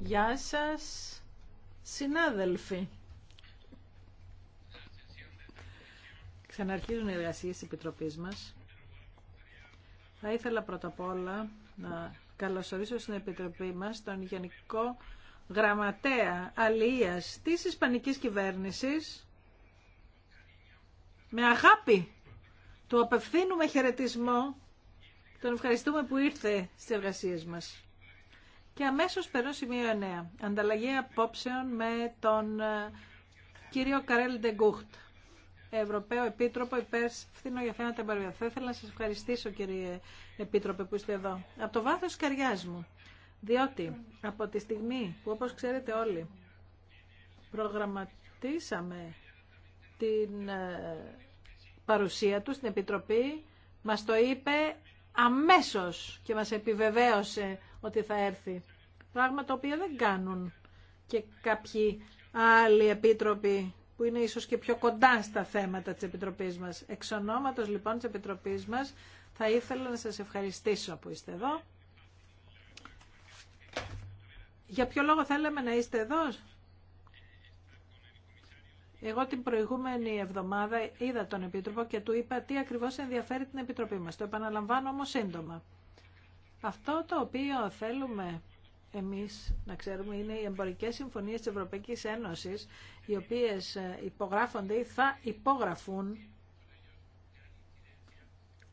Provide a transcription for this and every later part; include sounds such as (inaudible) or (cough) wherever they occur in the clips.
Γεια σας, συνάδελφοι. Ξαναρχίζουν οι εργασίες της Επιτροπής μας. Θα ήθελα πρώτα απ' όλα να καλωσορίσω στην Επιτροπή μας τον Γενικό Γραμματέα Αλίας της Ισπανικής Κυβέρνησης. Με αγάπη του απευθύνουμε χαιρετισμό τον ευχαριστούμε που ήρθε στις εργασίες μας. Και αμέσω περνώ σημείο 9. Ανταλλαγή απόψεων με τον ε, κύριο Καρέλ Ντεγκούχτ, Ευρωπαίο Επίτροπο φθηνό για θέματα εμπορία. Θα ήθελα να σα ευχαριστήσω κύριε Επίτροπε που είστε εδώ. Από το βάθο τη καριάς μου. Διότι από τη στιγμή που όπως ξέρετε όλοι προγραμματίσαμε την ε, παρουσία του στην Επιτροπή, μας το είπε αμέσως και μας επιβεβαίωσε ότι θα έρθει. Πράγμα το οποίο δεν κάνουν και κάποιοι άλλοι επίτροποι που είναι ίσως και πιο κοντά στα θέματα της Επιτροπής μας. Εξ ονόματος λοιπόν της Επιτροπής μας θα ήθελα να σας ευχαριστήσω που είστε εδώ. Για ποιο λόγο θέλαμε να είστε εδώ, εγώ την προηγούμενη εβδομάδα είδα τον Επίτροπο και του είπα τι ακριβώς ενδιαφέρει την Επιτροπή μας. Το επαναλαμβάνω όμως σύντομα. Αυτό το οποίο θέλουμε εμείς να ξέρουμε είναι οι εμπορικές συμφωνίες της Ευρωπαϊκής Ένωσης οι οποίες ε, υπογράφονται ή θα υπογραφούν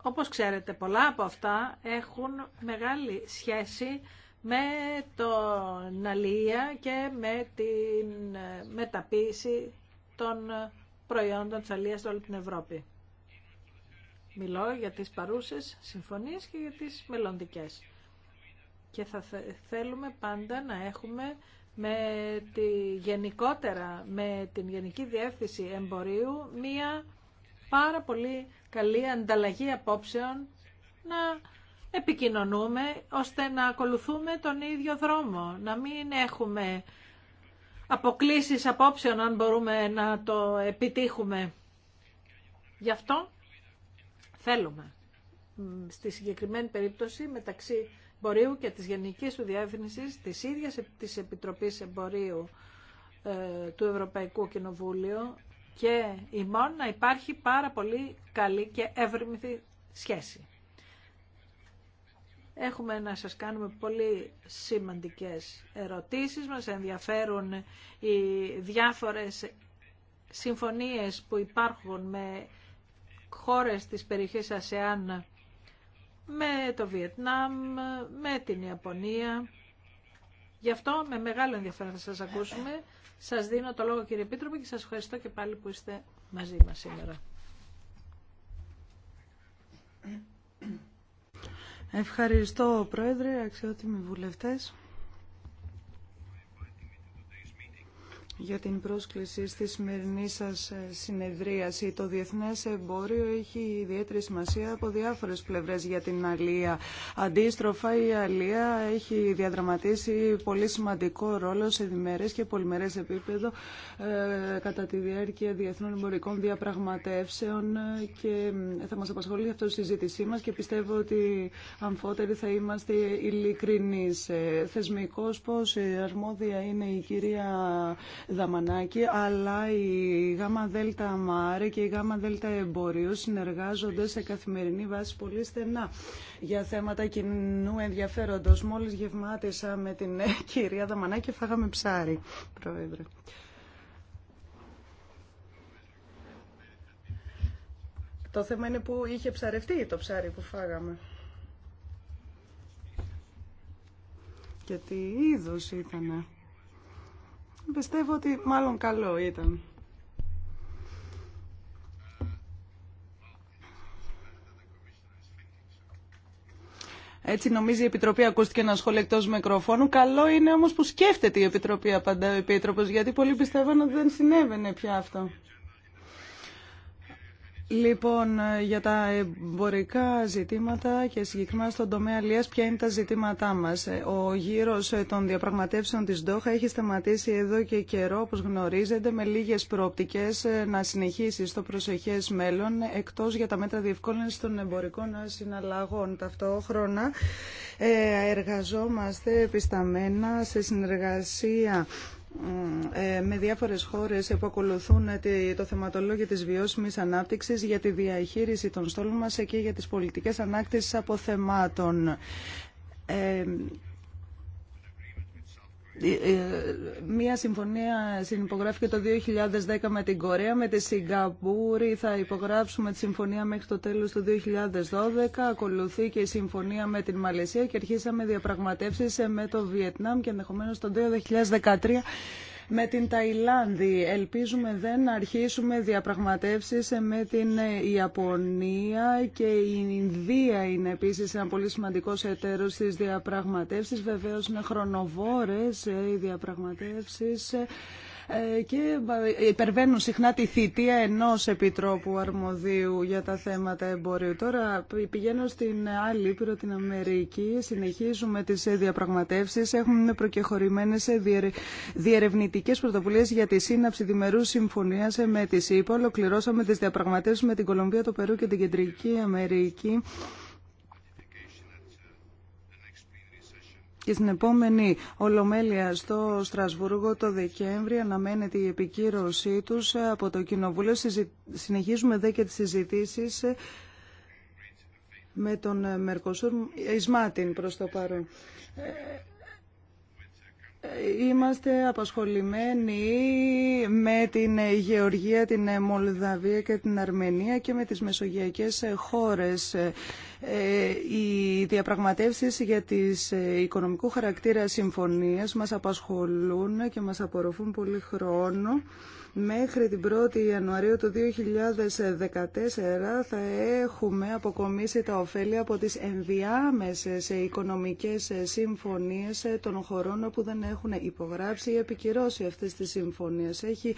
όπως ξέρετε πολλά από αυτά έχουν μεγάλη σχέση με τον Αλία και με την ε, μεταποίηση των προϊόντων της αλίας σε όλη την Ευρώπη. Μιλώ για τις παρούσες συμφωνίες και για τις μελλοντικές. Και θα θέλουμε πάντα να έχουμε με τη γενικότερα, με την Γενική Διεύθυνση Εμπορίου, μία πάρα πολύ καλή ανταλλαγή απόψεων να επικοινωνούμε ώστε να ακολουθούμε τον ίδιο δρόμο, να μην έχουμε αποκλήσεις απόψεων αν μπορούμε να το επιτύχουμε. Γι' αυτό θέλουμε στη συγκεκριμένη περίπτωση μεταξύ Μπορείου και της Γενικής του Διεύθυνσης της ίδιας της Επιτροπής Εμπορίου ε, του Ευρωπαϊκού Κοινοβούλιο και ημών να υπάρχει πάρα πολύ καλή και εύρυμη σχέση. Έχουμε να σας κάνουμε πολύ σημαντικές ερωτήσεις. Μας ενδιαφέρουν οι διάφορες συμφωνίες που υπάρχουν με χώρες της περιοχής ΑΣΕΑΝ, με το Βιετνάμ, με την Ιαπωνία. Γι' αυτό με μεγάλο ενδιαφέρον θα σας ακούσουμε. Σας δίνω το λόγο κύριε Επίτροπε και σας ευχαριστώ και πάλι που είστε μαζί μας σήμερα. Ευχαριστώ, Πρόεδρε, αξιότιμοι βουλευτές. για την πρόσκληση στη σημερινή σας ε, συνεδρίαση. Το διεθνές εμπόριο έχει ιδιαίτερη σημασία από διάφορες πλευρές για την Αλία. Αντίστροφα, η Αλία έχει διαδραματίσει πολύ σημαντικό ρόλο σε διμερές και πολυμερές επίπεδο ε, κατά τη διάρκεια διεθνών εμπορικών διαπραγματεύσεων ε, και θα μας απασχολεί αυτό η συζήτησή μας και πιστεύω ότι αμφότεροι θα είμαστε ειλικρινείς. Θεσμικός πώς αρμόδια είναι η κυρία Δαμανάκη, αλλά η ΓΑΜΑ ΔΕΛΤΑ ΜΑΡΕ και η ΓΑΜΑ ΔΕΛΤΑ Εμπορίου συνεργάζονται σε καθημερινή βάση πολύ στενά για θέματα κοινού ενδιαφέροντος. Μόλις γευμάτισα με την (laughs) κυρία Δαμανάκη φάγαμε ψάρι, πρόεδρε. Το θέμα είναι που είχε ψαρευτεί το ψάρι που φάγαμε. Και τι είδος ήτανε. Πιστεύω ότι μάλλον καλό ήταν. Έτσι νομίζει η Επιτροπή, ακούστηκε ένα σχόλιο εκτός μικροφώνου. Καλό είναι όμως που σκέφτεται η Επιτροπή, απαντάει ο Επίτροπο, γιατί πολλοί πιστεύουν ότι δεν συνέβαινε πια αυτό. Λοιπόν, ε, για τα εμπορικά ζητήματα και συγκεκριμένα στον τομέα Λίας, ποια είναι τα ζητήματά μας. Ε, ο γύρος ε, των διαπραγματεύσεων της Ντόχα έχει σταματήσει εδώ και καιρό, όπως γνωρίζετε, με λίγες προοπτικές να συνεχίσει στο προσεχές μέλλον, εκτός για τα μέτρα διευκόλυνση των εμπορικών συναλλαγών. Ταυτόχρονα εργαζόμαστε επισταμένα σε συνεργασία ε, με διάφορες χώρες που ακολουθούν το θεματολόγιο της βιώσιμης ανάπτυξης για τη διαχείριση των στόλων μας και για τις πολιτικές ανάκτησης αποθεμάτων. Ε, ε, ε, μία συμφωνία συνυπογράφηκε το 2010 με την Κορέα, με τη Σιγκαπούρη θα υπογράψουμε τη συμφωνία μέχρι το τέλος του 2012, ακολουθεί και η συμφωνία με την Μαλαισία και αρχίσαμε διαπραγματεύσεις με το Βιετνάμ και ενδεχομένως το 2013 με την Ταϊλάνδη. Ελπίζουμε δεν να αρχίσουμε διαπραγματεύσεις με την Ιαπωνία και η Ινδία είναι επίσης ένα πολύ σημαντικό εταίρος στις διαπραγματεύσεις. Βεβαίως είναι χρονοβόρες οι διαπραγματεύσεις. Ε, και υπερβαίνουν συχνά τη θητεία ενός Επιτρόπου Αρμοδίου για τα θέματα εμπορίου. Τώρα πηγαίνω στην άλλη Ήπειρο, την Αμερική, συνεχίζουμε τις διαπραγματεύσεις, έχουμε προκεχωρημένες διερευνητικές πρωτοβουλίες για τη σύναψη διμερού συμφωνίας με τη ΣΥΠΟ. Ολοκληρώσαμε τις διαπραγματεύσεις με την Κολομβία, το Περού και την Κεντρική Αμερική. και στην επόμενη Ολομέλεια στο Στρασβούργο το Δεκέμβρη αναμένεται η επικύρωσή τους από το Κοινοβούλιο. Συνεχίζουμε δε και τις συζητήσεις με τον Μερκοσούρ Ισμάτιν προς το παρόν. Ε, Είμαστε απασχολημένοι με την Γεωργία, την Μολδαβία και την Αρμενία και με τις μεσογειακές χώρες. Ε, οι διαπραγματεύσεις για τις ε, οικονομικού χαρακτήρα συμφωνίες μας απασχολούν και μας απορροφούν πολύ χρόνο. Μέχρι την 1η Ιανουαρίου του 2014 θα έχουμε αποκομίσει τα ωφέλη από τις ενδιάμεσες οικονομικές συμφωνίες των χωρών που δεν έχουν υπογράψει ή επικυρώσει αυτές τις συμφωνίες. Έχει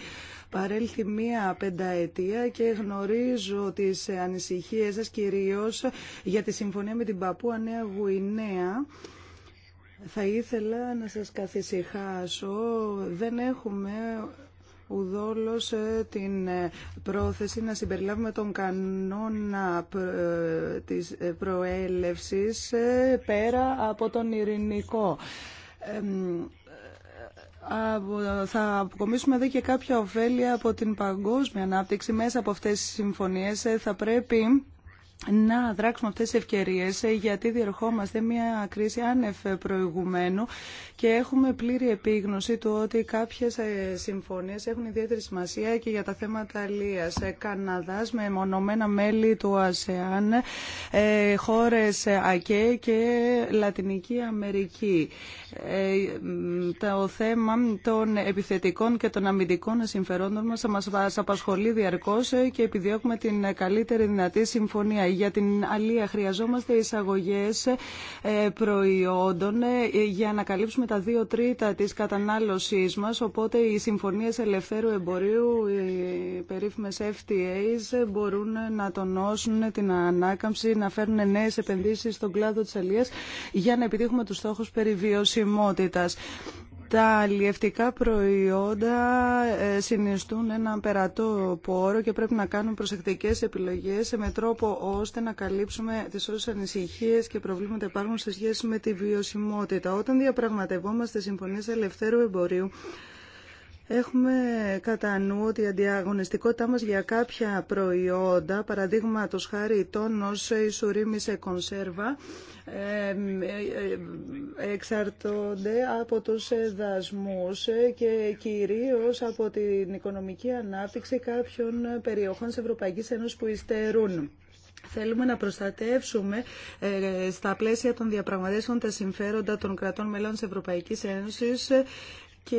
παρέλθει μία πενταετία και γνωρίζω τις ανησυχίες σας κυρίως για τη συμφωνία με την Παππούα Νέα Γουινέα. Θα ήθελα να σας καθησυχάσω. Δεν έχουμε ουδόλωσε την ε, πρόθεση να συμπεριλάβουμε τον κανόνα ε, της ε, προέλευσης πέρα από τον ειρηνικό θα αποκομίσουμε εδώ και κάποια ωφέλεια από την παγκόσμια ανάπτυξη μέσα από αυτές τις συμφωνίες. Θα πρέπει να δράξουμε αυτές τις ευκαιρίες ε, γιατί διερχόμαστε μια κρίση άνευ προηγουμένου και έχουμε πλήρη επίγνωση του ότι κάποιες ε, συμφωνίες έχουν ιδιαίτερη σημασία και για τα θέματα αλίας. Ε, Καναδάς με μονομένα μέλη του ΑΣΕΑΝ, χώρες ΑΚΕ και Λατινική Αμερική. Το θέμα των επιθετικών και των αμυντικών συμφερόντων μας μας απασχολεί διαρκώς και επιδιώκουμε την καλύτερη δυνατή συμφωνία για την αλία. Χρειαζόμαστε εισαγωγές ε, προϊόντων ε, για να καλύψουμε τα δύο τρίτα της κατανάλωσής μας, οπότε οι συμφωνίες ελευθέρου εμπορίου, οι περίφημες FTAs, μπορούν να τονώσουν την ανάκαμψη, να φέρουν νέες επενδύσεις στον κλάδο της αλίας για να επιτύχουμε τους στόχους περιβιωσιμότητα. Τα αλλιευτικά προϊόντα ε, συνιστούν ένα περατό πόρο και πρέπει να κάνουμε προσεκτικές επιλογές με τρόπο ώστε να καλύψουμε τις όσες ανησυχίες και προβλήματα υπάρχουν σε σχέση με τη βιωσιμότητα. Όταν διαπραγματευόμαστε συμφωνίες ελευθέρου εμπορίου, Έχουμε κατά νου ότι η αντιαγωνιστικότητά μας για κάποια προϊόντα, παραδείγματο χάρη τόνος, σε κονσέρβα, ε, ε, εξαρτώνται από τους δασμούς ε, και κυρίως από την οικονομική ανάπτυξη κάποιων περιοχών της Ευρωπαϊκής Ένωσης που υστερούν. Θέλουμε να προστατεύσουμε στα πλαίσια των διαπραγματεύσεων τα συμφέροντα των κρατών μελών της Ευρωπαϊκής Ένωσης και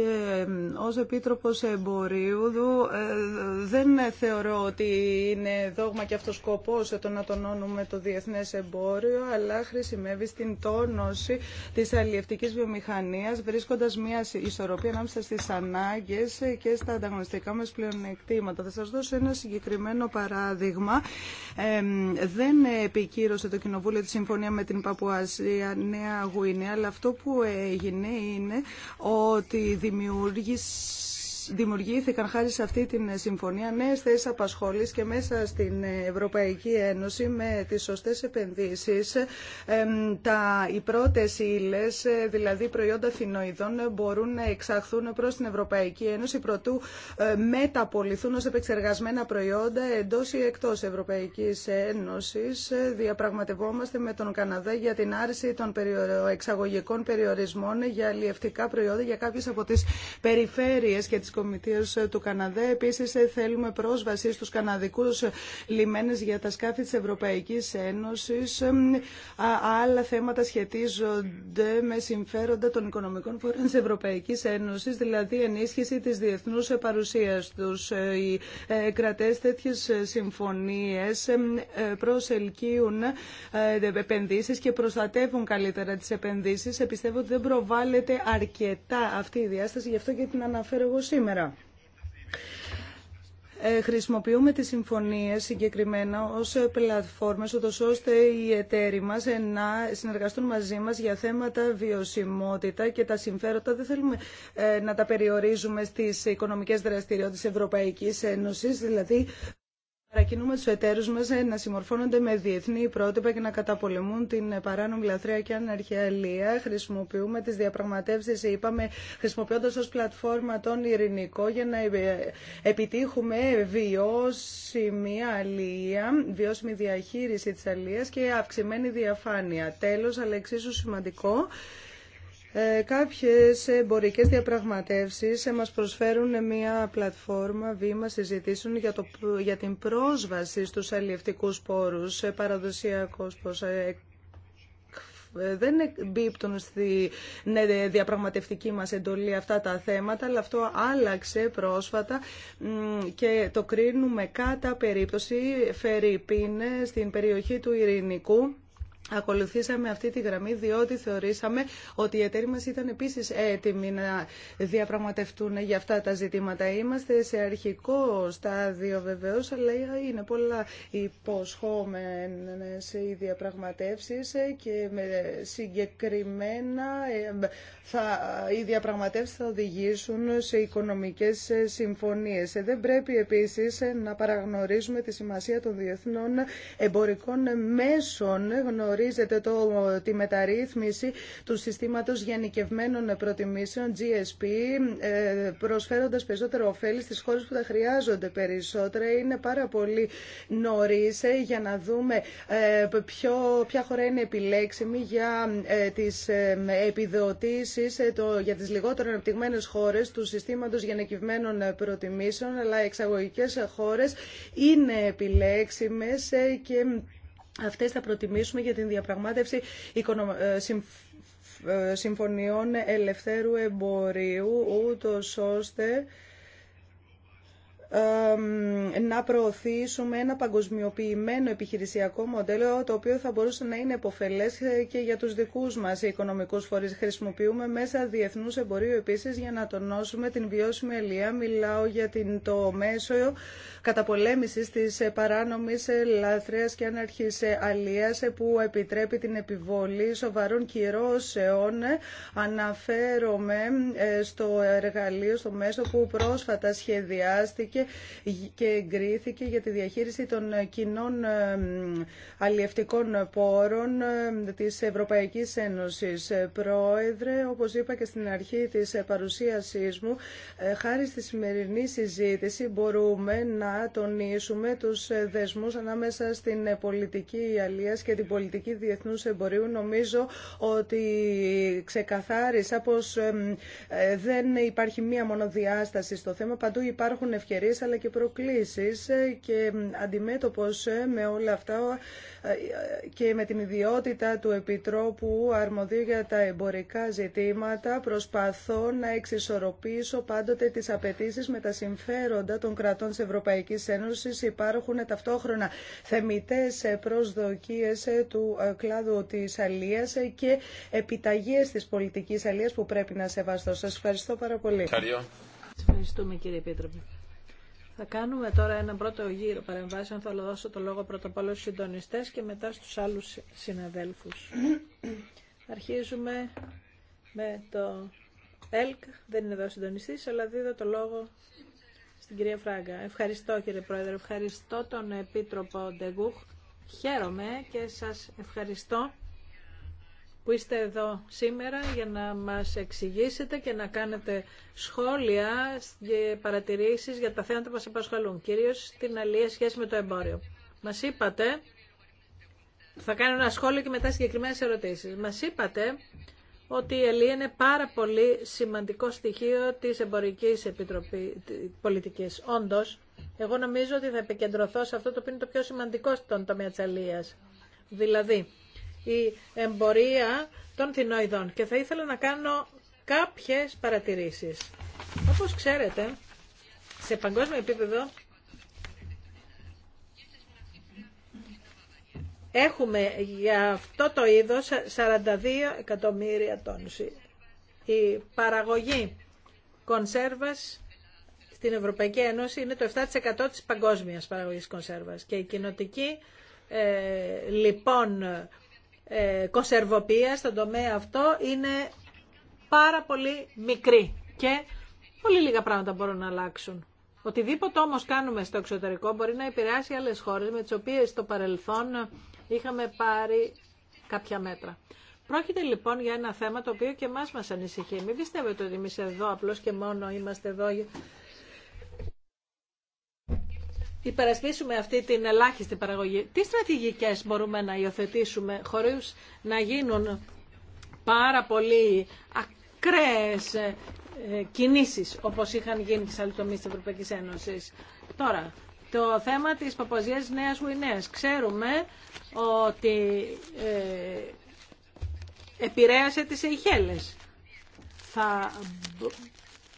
ως Επίτροπος Εμπορίου ε, δεν θεωρώ ότι είναι δόγμα και αυτός σκοπός το να τονώνουμε το διεθνές εμπόριο αλλά χρησιμεύει στην τόνωση της αλλιευτικής βιομηχανίας βρίσκοντας μια ισορροπία ανάμεσα στις ανάγκες και στα ανταγωνιστικά μας πλεονεκτήματα. Θα σας δώσω ένα συγκεκριμένο παράδειγμα. δεν επικύρωσε το Κοινοβούλιο τη Συμφωνία με την Παπουασία Νέα Γουινέα αλλά αυτό που έγινε είναι ότι δημιούργησε δημιουργήθηκαν χάρη σε αυτή την συμφωνία νέες θέσεις απασχόλης και μέσα στην Ευρωπαϊκή Ένωση με τις σωστές επενδύσεις τα, οι πρώτες ύλε, δηλαδή προϊόντα φινοειδών, μπορούν να εξαχθούν προς την Ευρωπαϊκή Ένωση προτού ε, μεταποληθούν ως επεξεργασμένα προϊόντα εντός ή εκτός Ευρωπαϊκής Ένωσης. Διαπραγματευόμαστε με τον Καναδά για την άρση των εξαγωγικών περιορισμών για αλλιευτικά προϊόντα για κάποιες από τις περιφέρειες και τις Κομιτείας ε, του Καναδά. Επίση ε, θέλουμε πρόσβαση στου καναδικού ε, λιμένε για τα σκάφη τη Ευρωπαϊκή Ένωση. Άλλα θέματα σχετίζονται με συμφέροντα των οικονομικών φορέων τη Ευρωπαϊκή Ένωση, δηλαδή ενίσχυση τη διεθνού παρουσία του. Οι κρατέ τέτοιε συμφωνίε προσελκύουν επενδύσει και προστατεύουν καλύτερα τι επενδύσει. Επιστεύω ότι δεν προβάλλεται αρκετά αυτή η διάσταση, γι' αυτό και την αναφέρω εγώ σήμερα σήμερα. Ε, χρησιμοποιούμε τις συμφωνίες συγκεκριμένα ως πλατφόρμες, ώστε οι εταίροι μας να συνεργαστούν μαζί μας για θέματα βιωσιμότητα και τα συμφέροντα. Δεν θέλουμε ε, να τα περιορίζουμε στις οικονομικές δραστηριότητες Ευρωπαϊκής Ένωσης, δηλαδή Παρακινούμε του εταίρου μα να συμμορφώνονται με διεθνή πρότυπα και να καταπολεμούν την παράνομη λαθρέα και αναρχιαλία. Χρησιμοποιούμε τι διαπραγματεύσει, είπαμε, χρησιμοποιώντα ω πλατφόρμα τον ειρηνικό για να ε, επιτύχουμε βιώσιμη αλία, βιώσιμη διαχείριση τη αλία και αυξημένη διαφάνεια. Τέλο, αλλά εξίσου σημαντικό, ε, κάποιες εμπορικές διαπραγματεύσεις ε, μας προσφέρουν μια πλατφόρμα βήμα συζητήσεων για, για την πρόσβαση στους αλιευτικούς πόρους, ε, παραδοσιακός πως δεν μπίπτουν στη ναι, διαπραγματευτική μας εντολή αυτά τα θέματα, αλλά αυτό άλλαξε πρόσφατα και το κρίνουμε κατά περίπτωση Πίνε στην περιοχή του Ειρηνικού Ακολουθήσαμε αυτή τη γραμμή διότι θεωρήσαμε ότι οι εταίροι μας ήταν επίσης έτοιμοι να διαπραγματευτούν για αυτά τα ζητήματα. Είμαστε σε αρχικό στάδιο βεβαίως, αλλά είναι πολλά υποσχόμενες οι διαπραγματεύσεις και με συγκεκριμένα ε, θα, οι διαπραγματεύσεις θα οδηγήσουν σε οικονομικές συμφωνίες. Δεν πρέπει επίσης να παραγνωρίζουμε τη σημασία των διεθνών εμπορικών μέσων. Καλωσορίζεται το, τη μεταρρύθμιση του συστήματος γενικευμένων προτιμήσεων GSP ε, προσφέροντας περισσότερο ωφέλη στις χώρες που τα χρειάζονται περισσότερα. Είναι πάρα πολύ νωρί ε, για να δούμε ε, ποιο, ποια χώρα είναι επιλέξιμη για τις επιδοτήσεις το, για τις λιγότερο αναπτυγμένες χώρες του συστήματος γενικευμένων προτιμήσεων αλλά εξαγωγικές χώρες είναι επιλέξιμες και Αυτές θα προτιμήσουμε για την διαπραγμάτευση ε, ε, συμφωνιών ελευθέρου εμπορίου, ούτως ώστε να προωθήσουμε ένα παγκοσμιοποιημένο επιχειρησιακό μοντέλο το οποίο θα μπορούσε να είναι επωφελές και για τους δικούς μας οικονομικούς φορείς. Χρησιμοποιούμε μέσα διεθνούς εμπορίου επίσης για να τονώσουμε την βιώσιμη ελεία. Μιλάω για την, το μέσο καταπολέμησης της ε, παράνομης ε, λαθρέας και αναρχής ε, αλίας που επιτρέπει την επιβολή σοβαρών κυρώσεων. Αναφέρομαι στο εργαλείο, στο μέσο που πρόσφατα σχεδιάστηκε και εγκρίθηκε για τη διαχείριση των κοινών αλλιευτικών πόρων της Ευρωπαϊκής Ένωσης. Πρόεδρε, όπως είπα και στην αρχή της παρουσίασής μου, χάρη στη σημερινή συζήτηση μπορούμε να τονίσουμε τους ε, δεσμούς ανάμεσα στην ε, πολιτική αλλίας και την πολιτική διεθνούς εμπορίου. Νομίζω ότι ξεκαθάρισα πως ε, δεν υπάρχει μία μονοδιάσταση στο θέμα. Παντού υπάρχουν ευκαιρίες αλλά και προκλήσεις και αντιμέτωπος με όλα αυτά και με την ιδιότητα του Επιτρόπου Αρμοδίου για τα εμπορικά ζητήματα προσπαθώ να εξισορροπήσω πάντοτε τις απαιτήσεις με τα συμφέροντα των κρατών της Ευρωπαϊκής Ένωσης. Υπάρχουν ταυτόχρονα θεμητές προσδοκίες του ε, κλάδου της αλίας και επιταγές της πολιτικής αλίας που πρέπει να σεβαστώ. Σας ευχαριστώ πάρα πολύ. Ευχαριστούμε κύριε Επίτροπε. Θα κάνουμε τώρα ένα πρώτο γύρο παρεμβάσεων. Θα δώσω το λόγο πρώτα απ' όλα στους συντονιστές και μετά στους άλλους συναδέλφους. Αρχίζουμε με το ΕΛΚ. Δεν είναι εδώ συντονιστής, αλλά δίδω το λόγο στην κυρία Φράγκα. Ευχαριστώ κύριε Πρόεδρε, ευχαριστώ τον Επίτροπο Ντεγκούχ. Χαίρομαι και σας ευχαριστώ που είστε εδώ σήμερα για να μας εξηγήσετε και να κάνετε σχόλια και παρατηρήσεις για τα θέματα που μας απασχολούν, κυρίως την αλληλεία σχέση με το εμπόριο. Μας είπατε, θα κάνω ένα σχόλιο και μετά συγκεκριμένες ερωτήσεις. Μας είπατε ότι η Ελία είναι πάρα πολύ σημαντικό στοιχείο της Εμπορικής Επιτροπή Πολιτικής. Όντως, εγώ νομίζω ότι θα επικεντρωθώ σε αυτό το οποίο είναι το πιο σημαντικό στον τομέα της Αλίας. Δηλαδή, η εμπορία των θηνοειδών και θα ήθελα να κάνω κάποιες παρατηρήσεις. Όπως ξέρετε, σε παγκόσμιο επίπεδο έχουμε για αυτό το είδος 42 εκατομμύρια τόνους. Η παραγωγή κονσέρβας στην Ευρωπαϊκή Ένωση είναι το 7% της παγκόσμιας παραγωγής κονσέρβας και η κοινοτική ε, λοιπόν ε, Κοσερβοποίηση στον τομέα αυτό είναι πάρα πολύ μικρή και πολύ λίγα πράγματα μπορούν να αλλάξουν. Οτιδήποτε όμω κάνουμε στο εξωτερικό μπορεί να επηρεάσει άλλε χώρε με τις οποίες στο παρελθόν είχαμε πάρει κάποια μέτρα. Πρόκειται λοιπόν για ένα θέμα το οποίο και εμάς μας ανησυχεί. Μην πιστεύετε ότι εμεί εδώ απλώ και μόνο είμαστε εδώ υπερασπίσουμε αυτή την ελάχιστη παραγωγή, τι στρατηγικές μπορούμε να υιοθετήσουμε χωρίς να γίνουν πάρα πολύ ακραίες ε, κινήσεις όπως είχαν γίνει τις άλλες τομείς της Ευρωπαϊκής Ένωσης. Τώρα, το θέμα της παπαζίας Νέας Γουινέας. Ξέρουμε ότι ε, επηρέασε τις Αιχέλες. Θα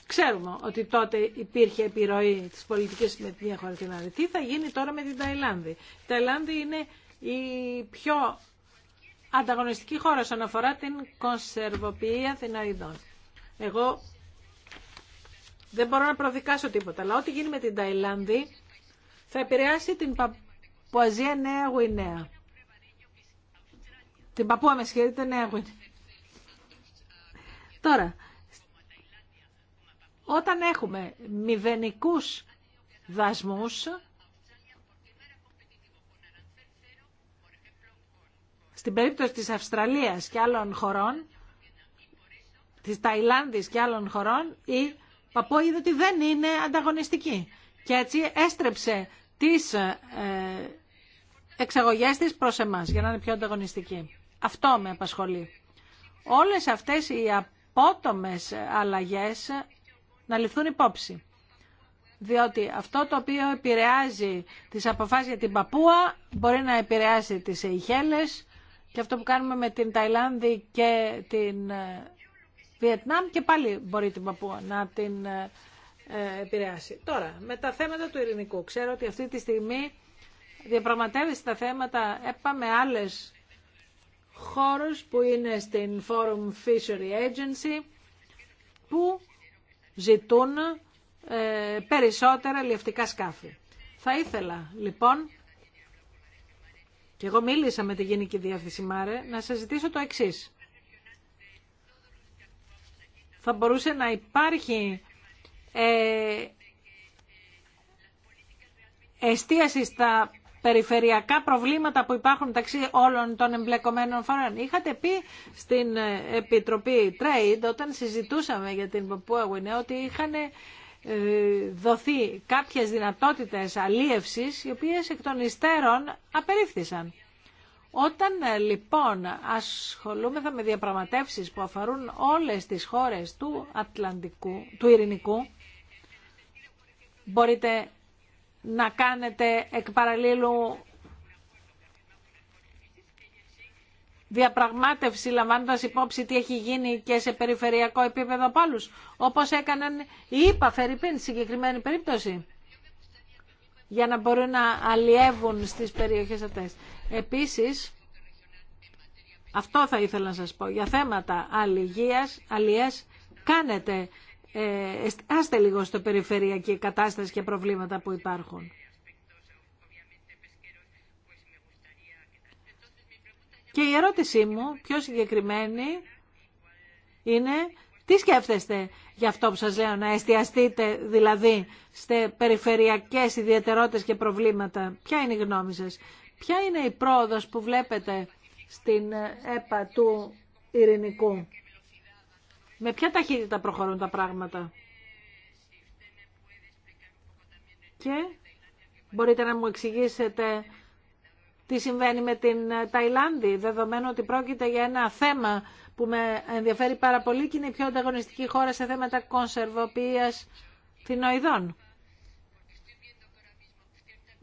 Ξέρουμε ότι τότε υπήρχε επιρροή της πολιτικής με τη μια χώρα την άλλη. Τι θα γίνει τώρα με την Ταϊλάνδη. Η Ταϊλάνδη είναι η πιο ανταγωνιστική χώρα όσον αφορά την κονσερβοποιία θηνοειδών. Εγώ δεν μπορώ να προδικάσω τίποτα, αλλά ό,τι γίνει με την Ταϊλάνδη θα επηρεάσει την Παπουαζία Νέα Γουινέα. Την Παππούα με συγχωρείτε Νέα Γουινέα. Τώρα, όταν έχουμε μηδενικούς δασμούς, στην περίπτωση της Αυστραλίας και άλλων χωρών, της Ταϊλάνδης και άλλων χωρών, η Παπό είδε ότι δεν είναι ανταγωνιστική. Και έτσι έστρεψε τις ε, εξαγωγές της προς εμάς, για να είναι πιο ανταγωνιστική. Αυτό με απασχολεί. Όλες αυτές οι απότομες αλλαγές να ληφθούν υπόψη. Διότι αυτό το οποίο επηρεάζει τις αποφάσεις για την Παπούα μπορεί να επηρεάσει τις Ειχέλες και αυτό που κάνουμε με την Ταϊλάνδη και την ε, Βιετνάμ και πάλι μπορεί την Παπούα να την ε, ε, επηρεάσει. Τώρα, με τα θέματα του ειρηνικού. Ξέρω ότι αυτή τη στιγμή διαπραγματεύεστε τα θέματα ΕΠΑ με άλλες χώρους που είναι στην Forum Fishery Agency που ζητούν ε, περισσότερα λιευτικά σκάφη. Θα ήθελα λοιπόν, και εγώ μίλησα με τη Γενική Διεύθυνση Μάρε, να σας ζητήσω το εξής. Θα μπορούσε να υπάρχει ε, εστίαση στα περιφερειακά προβλήματα που υπάρχουν μεταξύ όλων των εμπλεκομένων φορέων. Είχατε πει στην ε, Επιτροπή Trade όταν συζητούσαμε για την Αγουινέ ότι είχαν ε, δοθεί κάποιες δυνατότητες αλίευσης οι οποίες εκ των υστέρων απερίφθησαν. Όταν ε, λοιπόν ασχολούμεθα με διαπραγματεύσεις που αφορούν όλες τις χώρες του Ατλαντικού, του Ειρηνικού, μπορείτε να κάνετε εκ παραλίλου διαπραγμάτευση λαμβάνοντας υπόψη τι έχει γίνει και σε περιφερειακό επίπεδο από άλλους, όπως έκαναν οι ΙΠΑ Φερρυπίν, συγκεκριμένη περίπτωση, για να μπορούν να αλλιεύουν στις περιοχές αυτές. Επίσης, αυτό θα ήθελα να σας πω, για θέματα αλληγίας, αλλιές, κάνετε ε, άστε λίγο στο περιφερειακή κατάσταση και προβλήματα που υπάρχουν. Και η ερώτησή μου, πιο συγκεκριμένη, είναι τι σκέφτεστε για αυτό που σας λέω, να εστιαστείτε δηλαδή σε περιφερειακές ιδιαιτερότητες και προβλήματα. Ποια είναι η γνώμη σας. Ποια είναι η πρόοδος που βλέπετε στην ε, ΕΠΑ του Ειρηνικού. Με ποια ταχύτητα προχωρούν τα πράγματα. Και μπορείτε να μου εξηγήσετε τι συμβαίνει με την Ταϊλάνδη, δεδομένου ότι πρόκειται για ένα θέμα που με ενδιαφέρει πάρα πολύ και είναι η πιο ανταγωνιστική χώρα σε θέματα κονσερβοποίησης θηνοειδών.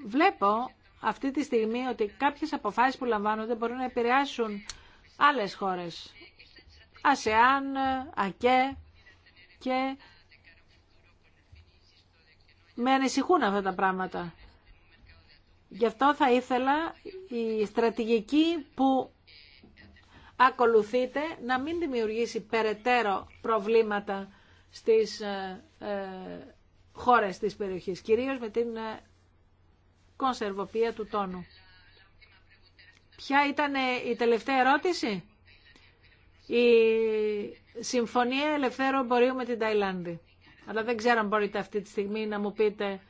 Βλέπω αυτή τη στιγμή ότι κάποιες αποφάσεις που λαμβάνονται μπορούν να επηρεάσουν άλλες χώρες. ΑΣΕΑΝ, ΑΚΕ και με ανησυχούν αυτά τα πράγματα. Γι' αυτό θα ήθελα η στρατηγική που ακολουθείτε να μην δημιουργήσει περαιτέρω προβλήματα στις ε, ε, χώρες της περιοχής, κυρίως με την ε, του τόνου. Ποια ήταν ε, η τελευταία ερώτηση? η Συμφωνία ελευθέρω μπορεί με την Ταϊλάνδη. Αλλά δεν ξέρω αν μπορείτε αυτή τη στιγμή να μου πείτε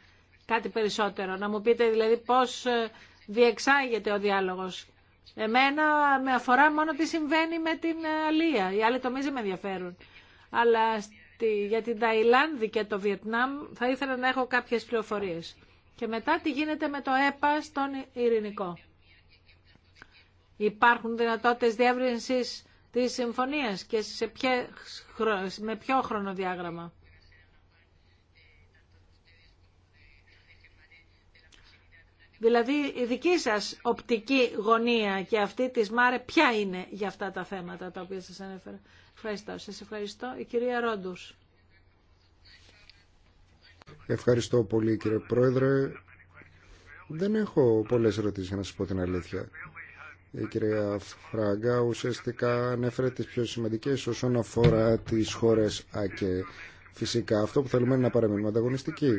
κάτι περισσότερο. Να μου πείτε δηλαδή πώς ε, διεξάγεται ο διάλογος. Εμένα με αφορά μόνο τι συμβαίνει με την ε, Αλία. Οι άλλοι τομεί δεν με ενδιαφέρουν. Αλλά για την Ταϊλάνδη και το Βιετνάμ θα ήθελα να έχω κάποιες πληροφορίες. Και μετά τι γίνεται με το ΕΠΑ στον Ειρηνικό. Υπάρχουν δυνατότητες διεύρυνσης της συμφωνίας και σε με ποιο χρονοδιάγραμμα. Δηλαδή η δική σας οπτική γωνία και αυτή της Μάρε ποια είναι για αυτά τα θέματα τα οποία σας ανέφερα. Ευχαριστώ. Σας ευχαριστώ. Η κυρία Ρόντους. Ευχαριστώ πολύ κύριε Πρόεδρε. Δεν έχω πολλές ερωτήσεις για να σας πω την αλήθεια η κυρία Φράγκα ουσιαστικά ανέφερε τις πιο σημαντικές όσον αφορά τις χώρες ΑΚΕ. Φυσικά αυτό που θέλουμε είναι να παραμείνουμε ανταγωνιστικοί.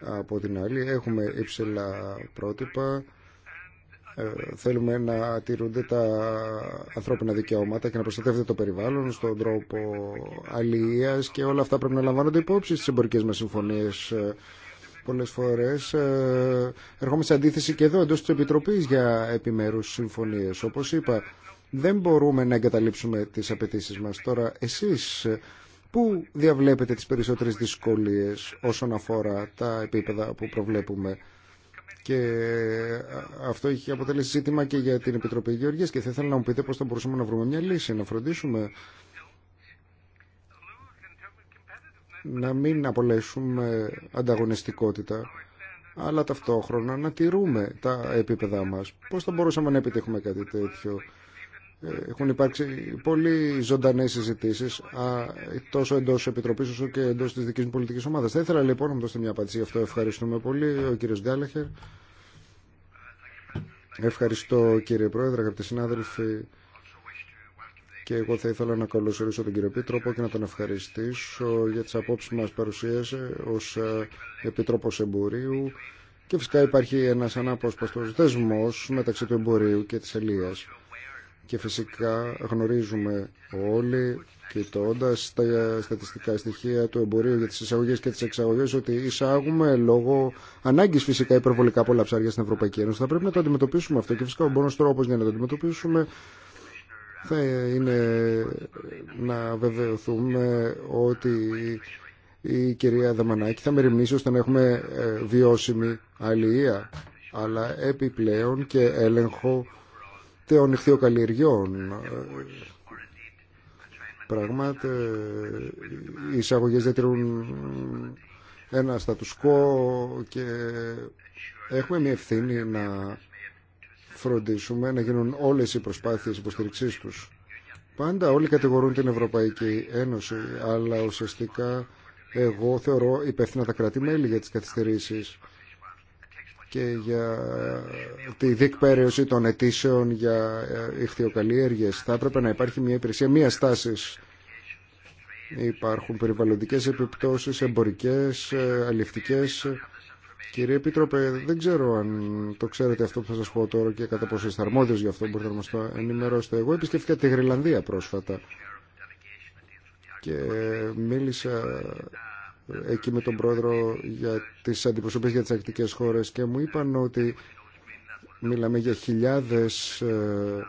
Από την άλλη έχουμε υψηλά πρότυπα, ε, θέλουμε να τηρούνται τα ανθρώπινα δικαιώματα και να προστατεύεται το περιβάλλον στον τρόπο αλληλείας και όλα αυτά πρέπει να λαμβάνονται υπόψη στις εμπορικές μας συμφωνίες πολλές φορές ε, ερχόμαστε σε αντίθεση και εδώ εντό τη Επιτροπής για επιμέρου συμφωνίε. Όπω είπα, δεν μπορούμε να εγκαταλείψουμε τι απαιτήσει μα Τώρα, εσείς πού διαβλέπετε τις περισσότερε δυσκολίε όσον αφορά τα επίπεδα που διαβλεπετε τι περισσοτερε δυσκολιε οσον αφορα τα επιπεδα που προβλεπουμε και ε, αυτό έχει αποτελέσει ζήτημα και για την Επιτροπή Γεωργίας και θα ήθελα να μου πείτε πώς θα μπορούσαμε να βρούμε μια λύση, να φροντίσουμε να μην απολέσουμε ανταγωνιστικότητα αλλά ταυτόχρονα να τηρούμε τα επίπεδά μας. Πώς θα μπορούσαμε να επιτύχουμε κάτι τέτοιο. Ε, έχουν υπάρξει πολύ ζωντανέ συζητήσει, τόσο εντό Επιτροπή όσο και εντό τη δική μου πολιτική ομάδα. Θα ήθελα λοιπόν να μου δώσετε μια απάντηση γι' αυτό. Ευχαριστούμε πολύ, ο κύριο Γκάλεχερ. Ευχαριστώ κύριε Πρόεδρε, αγαπητοί συνάδελφοι. Και εγώ θα ήθελα να καλωσορίσω τον κύριο Επίτροπο και να τον ευχαριστήσω για τις απόψεις μας παρουσίασε ως ε, Επίτροπος Εμπορίου. Και φυσικά υπάρχει ένας ανάποσπαστος δεσμός μεταξύ του εμπορίου και της ελίας. Και φυσικά γνωρίζουμε όλοι, κοιτώντα τα στατιστικά στοιχεία του εμπορίου για τι εισαγωγέ και τι εξαγωγέ, ότι εισάγουμε λόγω ανάγκη φυσικά υπερβολικά πολλά ψάρια στην Ευρωπαϊκή Ένωση. Θα πρέπει να το αντιμετωπίσουμε αυτό και φυσικά ο μόνο τρόπο για να το αντιμετωπίσουμε θα είναι να βεβαιωθούμε ότι η κυρία Δαμανάκη θα μεριμνήσει ώστε να έχουμε ε, βιώσιμη αλληλεία αλλά επιπλέον και έλεγχο των καλλιεργιών. Πράγματι, οι εισαγωγές διατηρούν ένα στατουσκό και έχουμε μια ευθύνη να φροντίσουμε να γίνουν όλες οι προσπάθειες υποστηριξής τους. Πάντα όλοι κατηγορούν την Ευρωπαϊκή Ένωση, αλλά ουσιαστικά εγώ θεωρώ υπεύθυνα τα κράτη-μέλη για τις καθυστερήσεις και για τη διεκπαίρεωση των αιτήσεων για ε, ηχθειοκαλλιέργειες. Θα έπρεπε να υπάρχει μια υπηρεσία μία στάση. Υπάρχουν περιβαλλοντικές επιπτώσεις, εμπορικές, ε, αληφτικές. Κύριε Επίτροπε, δεν ξέρω αν το ξέρετε αυτό που θα σας πω τώρα και κατά πόσο είστε αρμόδιος γι' αυτό μπορείτε να μας το ενημερώσετε. Εγώ επισκέφθηκα τη Γρυλανδία πρόσφατα και μίλησα ε, εκεί με τον πρόεδρο για τις αντιπροσωπές για τις αρκτικές χώρες και μου είπαν ότι μιλάμε για χιλιάδες ε,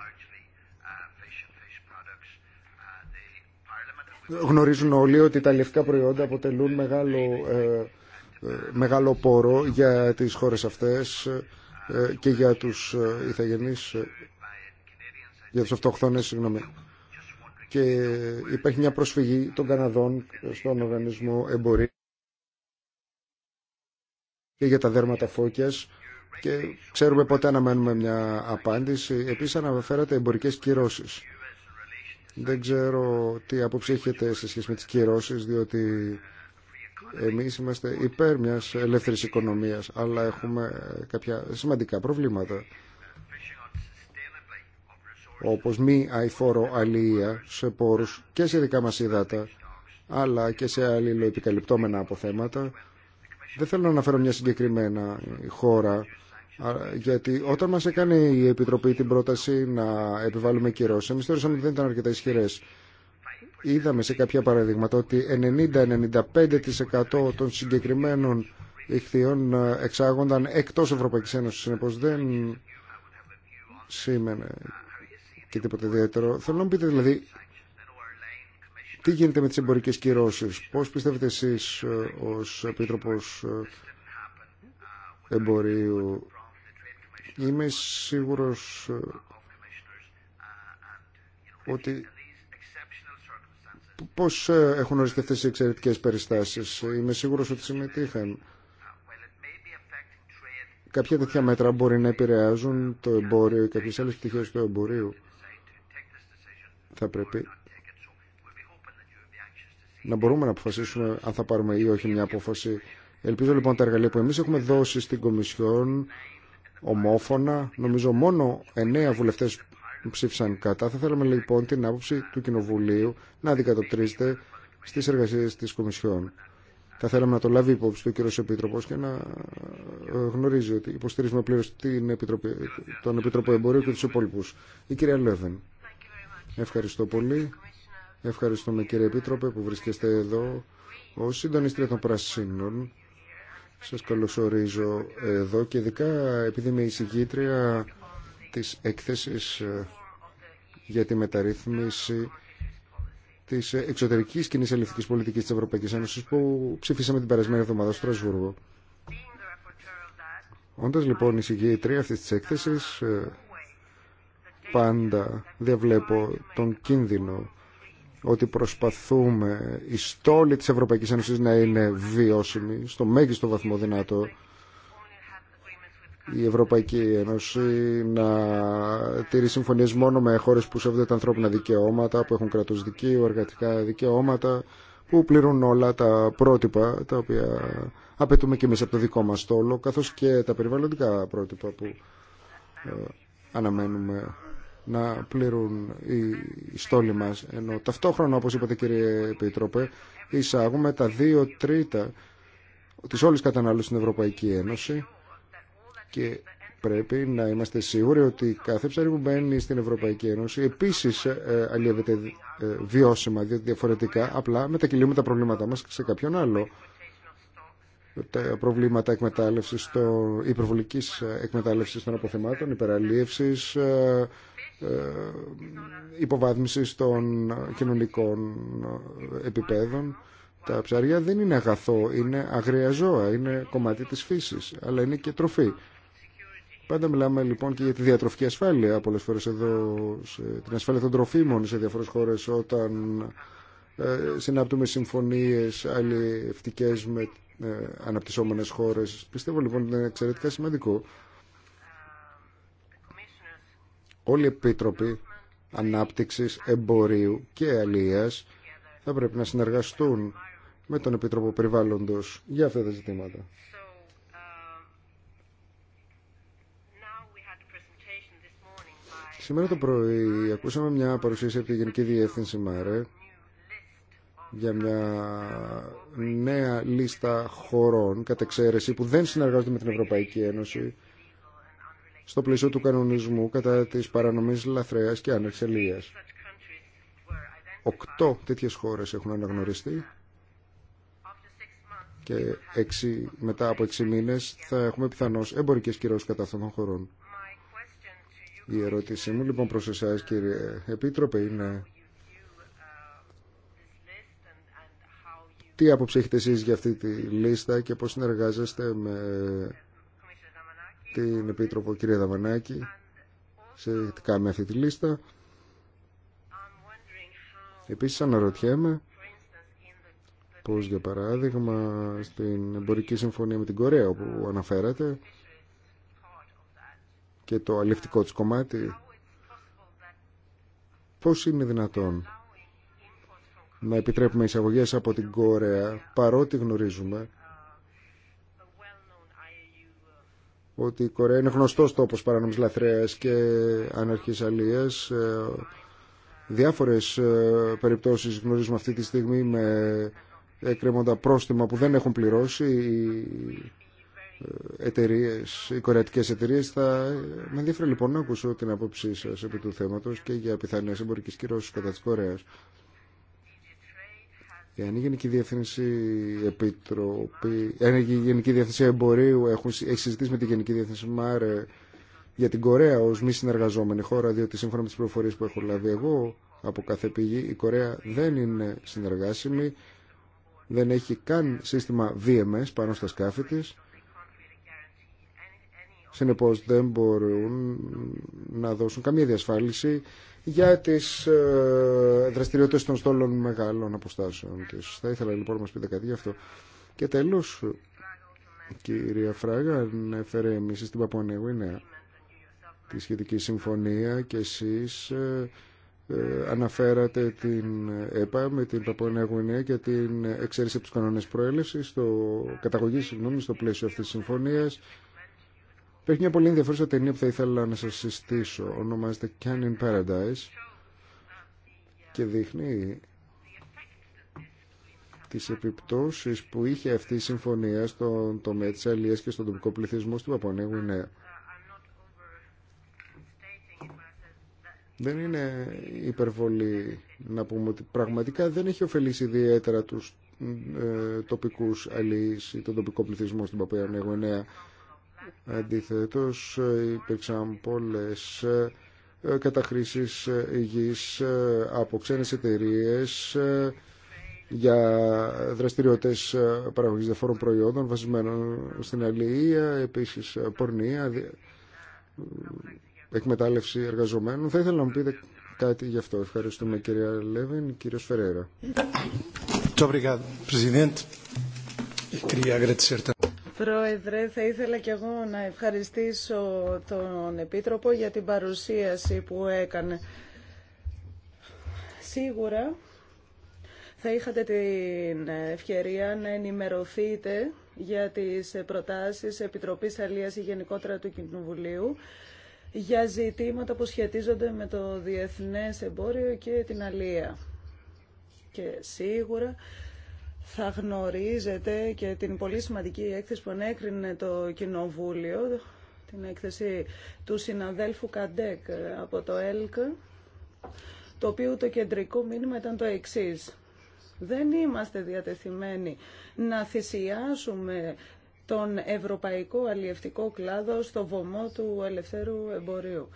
γνωρίζουν όλοι ότι τα λευκά προϊόντα αποτελούν μεγάλο ε, ε, μεγάλο πόρο για τις χώρες αυτές ε, και για τους ε, ηθαγενείς, για τους αυτοχθόνες, συγγνώμη. Και υπάρχει μια προσφυγή των Καναδών στον οργανισμό εμπορίου και για τα δέρματα φώκιας και ξέρουμε πότε αναμένουμε μια απάντηση. Επίσης αναφέρατε εμπορικές κυρώσεις. Δεν ξέρω τι άποψη σε σχέση με τις κυρώσεις, διότι εμείς είμαστε υπέρ μιας ελεύθερης οικονομίας, αλλά έχουμε ε, κάποια σημαντικά προβλήματα. Όπως μη αηφόρο αλληλεία σε πόρους και σε δικά μας υδάτα, αλλά και σε αλληλοεπικαλυπτόμενα αποθέματα. Δεν θέλω να αναφέρω μια συγκεκριμένα χώρα, γιατί όταν μας έκανε η Επιτροπή την πρόταση να επιβάλλουμε κυρώσεις, εμείς θεωρούσαμε ότι δεν ήταν αρκετά ισχυρές είδαμε σε κάποια παραδείγματα ότι 90-95% των συγκεκριμένων ηχθείων ε, εξάγονταν εκτός Ευρωπαϊκής Ένωσης. Συνεπώς δεν σήμαινε και τίποτα ιδιαίτερο. Θέλω να μου πείτε δηλαδή τι γίνεται με τις εμπορικές κυρώσεις. Πώς πιστεύετε εσείς ε, ως Επίτροπος ε, Εμπορίου. Είμαι σίγουρος ότι πώς ε, έχουν οριστεί αυτέ οι εξαιρετικέ περιστάσεις. Είμαι σίγουρο ότι συμμετείχαν. Κάποια τέτοια μέτρα μπορεί να επηρεάζουν το εμπόριο ή κάποιες άλλες πτυχέ του εμπορίου. Θα πρέπει να μπορούμε να αποφασίσουμε αν θα πάρουμε ή όχι μια απόφαση. Ελπίζω λοιπόν τα εργαλεία που εμείς έχουμε δώσει στην Κομισιόν ομόφωνα, νομίζω μόνο εννέα βουλευτές ψήφισαν κατά. Θα θέλαμε λοιπόν την άποψη του Κοινοβουλίου να αντικατοπτρίζεται στι εργασίε τη Κομισιόν. Θα θέλαμε να το λάβει υπόψη του κύριο Επίτροπο και να ε, γνωρίζει ότι υποστηρίζουμε πλήρω τον Επιτροπό Εμπορίου και του υπόλοιπου. Η κυρία Λέβεν. Ευχαριστώ πολύ. Ευχαριστούμε κύριε Επίτροπε που βρίσκεστε εδώ ω συντονίστρια των Πρασίνων. Σα καλωσορίζω εδώ και ειδικά επειδή είμαι εισηγήτρια της έκθεσης ε, για τη μεταρρύθμιση της ε, εξωτερικής κοινή ελληνικής πολιτικής της Ευρωπαϊκής Ένωσης που ψηφίσαμε την περασμένη εβδομάδα στο Στρασβούργο. Όντας λοιπόν η συγγήτρια αυτής της έκθεσης ε, πάντα διαβλέπω τον κίνδυνο ότι προσπαθούμε η στόλη της Ευρωπαϊκής Ένωσης να είναι βιώσιμη στο μέγιστο βαθμό δυνατό η Ευρωπαϊκή Ένωση να τηρεί συμφωνίες μόνο με χώρες που σέβονται τα ανθρώπινα δικαιώματα, που έχουν κρατούς δικαίου, εργατικά δικαιώματα, που πληρούν όλα τα πρότυπα τα οποία απαιτούμε και εμείς από το δικό μας στόλο, καθώς και τα περιβαλλοντικά πρότυπα που ε, αναμένουμε να πληρούν οι στόλοι μας. Ενώ ταυτόχρονα, όπως είπατε κύριε Επίτροπε, εισάγουμε τα δύο τρίτα της όλης κατανάλωσης στην Ευρωπαϊκή Ένωση και πρέπει να είμαστε σίγουροι ότι κάθε ψάρι που μπαίνει στην Ευρωπαϊκή Ένωση επίσης ε, αλλιεύεται ε, βιώσιμα, διότι διαφορετικά απλά μετακυλούμε τα προβλήματά μας σε κάποιον άλλο. Τα προβλήματα εκμετάλλευσης, το, υπερβολικής εκμετάλλευσης των αποθεμάτων, υπεραλίευσης, ε, ε, υποβάθμισης των κοινωνικών ε, επιπέδων. Τα ψάρια δεν είναι αγαθό, είναι αγρία ζώα, είναι κομμάτι της φύσης, αλλά είναι και τροφή. Πάντα μιλάμε λοιπόν και για τη διατροφική ασφάλεια πολλές φορές εδώ, σε, την ασφάλεια των τροφίμων σε διάφορες χώρες όταν ε, συνάπτουμε συμφωνίες αλληλευτικές με ε, αναπτυσσόμενες χώρες. Πιστεύω λοιπόν ότι είναι εξαιρετικά σημαντικό. Όλοι οι επίτροποι ανάπτυξης, εμπορίου και αλίας θα πρέπει να συνεργαστούν με τον Επίτροπο Περιβάλλοντος για αυτά τα ζητήματα. Σήμερα το πρωί ακούσαμε μια παρουσίαση από τη Γενική Διεύθυνση ΜΑΡΕ για μια νέα λίστα χωρών κατ' εξαίρεση που δεν συνεργάζονται με την Ευρωπαϊκή Ένωση στο πλαίσιο του κανονισμού κατά της παρανομής λαθρέας και ανεξελίας. Οκτώ τέτοιες χώρες έχουν αναγνωριστεί και έξι, μετά από έξι μήνες θα έχουμε πιθανώς εμπορικές κυρώσεις κατά αυτών των χωρών. Η ερώτησή μου λοιπόν προς εσάς κύριε Επίτροπε είναι τι άποψη έχετε εσείς για αυτή τη λίστα και πώς συνεργάζεστε με την Επίτροπο κύριε Δαμανάκη σχετικά με αυτή τη λίστα. Επίσης αναρωτιέμαι πως για παράδειγμα στην εμπορική συμφωνία με την Κορέα όπου αναφέρατε και το αληφτικό της κομμάτι. Πώς είναι δυνατόν να επιτρέπουμε εισαγωγές από την Κορέα παρότι γνωρίζουμε ότι η Κορέα είναι γνωστός τόπος παράνομης λαθρέας και αναρχής αλίας. Ε, διάφορες ε, περιπτώσεις γνωρίζουμε αυτή τη στιγμή με εκκρεμόντα πρόστιμα που δεν έχουν πληρώσει εταιρείες, οι κορεατικές εταιρείες θα με ενδιαφέρει λοιπόν να ακούσω την άποψή σας επί του θέματος και για πιθανές εμπορικές κυρώσεις κατά της Κορέας. Εάν η Γενική Διεύθυνση Επιτροπή, η Γενική Διεύθυνση Εμπορίου έχουν, έχει συζητήσει με τη Γενική Διεύθυνση ΜΑΡΕ για την Κορέα ως μη συνεργαζόμενη χώρα, διότι σύμφωνα με τις πληροφορίες που έχω λάβει εγώ από κάθε πηγή, η Κορέα δεν είναι συνεργάσιμη, δεν έχει καν σύστημα VMS πάνω στα σκάφη της Συνεπώς δεν μπορούν να δώσουν καμία διασφάλιση για τις ε, δραστηριότητες των στόλων μεγάλων αποστάσεων και Θα ήθελα λοιπόν να μας πείτε κάτι γι' αυτό. Και τέλος, κυρία Φράγα, ανέφερε εμείς στην Παπονία Γουινέα τη σχετική συμφωνία και εσείς ε, ε, αναφέρατε την ΕΠΑ με την Παπονία Γουινέα ναι, και την εξαίρεση από τους κανόνες προέλευσης, στο, καταγωγή στο πλαίσιο αυτής της συμφωνίας Υπάρχει μια πολύ ενδιαφέρουσα ταινία που θα ήθελα να σας συστήσω. Ονομάζεται Can Paradise και δείχνει τις επιπτώσεις που είχε αυτή η συμφωνία στον τομέα της και στον τοπικό πληθυσμό στην Παπανέγου Νέα. Δεν είναι υπερβολή να πούμε ότι πραγματικά δεν έχει ωφελήσει ιδιαίτερα τους ε, τοπικούς αλληλείς ή τον τοπικό πληθυσμό στην Παπανέγου Νέα Αντιθέτως υπήρξαν πολλές ε, καταχρήσεις γης ε, από ξένες εταιρείε ε, για δραστηριότητες παραγωγής διαφόρων προϊόντων βασισμένων στην αλληλεία, επίσης πορνεία, εκμετάλλευση εργαζομένων. Θα ήθελα να μου πείτε κάτι γι' αυτό. Ευχαριστούμε κυρία Λέβεν. Κύριος Φερέρα. Πρόεδρε, θα ήθελα και εγώ να ευχαριστήσω τον Επίτροπο για την παρουσίαση που έκανε. Σίγουρα θα είχατε την ευκαιρία να ενημερωθείτε για τις προτάσεις Επιτροπής Αλίας ή γενικότερα του Κοινοβουλίου για ζητήματα που σχετίζονται με το διεθνές εμπόριο και την αλία. Και σίγουρα θα γνωρίζετε και την πολύ σημαντική έκθεση που ανέκρινε το Κοινοβούλιο, την έκθεση του συναδέλφου Καντέκ από το ΕΛΚ, το οποίο το κεντρικό μήνυμα ήταν το εξής. Δεν είμαστε διατεθειμένοι να θυσιάσουμε τον ευρωπαϊκό αλλιευτικό κλάδο στο βωμό του ελευθέρου εμπορίου.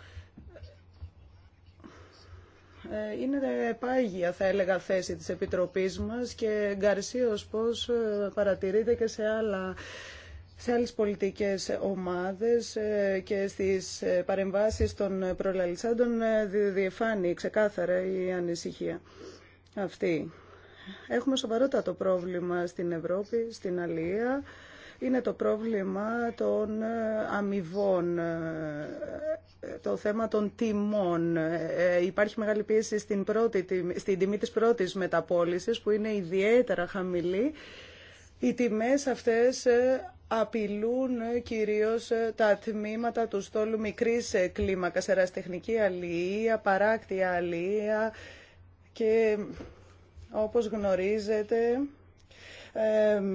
Ε, είναι πάγια θα έλεγα θέση της Επιτροπής μας και εγκαρσίως πως ε, παρατηρείται και σε άλλα σε άλλες πολιτικές ομάδες ε, και στις παρεμβάσεις των προλαλισσάντων διεφάνει ξεκάθαρα η ανησυχία αυτή. Έχουμε σοβαρότατο πρόβλημα στην Ευρώπη, στην Αλία. Είναι το πρόβλημα των αμοιβών το θέμα των τιμών. Ε, ε, υπάρχει μεγάλη πίεση στην, πρώτη, στην τιμή της πρώτης μεταπόλησης που είναι ιδιαίτερα χαμηλή. Οι τιμές αυτές ε, απειλούν κυρίως τα τμήματα του στόλου μικρής κλίμακας, εραστεχνική αλληλεία, παράκτια αλληλεία και όπως γνωρίζετε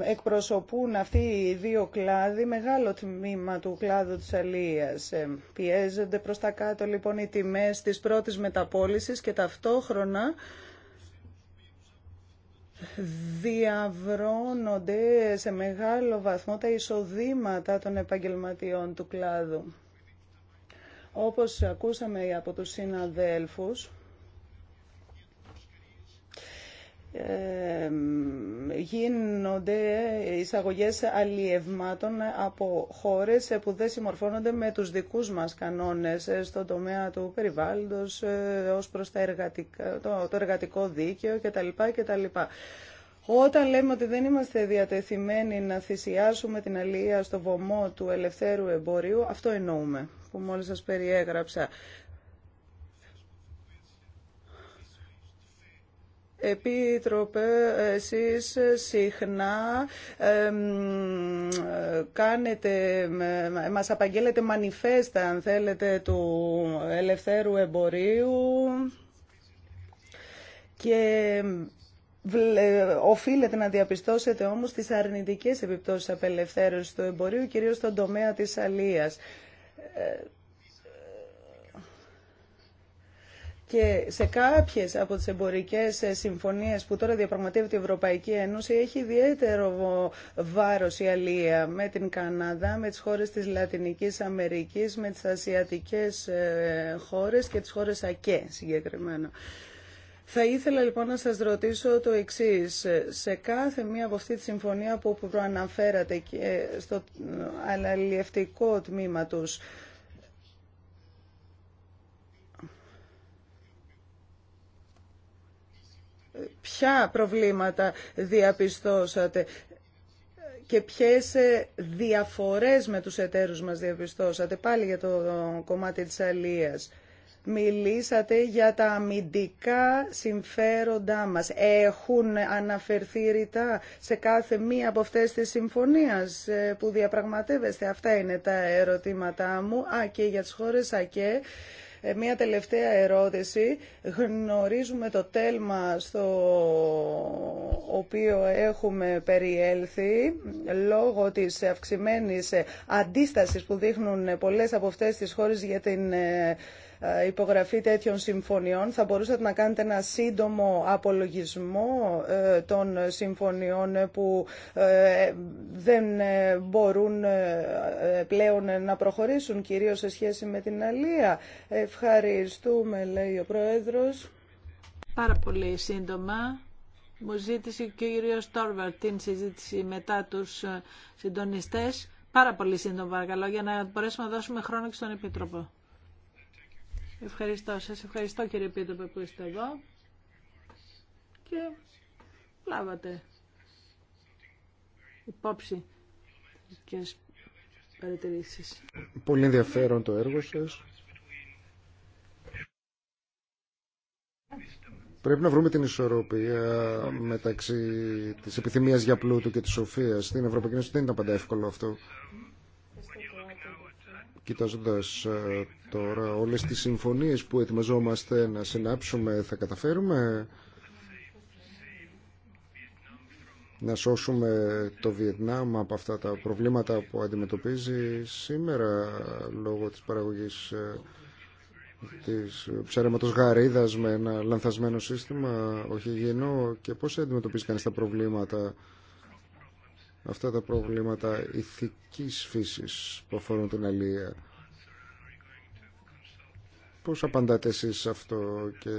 εκπροσωπούν αυτοί οι δύο κλάδοι μεγάλο τμήμα του κλάδου της αλίας. Πιέζονται προς τα κάτω λοιπόν οι τιμές της πρώτης μεταπόλησης και ταυτόχρονα διαβρώνονται σε μεγάλο βαθμό τα εισοδήματα των επαγγελματιών του κλάδου. Όπως ακούσαμε από τους συναδέλφους, Ε, γίνονται εισαγωγές αλλιευμάτων από χώρες που δεν συμμορφώνονται με τους δικούς μας κανόνες ε, στον τομέα του περιβάλλοντος, ε, ως προς το, εργατικό δίκαιο κτλ. κτλ. Όταν λέμε ότι δεν είμαστε διατεθειμένοι να θυσιάσουμε την αλληλεία στο βωμό του ελευθέρου εμπορίου, αυτό εννοούμε που μόλις σας περιέγραψα. Επίτροπε, εσείς συχνά μα κάνετε, ε, μας απαγγέλλετε μανιφέστα, αν θέλετε, του ελευθέρου εμπορίου και οφείλετε να διαπιστώσετε όμως τις αρνητικές επιπτώσεις απελευθέρωσης του εμπορίου, κυρίως στον τομέα της αλίας ε, Και σε κάποιες από τις εμπορικές ε, συμφωνίε που τώρα διαπραγματεύεται η Ευρωπαϊκή Ένωση έχει ιδιαίτερο βάρος η αλία με την Καναδά, με τις χώρες της Λατινικής Αμερικής, με τις ασιατικές ε, χώρες και τις χώρες ΑΚΕ συγκεκριμένα. Θα ήθελα λοιπόν να σας ρωτήσω το εξής. Σε κάθε μία από αυτή τη συμφωνία που προαναφέρατε και στο ε, αλληλευτικό τμήμα τους, ποια προβλήματα διαπιστώσατε και ποιες ε, διαφορές με τους εταίρους μας διαπιστώσατε πάλι για το κομμάτι της αλίας. Μιλήσατε για τα αμυντικά συμφέροντά μας. Έχουν αναφερθεί ρητά σε κάθε μία από αυτές τις συμφωνίες ε, που διαπραγματεύεστε. Αυτά είναι τα ερωτήματά μου. Α, και για τις χώρες ΑΚΕ. Και ε, μία τελευταία ερώτηση. Γνωρίζουμε το τέλμα στο οποίο έχουμε περιέλθει λόγω της αυξημένης αντίστασης που δείχνουν πολλές από αυτές τις χώρες για την ε, ε, υπογραφή τέτοιων συμφωνιών. Θα μπορούσατε να κάνετε ένα σύντομο απολογισμό ε, των συμφωνιών που ε, δεν μπορούν πλέον να προχωρήσουν, κυρίως σε σχέση με την Αλία. Ευχαριστούμε, λέει ο Πρόεδρος. Πάρα πολύ σύντομα. Μου ζήτησε και ο κύριος Τόρβαρ την συζήτηση μετά τους συντονιστές. Πάρα πολύ σύντομα, παρακαλώ, για να μπορέσουμε να δώσουμε χρόνο και στον Επίτροπο. Ευχαριστώ σας. Ευχαριστώ κύριε Πίτροπε που είστε εδώ. Και λάβατε υπόψη και παρατηρήσεις. Πολύ ενδιαφέρον το έργο σας. Πρέπει να βρούμε την ισορροπία μεταξύ της επιθυμίας για πλούτου και της σοφίας. Στην Ευρωπαϊκή Ένωση δεν ήταν πάντα εύκολο αυτό. Κοιτάζοντας ε, τώρα όλες τις συμφωνίες που ετοιμαζόμαστε να συνάψουμε, θα καταφέρουμε να σώσουμε το Βιετνάμ από αυτά τα προβλήματα που αντιμετωπίζει σήμερα λόγω της παραγωγής ε, της ψαρέματος γαρίδας με ένα λανθασμένο σύστημα όχι υγιεινό και πώς αντιμετωπίζει κανείς τα προβλήματα αυτά τα προβλήματα ηθικής φύσης που αφορούν την αλληλεία. Πώς απαντάτε εσείς σε αυτό και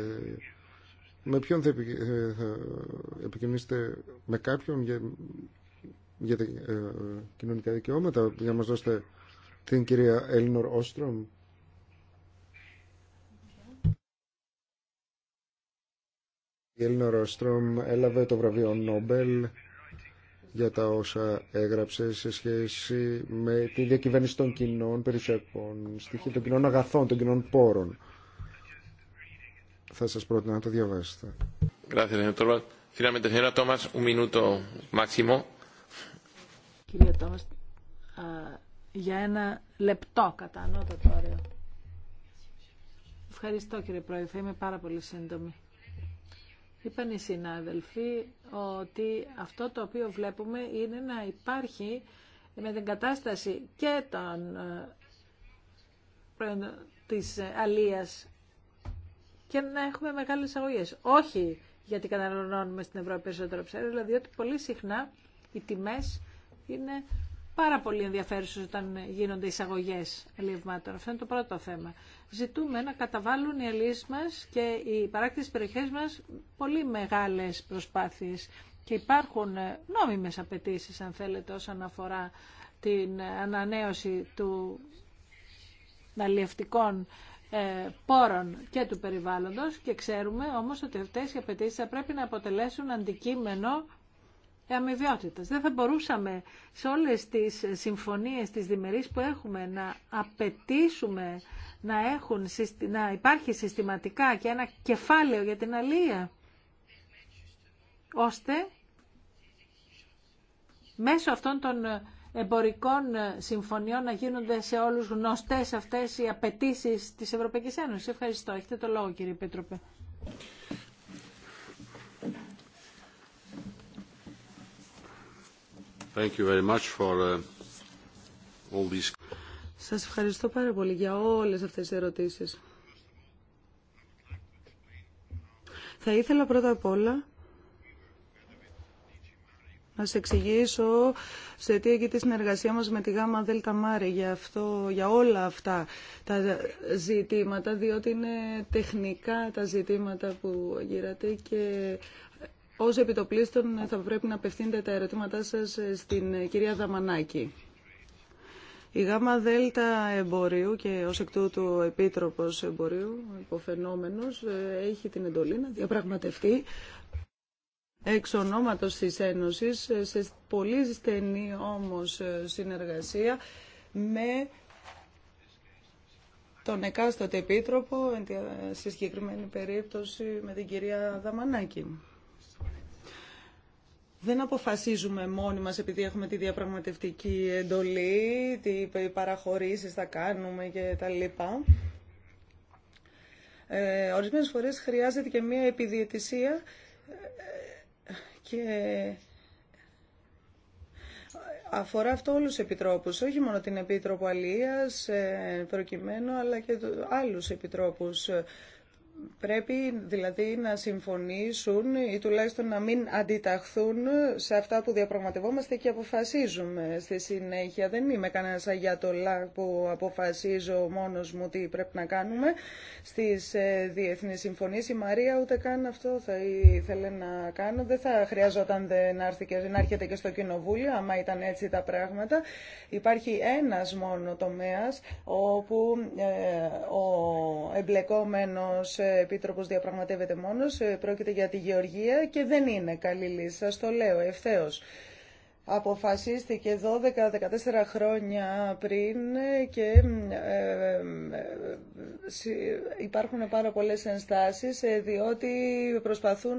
με ποιον θα ε, επικοινωνήσετε, με κάποιον για, για τα ε, κοινωνικά δικαιώματα, για να μας δώσετε την κυρία Έλνορ Όστρομ. Η Έλνορ Όστρομ έλαβε το βραβείο Νόμπελ για τα όσα έγραψε σε σχέση με τη διακυβέρνηση των κοινών περιουσιακών στοιχείων, των κοινών αγαθών, των κοινών πόρων. Θα σας πρότεινα να το διαβάσετε. Κύριε Τόμας, για ένα λεπτό κατά ανώτατο όριο. Ευχαριστώ κύριε Πρόεδρε, θα είμαι πάρα πολύ σύντομη είπαν οι συνάδελφοι ότι αυτό το οποίο βλέπουμε είναι να υπάρχει με την κατάσταση και των, ε, της ε, αλίας και να έχουμε μεγάλες αγωγές. Όχι γιατί καταναλώνουμε στην Ευρώπη περισσότερο ψέρι, αλλά δηλαδή διότι πολύ συχνά οι τιμές είναι πάρα πολύ ενδιαφέρουσες όταν γίνονται εισαγωγές αλλιευμάτων. Αυτό είναι το πρώτο θέμα. Ζητούμε να καταβάλουν οι αλίες μας και οι παράκτητες περιοχές μας πολύ μεγάλες προσπάθειες και υπάρχουν νόμιμες απαιτήσει, αν θέλετε, όσον αφορά την ανανέωση του αλλιευτικών ε, πόρων και του περιβάλλοντος και ξέρουμε όμως ότι αυτές οι απαιτήσει θα πρέπει να αποτελέσουν αντικείμενο αμοιβαιότητα. Δεν θα μπορούσαμε σε όλες τις συμφωνίες, τις διμερή που έχουμε να απαιτήσουμε να, έχουν, να υπάρχει συστηματικά και ένα κεφάλαιο για την αλία, ώστε μέσω αυτών των εμπορικών συμφωνιών να γίνονται σε όλους γνωστές αυτές οι απαιτήσει της Ευρωπαϊκής Ένωσης. Ευχαριστώ. Έχετε το λόγο κύριε Πίτροπε. Uh, Σας ευχαριστώ πάρα πολύ για όλες αυτές τις ερωτήσεις. Θα ήθελα πρώτα απ' όλα να σε εξηγήσω σε τι έγινε τη συνεργασία μας με τη ΓΑΜΑ ΔΕΛΤΑ ΜΑΡΕ για, αυτό, για όλα αυτά τα ζητήματα, διότι είναι τεχνικά τα ζητήματα που γύρατε και ως επιτοπλίστων θα πρέπει να απευθύνετε τα ερωτήματά σας ε, στην ε, κυρία Δαμανάκη. Η γάμα δέλτα εμπορίου και ως εκ τούτου επίτροπος εμπορίου, υποφαινόμενος, ε, έχει την εντολή να διαπραγματευτεί εξ ονόματος της Ένωσης σε πολύ στενή όμως συνεργασία με τον εκάστοτε επίτροπο, σε συγκεκριμένη περίπτωση με την κυρία Δαμανάκη δεν αποφασίζουμε μόνοι μας επειδή έχουμε τη διαπραγματευτική εντολή, τι παραχωρήσεις θα κάνουμε και τα λοιπά. Ε, ορισμένες φορές χρειάζεται και μία επιδιαιτησία ε, και αφορά αυτό όλους τους επιτρόπους, όχι μόνο την Επίτροπο Αλίας ε, προκειμένου, αλλά και άλλους επιτρόπους Πρέπει δηλαδή να συμφωνήσουν ή τουλάχιστον να μην αντιταχθούν σε αυτά που διαπραγματευόμαστε και αποφασίζουμε στη συνέχεια. Δεν είμαι κανένας αγιατολά που αποφασίζω μόνος μου τι πρέπει να κάνουμε στις ε, διεθνείς συμφωνίες. Η Μαρία ούτε καν αυτό θα ήθελε να κάνω. Δεν θα χρειαζόταν να έρχεται και στο Κοινοβούλιο, άμα ήταν έτσι τα πράγματα. Υπάρχει ένας μόνο τομέας όπου ε, ο εμπλεκόμενος ε, Επίτροπο διαπραγματεύεται μόνος, ε, πρόκειται για τη γεωργία και δεν είναι καλή λύση, Σα το λεω ευθεω ευθέως. Αποφασίστηκε 12-14 χρόνια πριν και ε, ε, υπάρχουν πάρα πολλές ενστάσεις διότι προσπαθούν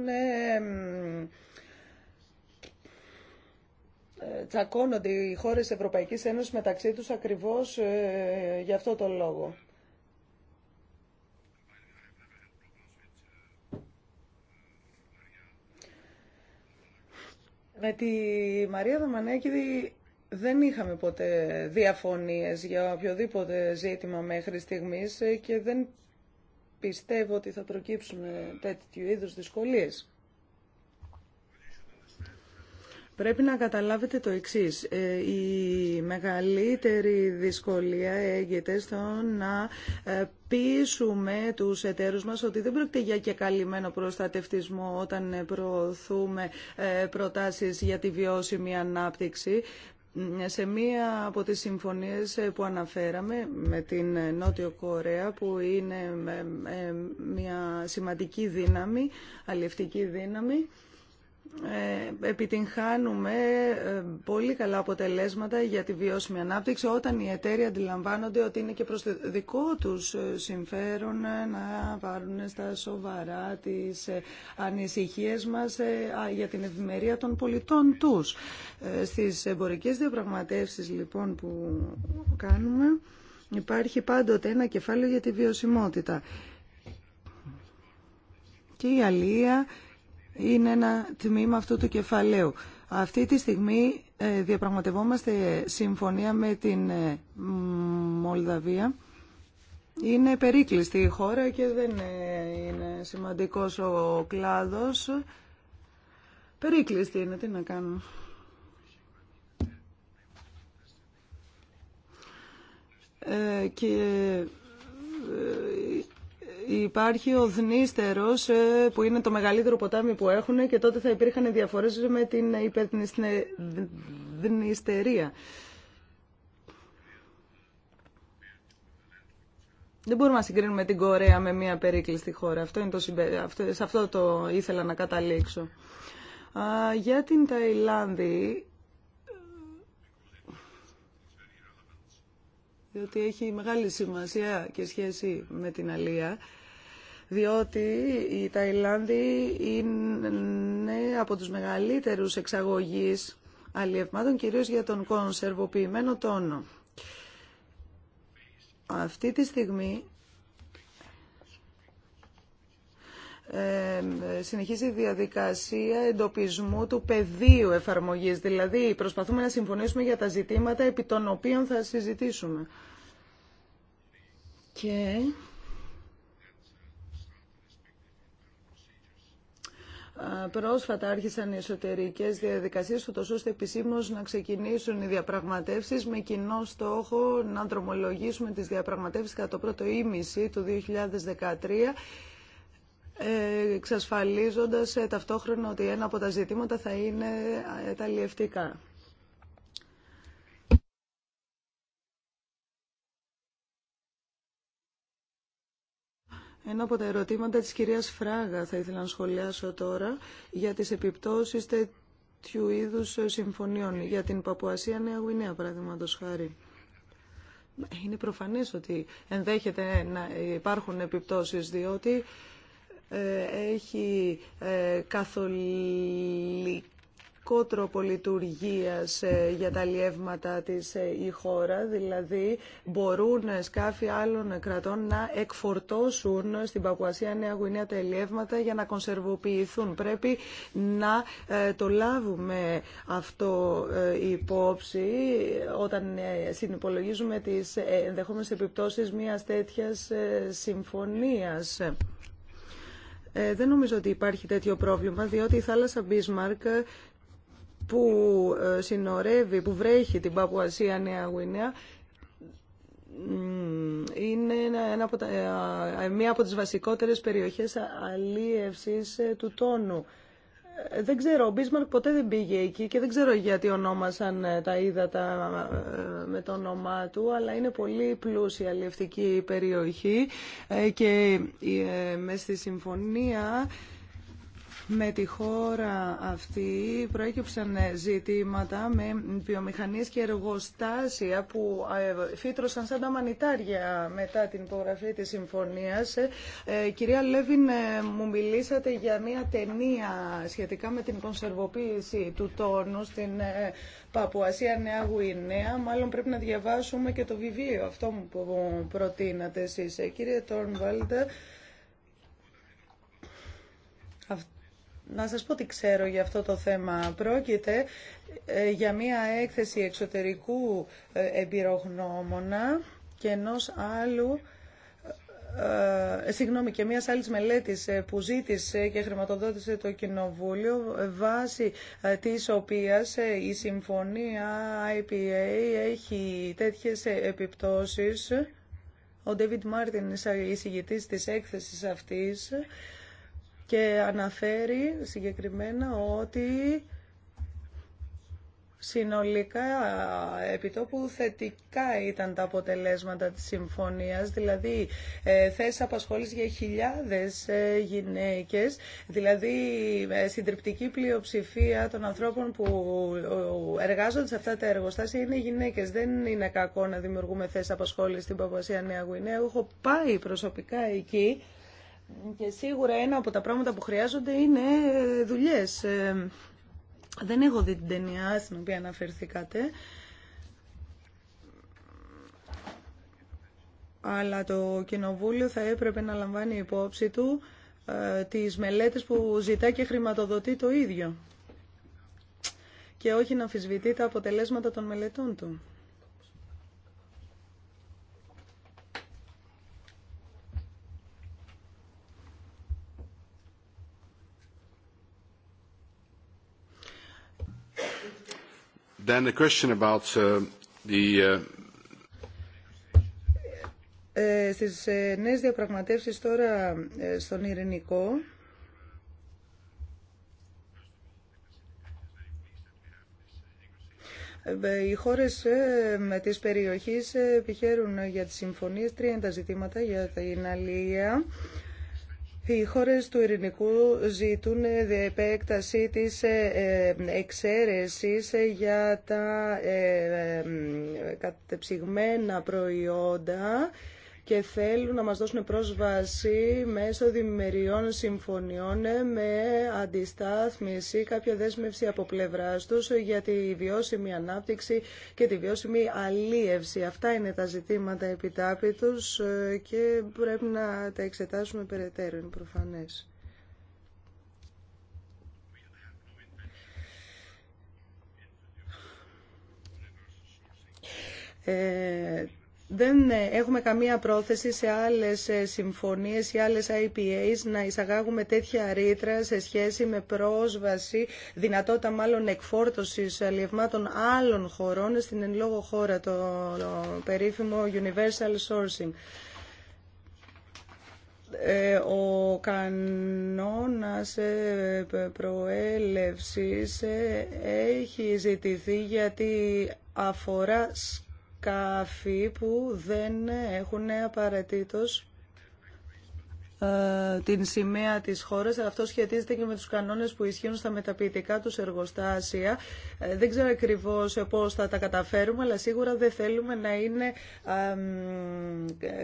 τσακώνονται οι χώρες Ευρωπαϊκής Ένωσης μεταξύ τους ακριβώς για αυτό το λόγο. Με τη Μαρία Δαμανέκη δεν είχαμε ποτέ διαφωνίες για οποιοδήποτε ζήτημα μέχρι στιγμής και δεν πιστεύω ότι θα προκύψουν τέτοιου είδους δυσκολίες. Πρέπει να καταλάβετε το εξής. Ε, η μεγαλύτερη δυσκολία έγινε στο να ε, πείσουμε τους εταίρους μας ότι δεν πρόκειται για και καλυμμένο προστατευτισμό όταν ε, προωθούμε προτάσεις για τη βιώσιμη ανάπτυξη. Σε μία από τις συμφωνίες που αναφέραμε με την Νότιο Κορέα που είναι μια σημαντική δύναμη, αλληλευτική δύναμη, ε, επιτυγχάνουμε ε, πολύ καλά αποτελέσματα για τη βιώσιμη ανάπτυξη όταν οι εταίροι αντιλαμβάνονται ότι είναι και προς δικό τους ε, συμφέρον να πάρουν στα σοβαρά τις ανησυχίες μας για την ευημερία των πολιτών τους. Στις εμπορικές διαπραγματεύσεις λοιπόν που κάνουμε υπάρχει πάντοτε ένα κεφάλαιο για τη βιωσιμότητα. Και η Αλία είναι ένα τμήμα αυτού του κεφαλαίου. Αυτή τη στιγμή ε, διαπραγματευόμαστε συμφωνία με την ε, Μολδαβία. Είναι περίκλειστη η χώρα και δεν ε, είναι σημαντικός ο κλάδος. Περίκλειστη είναι, τι να κάνουμε. και υπάρχει ο Δνίστερος ε, που είναι το μεγαλύτερο ποτάμι που έχουν και τότε θα υπήρχαν διαφορές με την υπερδνιστερία. Δεν μπορούμε να συγκρίνουμε την Κορέα με μια περίκλειστη χώρα. Αυτό είναι το αυτό... Σε αυτό το ήθελα να καταλήξω. για την Ταϊλάνδη, διότι έχει μεγάλη σημασία και σχέση με την Αλία, διότι η Ταϊλάνδη είναι από τους μεγαλύτερους εξαγωγείς αλλιευμάτων, κυρίως για τον κονσερβοποιημένο τόνο. Αυτή τη στιγμή ε, συνεχίζει η διαδικασία εντοπισμού του πεδίου εφαρμογής. Δηλαδή, προσπαθούμε να συμφωνήσουμε για τα ζητήματα επί των οποίων θα συζητήσουμε. Και... Πρόσφατα άρχισαν οι εσωτερικές διαδικασίες, ούτως ώστε επισήμως να ξεκινήσουν οι διαπραγματεύσεις με κοινό στόχο να δρομολογήσουμε τις διαπραγματεύσεις κατά το πρώτο ήμιση του 2013 εξασφαλίζοντας ε, ταυτόχρονα ότι ένα από τα ζητήματα θα είναι ε, τα λιευτικά. Ένα από τα ερωτήματα της κυρίας Φράγα θα ήθελα να σχολιάσω τώρα για τις επιπτώσεις τέτοιου είδου συμφωνιών για την Παπουασία Νέα Γουινέα παραδείγματος χάρη. Είναι προφανές ότι ενδέχεται να υπάρχουν επιπτώσεις διότι ε, έχει ε, καθολικά διαφορετικό τρόπο ε, για τα λιεύματα της ε, η χώρα, δηλαδή μπορούν σκάφη άλλων κρατών να εκφορτώσουν στην Παπουασία Νέα Γουινέα τα λιεύματα για να κονσερβοποιηθούν. Πρέπει να ε, το λάβουμε αυτό υπόψη όταν συνυπολογίζουμε τις ενδεχόμενες επιπτώσεις μιας τέτοιας συμφωνίας. δεν νομίζω ότι υπάρχει τέτοιο πρόβλημα, διότι η θάλασσα Bismarck που ε, συνορεύει, που βρέχει την Παπουασία Νέα Γουινέα είναι ένα από ε, μία από τις βασικότερες περιοχές αλίευσης ε, του τόνου. Δεν ξέρω, ο Μπίσμαρκ ποτέ δεν πήγε εκεί και δεν ξέρω γιατί ονόμασαν τα ύδατα με το όνομά του, αλλά είναι πολύ πλούσια αλίευτική περιοχή και με στη συμφωνία με τη χώρα αυτή προέκυψαν ζητήματα με βιομηχανίε και εργοστάσια που ε, φύτρωσαν σαν τα μανιτάρια μετά την υπογραφή της συμφωνίας. Ε, κυρία Λέβιν, ε, μου μιλήσατε για μια ταινία σχετικά με την κονσερβοποίηση του τόνου στην Παπουασία Νέα Γουινέα. Μάλλον πρέπει να διαβάσουμε και το βιβλίο αυτό που προτείνατε εσείς. Κύριε Τόρνβαλντ. Να σας πω τι ξέρω για αυτό το θέμα. Πρόκειται ε, για μια έκθεση εξωτερικού ε, εμπειρογνώμονα και ενός άλλου ε, ε και μια άλλη μελέτη που ζήτησε και χρηματοδότησε το Κοινοβούλιο, βάσει τη οποία η συμφωνία IPA έχει τέτοιε επιπτώσει. Ο Ντέβιντ Μάρτιν, εισηγητή τη έκθεση αυτή, και αναφέρει συγκεκριμένα ότι συνολικά επιτόπου θετικά ήταν τα αποτελέσματα της συμφωνίας, δηλαδή ε, θέσεις απασχόλησης για χιλιάδες ε, γυναίκες, δηλαδή ε, συντριπτική πλειοψηφία των ανθρώπων που εργάζονται σε αυτά τα εργοστάσια είναι γυναίκες. Δεν είναι κακό να δημιουργούμε θέσεις απασχόλησης στην Παπασία Νέα Γουινέα. Έχω πάει προσωπικά εκεί. Και σίγουρα ένα από τα πράγματα που χρειάζονται είναι δουλειές. Ε, δεν έχω δει την ταινία στην οποία αναφερθήκατε. Αλλά το Κοινοβούλιο θα έπρεπε να λαμβάνει υπόψη του ε, τις μελέτες που ζητά και χρηματοδοτεί το ίδιο και όχι να αμφισβητεί τα αποτελέσματα των μελετών του. Then uh, the question uh, ε, ε, νέες διαπραγματεύσεις τώρα ε, στον Ειρηνικό Οι χώρες με τις περιοχές επιχαίρουν για τις συμφωνίες τα ζητήματα για την αλληλεία. Οι χώρες του ειρηνικού ζητούν επέκταση της ε, ε, εξαίρεσης για τα ε, κατεψυγμένα προϊόντα και θέλουν να μας δώσουν πρόσβαση μέσω διμεριών συμφωνιών με αντιστάθμιση, κάποια δέσμευση από πλευρά τους για τη βιώσιμη ανάπτυξη και τη βιώσιμη αλίευση. Αυτά είναι τα ζητήματα επιτάπητος και πρέπει να τα εξετάσουμε περαιτέρω, είναι προφανές. Ε, δεν ε, έχουμε καμία πρόθεση σε άλλες ε, συμφωνίες ή άλλες IPAs να εισαγάγουμε τέτοια ρήτρα σε σχέση με πρόσβαση, δυνατότητα μάλλον εκφόρτωσης αλλιευμάτων ε, άλλων χωρών στην εν λόγω χώρα, το περίφημο Universal Sourcing ο κανόνας προέλευσης έχει ζητηθεί γιατί αφορά σκάφη που δεν έχουν απαραίτητο ε, την σημαία της χώρας, αυτό σχετίζεται και με τους κανόνες που ισχύουν στα μεταποιητικά τους εργοστάσια. Ε, δεν ξέρω ακριβώς πώς θα τα καταφέρουμε, αλλά σίγουρα δεν θέλουμε να είναι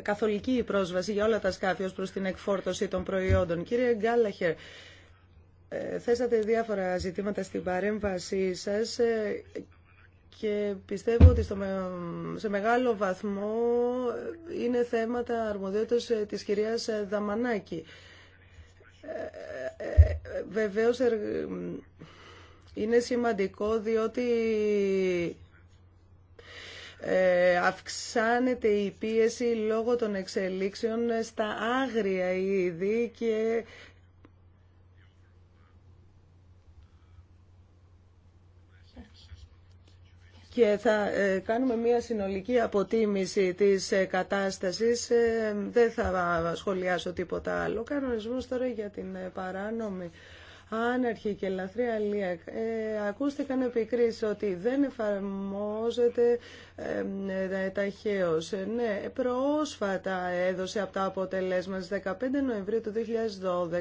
καθολική η πρόσβαση για όλα τα σκάφη ως προς την εκφόρτωση των προϊόντων. Κύριε Γκάλαχερ, ε, θέσατε διάφορα ζητήματα στην παρέμβασή σας και πιστεύω ότι στο, σε μεγάλο βαθμό είναι θέματα αρμοδιότητας ε, της κυρίας ε, Δαμανάκη. Ε, βεβαίως είναι σημαντικό διότι αυξάνεται η πίεση λόγω των εξελίξεων στα άγρια είδη και και θα ε, κάνουμε μια συνολική αποτίμηση της ε, κατάστασης. Ε, δεν θα σχολιάσω τίποτα άλλο. Κανονισμό κανονισμός τώρα για την παράνομη άναρχη και λαθρή αλία. Ε, ακούστηκαν επικρίσεις ότι δεν εφαρμόζεται ε, ταχαίως. Ναι, πρόσφατα έδωσε τα αποτελέσματα. 15 Νοεμβρίου του 2012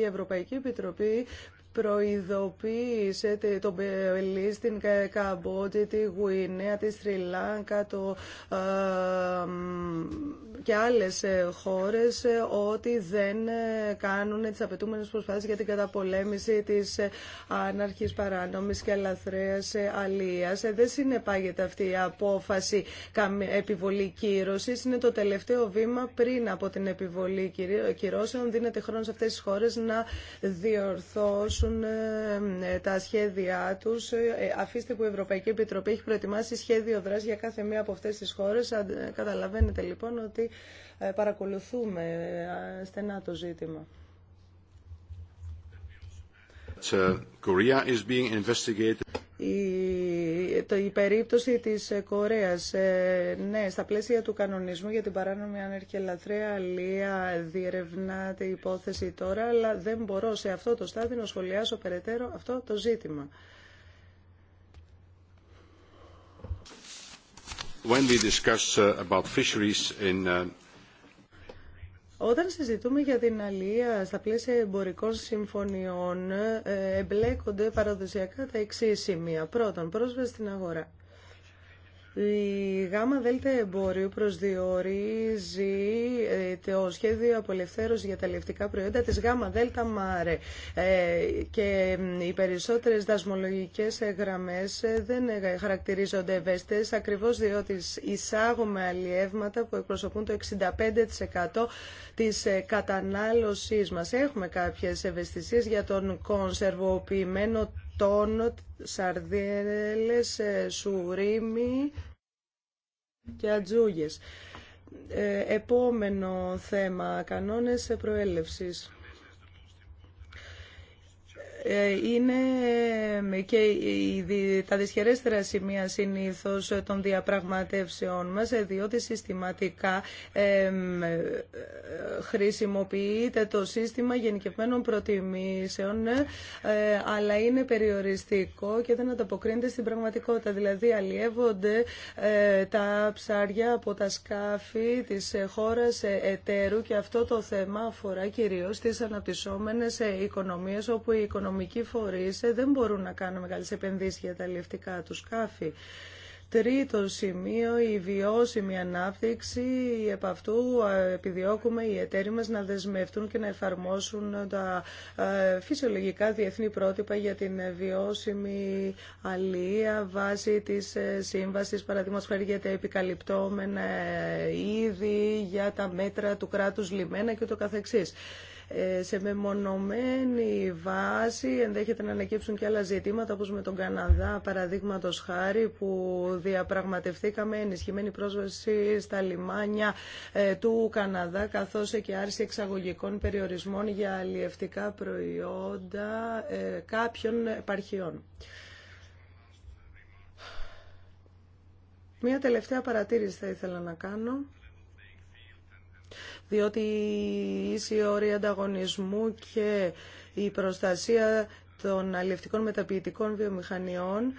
η Ευρωπαϊκή Επιτροπή προειδοποίησε το Πελή στην καμπότη τη Γουινέα, τη Στριλάνκα το, και άλλες ε, χώρες ε, ότι δεν ε, κάνουν τις απαιτούμενες προσπάθειες για την καταπολέμηση της άναρχης παράνομης και αλαθρέας αλίας. Δεν συνεπάγεται αυτή η απόφαση επιβολή κύρωσης. Είναι το τελευταίο βήμα πριν από την επιβολή κυρώσεων. Δίνεται χρόνο σε αυτές τις χώρες να διορθώσουν ε, ε, τα σχέδιά τους. Ε, αφήστε που η Ευρωπαϊκή Επιτροπή έχει προετοιμάσει σχέδιο δράση για κάθε μία από αυτές τις χώρες. Καταλαβαίνετε λοιπόν ότι παρακολουθούμε στενά το ζήτημα. Uh, η, περίπτωση της ε, Κορέας, ε, ναι, στα πλαίσια του κανονισμού για την παράνομη ανέργεια και λαθρέα αλία διερευνάται η υπόθεση τώρα, αλλά δεν μπορώ σε αυτό το στάδιο να σχολιάσω περαιτέρω αυτό το ζήτημα. Όταν συζητούμε για την αλληλεία στα πλαίσια εμπορικών συμφωνιών, ε, εμπλέκονται παραδοσιακά τα εξή σημεία. Πρώτον, πρόσβαση στην αγορά. Η ΓΑΜΑ ΔΕΛΤΑ Εμπόριου προσδιορίζει ε, το σχέδιο απολευθέρωση για τα λευτικά προϊόντα της ΓΑΜΑ ΔΕΛΤΑ ΜΑΡΕ ε, και οι περισσότερες δασμολογικές γραμμές ε, δεν χαρακτηρίζονται ευαίσθητες ακριβώς διότι εισάγουμε αλλιεύματα που εκπροσωπούν το 65% της κατανάλωσής μας. Έχουμε κάποιες ευαισθησίες για τον κονσερβοποιημένο τόνο, σαρδέλες, ε, σουρίμι και ατζούγες. Ε, επόμενο θέμα, κανόνες προέλευσης. Ε, είναι ε, και τα δυσχερέστερα σημεία συνήθως των διαπραγματεύσεών μας, ε, διότι συστηματικά χρησιμοποιείται το σύστημα γενικευμένων προτιμήσεων, αλλά είναι περιοριστικό και δεν ανταποκρίνεται στην πραγματικότητα. Δηλαδή, αλλιεύονται τα ψάρια από τα σκάφη της χώρας εταίρου και αυτό το θέμα αφορά κυρίως τις αναπτυσσόμενες οικονομίες, όπου η οικονομία οικονομικοί φορείς ε, δεν μπορούν να κάνουν μεγάλες επενδύσει για τα λευτικά του σκάφη. Τρίτο σημείο, η βιώσιμη ανάπτυξη. Επ' αυτού επιδιώκουμε οι εταίροι μας να δεσμευτούν και να εφαρμόσουν τα φυσιολογικά διεθνή πρότυπα για την βιώσιμη αλία βάσει της ε, σύμβασης, παραδείγματος χάρη για τα επικαλυπτόμενα ε, είδη, για τα μέτρα του κράτους λιμένα και το καθεξής. Ε, σε μεμονωμένη βάση ενδέχεται να ανακύψουν και άλλα ζητήματα όπως με τον Καναδά παραδείγματο χάρη που διαπραγματευθήκαμε ενισχυμένη πρόσβαση στα λιμάνια ε, του Καναδά καθώς και άρση εξαγωγικών περιορισμών για αλλιευτικά προϊόντα ε, κάποιων επαρχιών. Μία τελευταία παρατήρηση θα ήθελα να κάνω διότι η η ανταγωνισμού και η προστασία των αλληλευτικών μεταποιητικών βιομηχανιών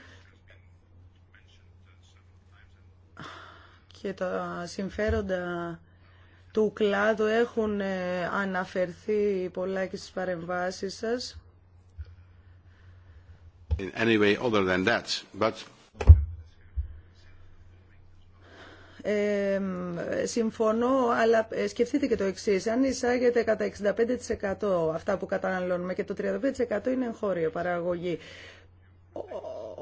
και τα συμφέροντα του κλάδου έχουν ε, αναφερθεί πολλά και στις παρεμβάσεις σας. συμφωνώ, αλλά ε, σκεφτείτε και το εξή. Αν εισάγεται κατά 65% αυτά που καταναλώνουμε και το 35% είναι εγχώριο παραγωγή,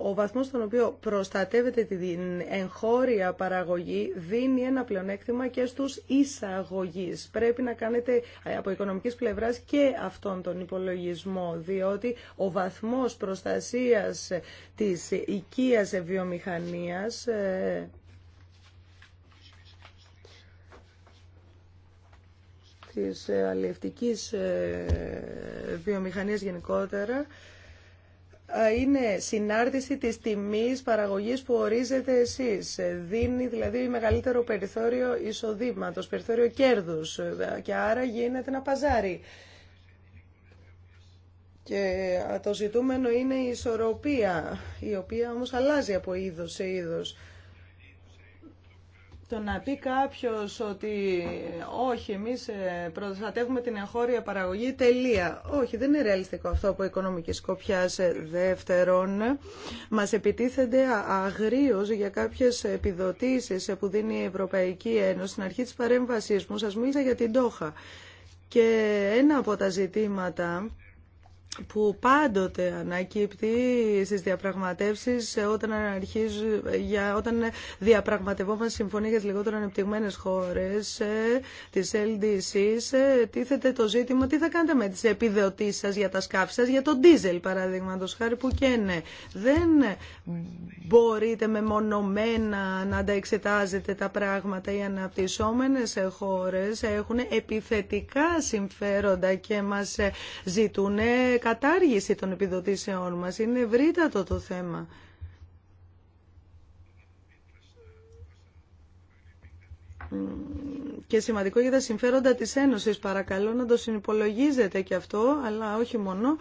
ο βαθμός στον οποίο προστατεύεται την εγχώρια παραγωγή δίνει ένα πλεονέκτημα και στους εισαγωγείς. Πρέπει να κάνετε ε, από οικονομικής πλευράς και αυτόν τον υπολογισμό, διότι ο βαθμός προστασίας της οικίας βιομηχανίας ε, της ε, αλληλευτικής ε, βιομηχανίας γενικότερα είναι συνάρτηση της τιμής παραγωγής που ορίζετε εσείς. Ε, δίνει δηλαδή μεγαλύτερο περιθώριο εισοδήματος, περιθώριο κέρδους και άρα γίνεται ένα παζάρι. Και το ζητούμενο είναι η ισορροπία, η οποία όμως αλλάζει από είδος σε είδος. Το να πει κάποιος ότι όχι, εμεί ε, προστατεύουμε την εγχώρια παραγωγή, τελεία. Όχι, δεν είναι ρεαλιστικό αυτό από οικονομική σκοπιά. Ε, δεύτερον, μας επιτίθενται αγρίως για κάποιες επιδοτήσεις ε, που δίνει η Ευρωπαϊκή Ένωση. Στην αρχή τη παρέμβασή μου σα μίλησα για την Τόχα. Και ένα από τα ζητήματα που πάντοτε ανακύπτει στις διαπραγματεύσεις όταν, για, όταν διαπραγματευόμαστε συμφωνία για τις λιγότερο ανεπτυγμένες χώρες ε, της LDC, ε, τίθεται το ζήτημα τι θα κάνετε με τις επιδοτήσεις σας για τα σκάφη σας, για τον ντίζελ παραδείγματο χάρη που και ναι. Δεν μπορείτε μονομένα να τα τα πράγματα. Οι αναπτυσσόμενες χώρες έχουν επιθετικά συμφέροντα και μας ζητούν κατάργηση των επιδοτήσεών μας. Είναι ευρύτατο το θέμα. και σημαντικό για τα συμφέροντα της Ένωσης. Παρακαλώ να το συνυπολογίζετε και αυτό, αλλά όχι μόνο.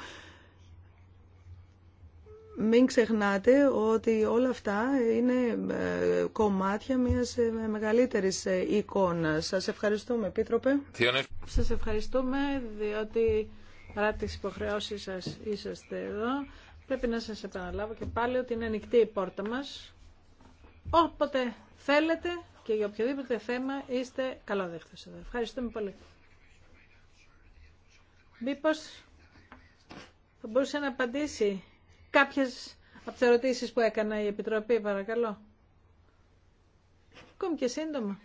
Μην ξεχνάτε ότι όλα αυτά είναι ε, κομμάτια μιας ε, μεγαλύτερης ε, εικόνας. Σας ευχαριστούμε, Επίτροπε. Σας ευχαριστούμε, διότι παρά τις υποχρεώσεις σας είσαστε εδώ. Πρέπει να σας επαναλάβω και πάλι ότι είναι ανοιχτή η πόρτα μας. Όποτε θέλετε και για οποιοδήποτε θέμα είστε καλόδεχτες εδώ. Ευχαριστούμε πολύ. Μήπως θα μπορούσε να απαντήσει κάποιες από τις ερωτήσεις που έκανα η Επιτροπή, παρακαλώ. Ακόμη και σύντομα.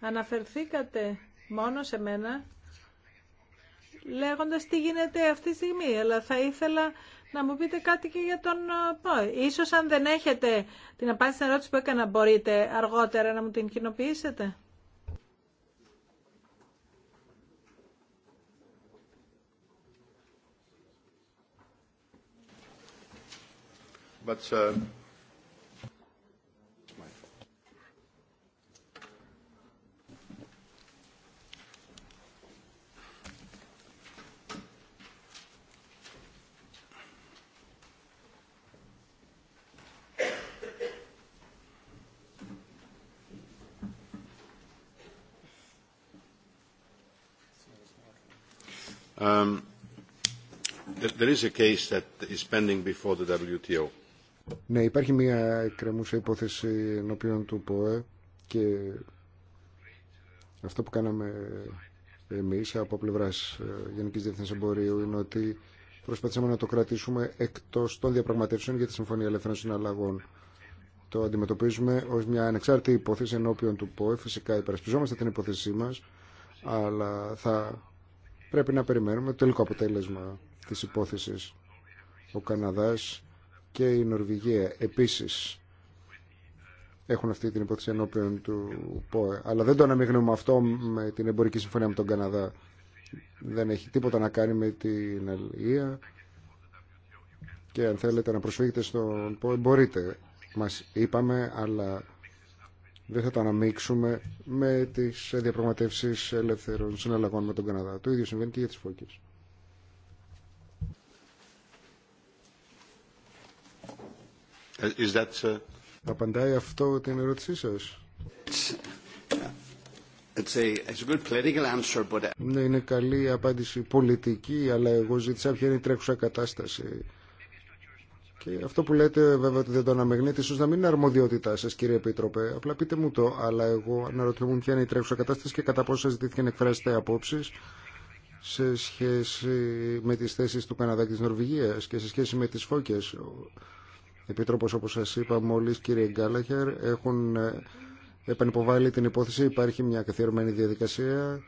Αναφερθήκατε μόνο σε μένα λέγοντας τι γίνεται αυτή τη στιγμή, αλλά θα ήθελα να μου πείτε κάτι και για τον ΠΟΕ. Ίσως αν δεν έχετε την απάντηση στην ερώτηση που έκανα, μπορείτε αργότερα να μου την κοινοποιήσετε. But, uh, Ναι, υπάρχει μια εκκρεμούσα υπόθεση ενώπιον του ΠΟΕ και αυτό που κάναμε εμείς από πλευράς ε, Γενικής Διεθνής Εμπορίου είναι ότι προσπαθήσαμε να το κρατήσουμε εκτός των διαπραγματεύσεων για τη Συμφωνία Ελεύθερων Συναλλαγών. Το αντιμετωπίζουμε ως μια ανεξάρτητη υπόθεση ενώπιον του ΠΟΕ. Φυσικά υπερασπιζόμαστε την υπόθεσή μας, αλλά θα Πρέπει να περιμένουμε το τελικό αποτέλεσμα της υπόθεσης. Ο Καναδάς και η Νορβηγία επίσης έχουν αυτή την υπόθεση ενώπιον του ΠΟΕ. Αλλά δεν το αναμειγνύουμε αυτό με την εμπορική συμφωνία με τον Καναδά. Δεν έχει τίποτα να κάνει με την αλληλεία. Και αν θέλετε να προσφύγετε στον ΠΟΕ μπορείτε. Μας είπαμε, αλλά δεν θα τα αναμίξουμε με τις διαπραγματεύσει ελεύθερων συναλλαγών με τον Καναδά. Το ίδιο συμβαίνει και για τις φώκες. Ε, uh, Απαντάει αυτό την ερώτησή σα. Uh, ναι, είναι καλή απάντηση πολιτική, αλλά εγώ ζήτησα ποια είναι η τρέχουσα κατάσταση και αυτό που λέτε βέβαια ότι δεν το αναμεγνύετε, ίσω να μην είναι αρμοδιότητά σα, κύριε Επίτροπε. Απλά πείτε μου το. Αλλά εγώ αναρωτιόμουν ποια είναι η τρέχουσα κατάσταση και κατά πόσο σα ζητήθηκε να εκφράσετε απόψει σε σχέση με τι θέσει του Καναδά και τη Νορβηγία και σε σχέση με τι φώκε. Επίτροπο, όπω σα είπα, μόλι, κύριε Γκάλαχερ, έχουν ε, επανυποβάλει την υπόθεση. Υπάρχει μια καθιερωμένη διαδικασία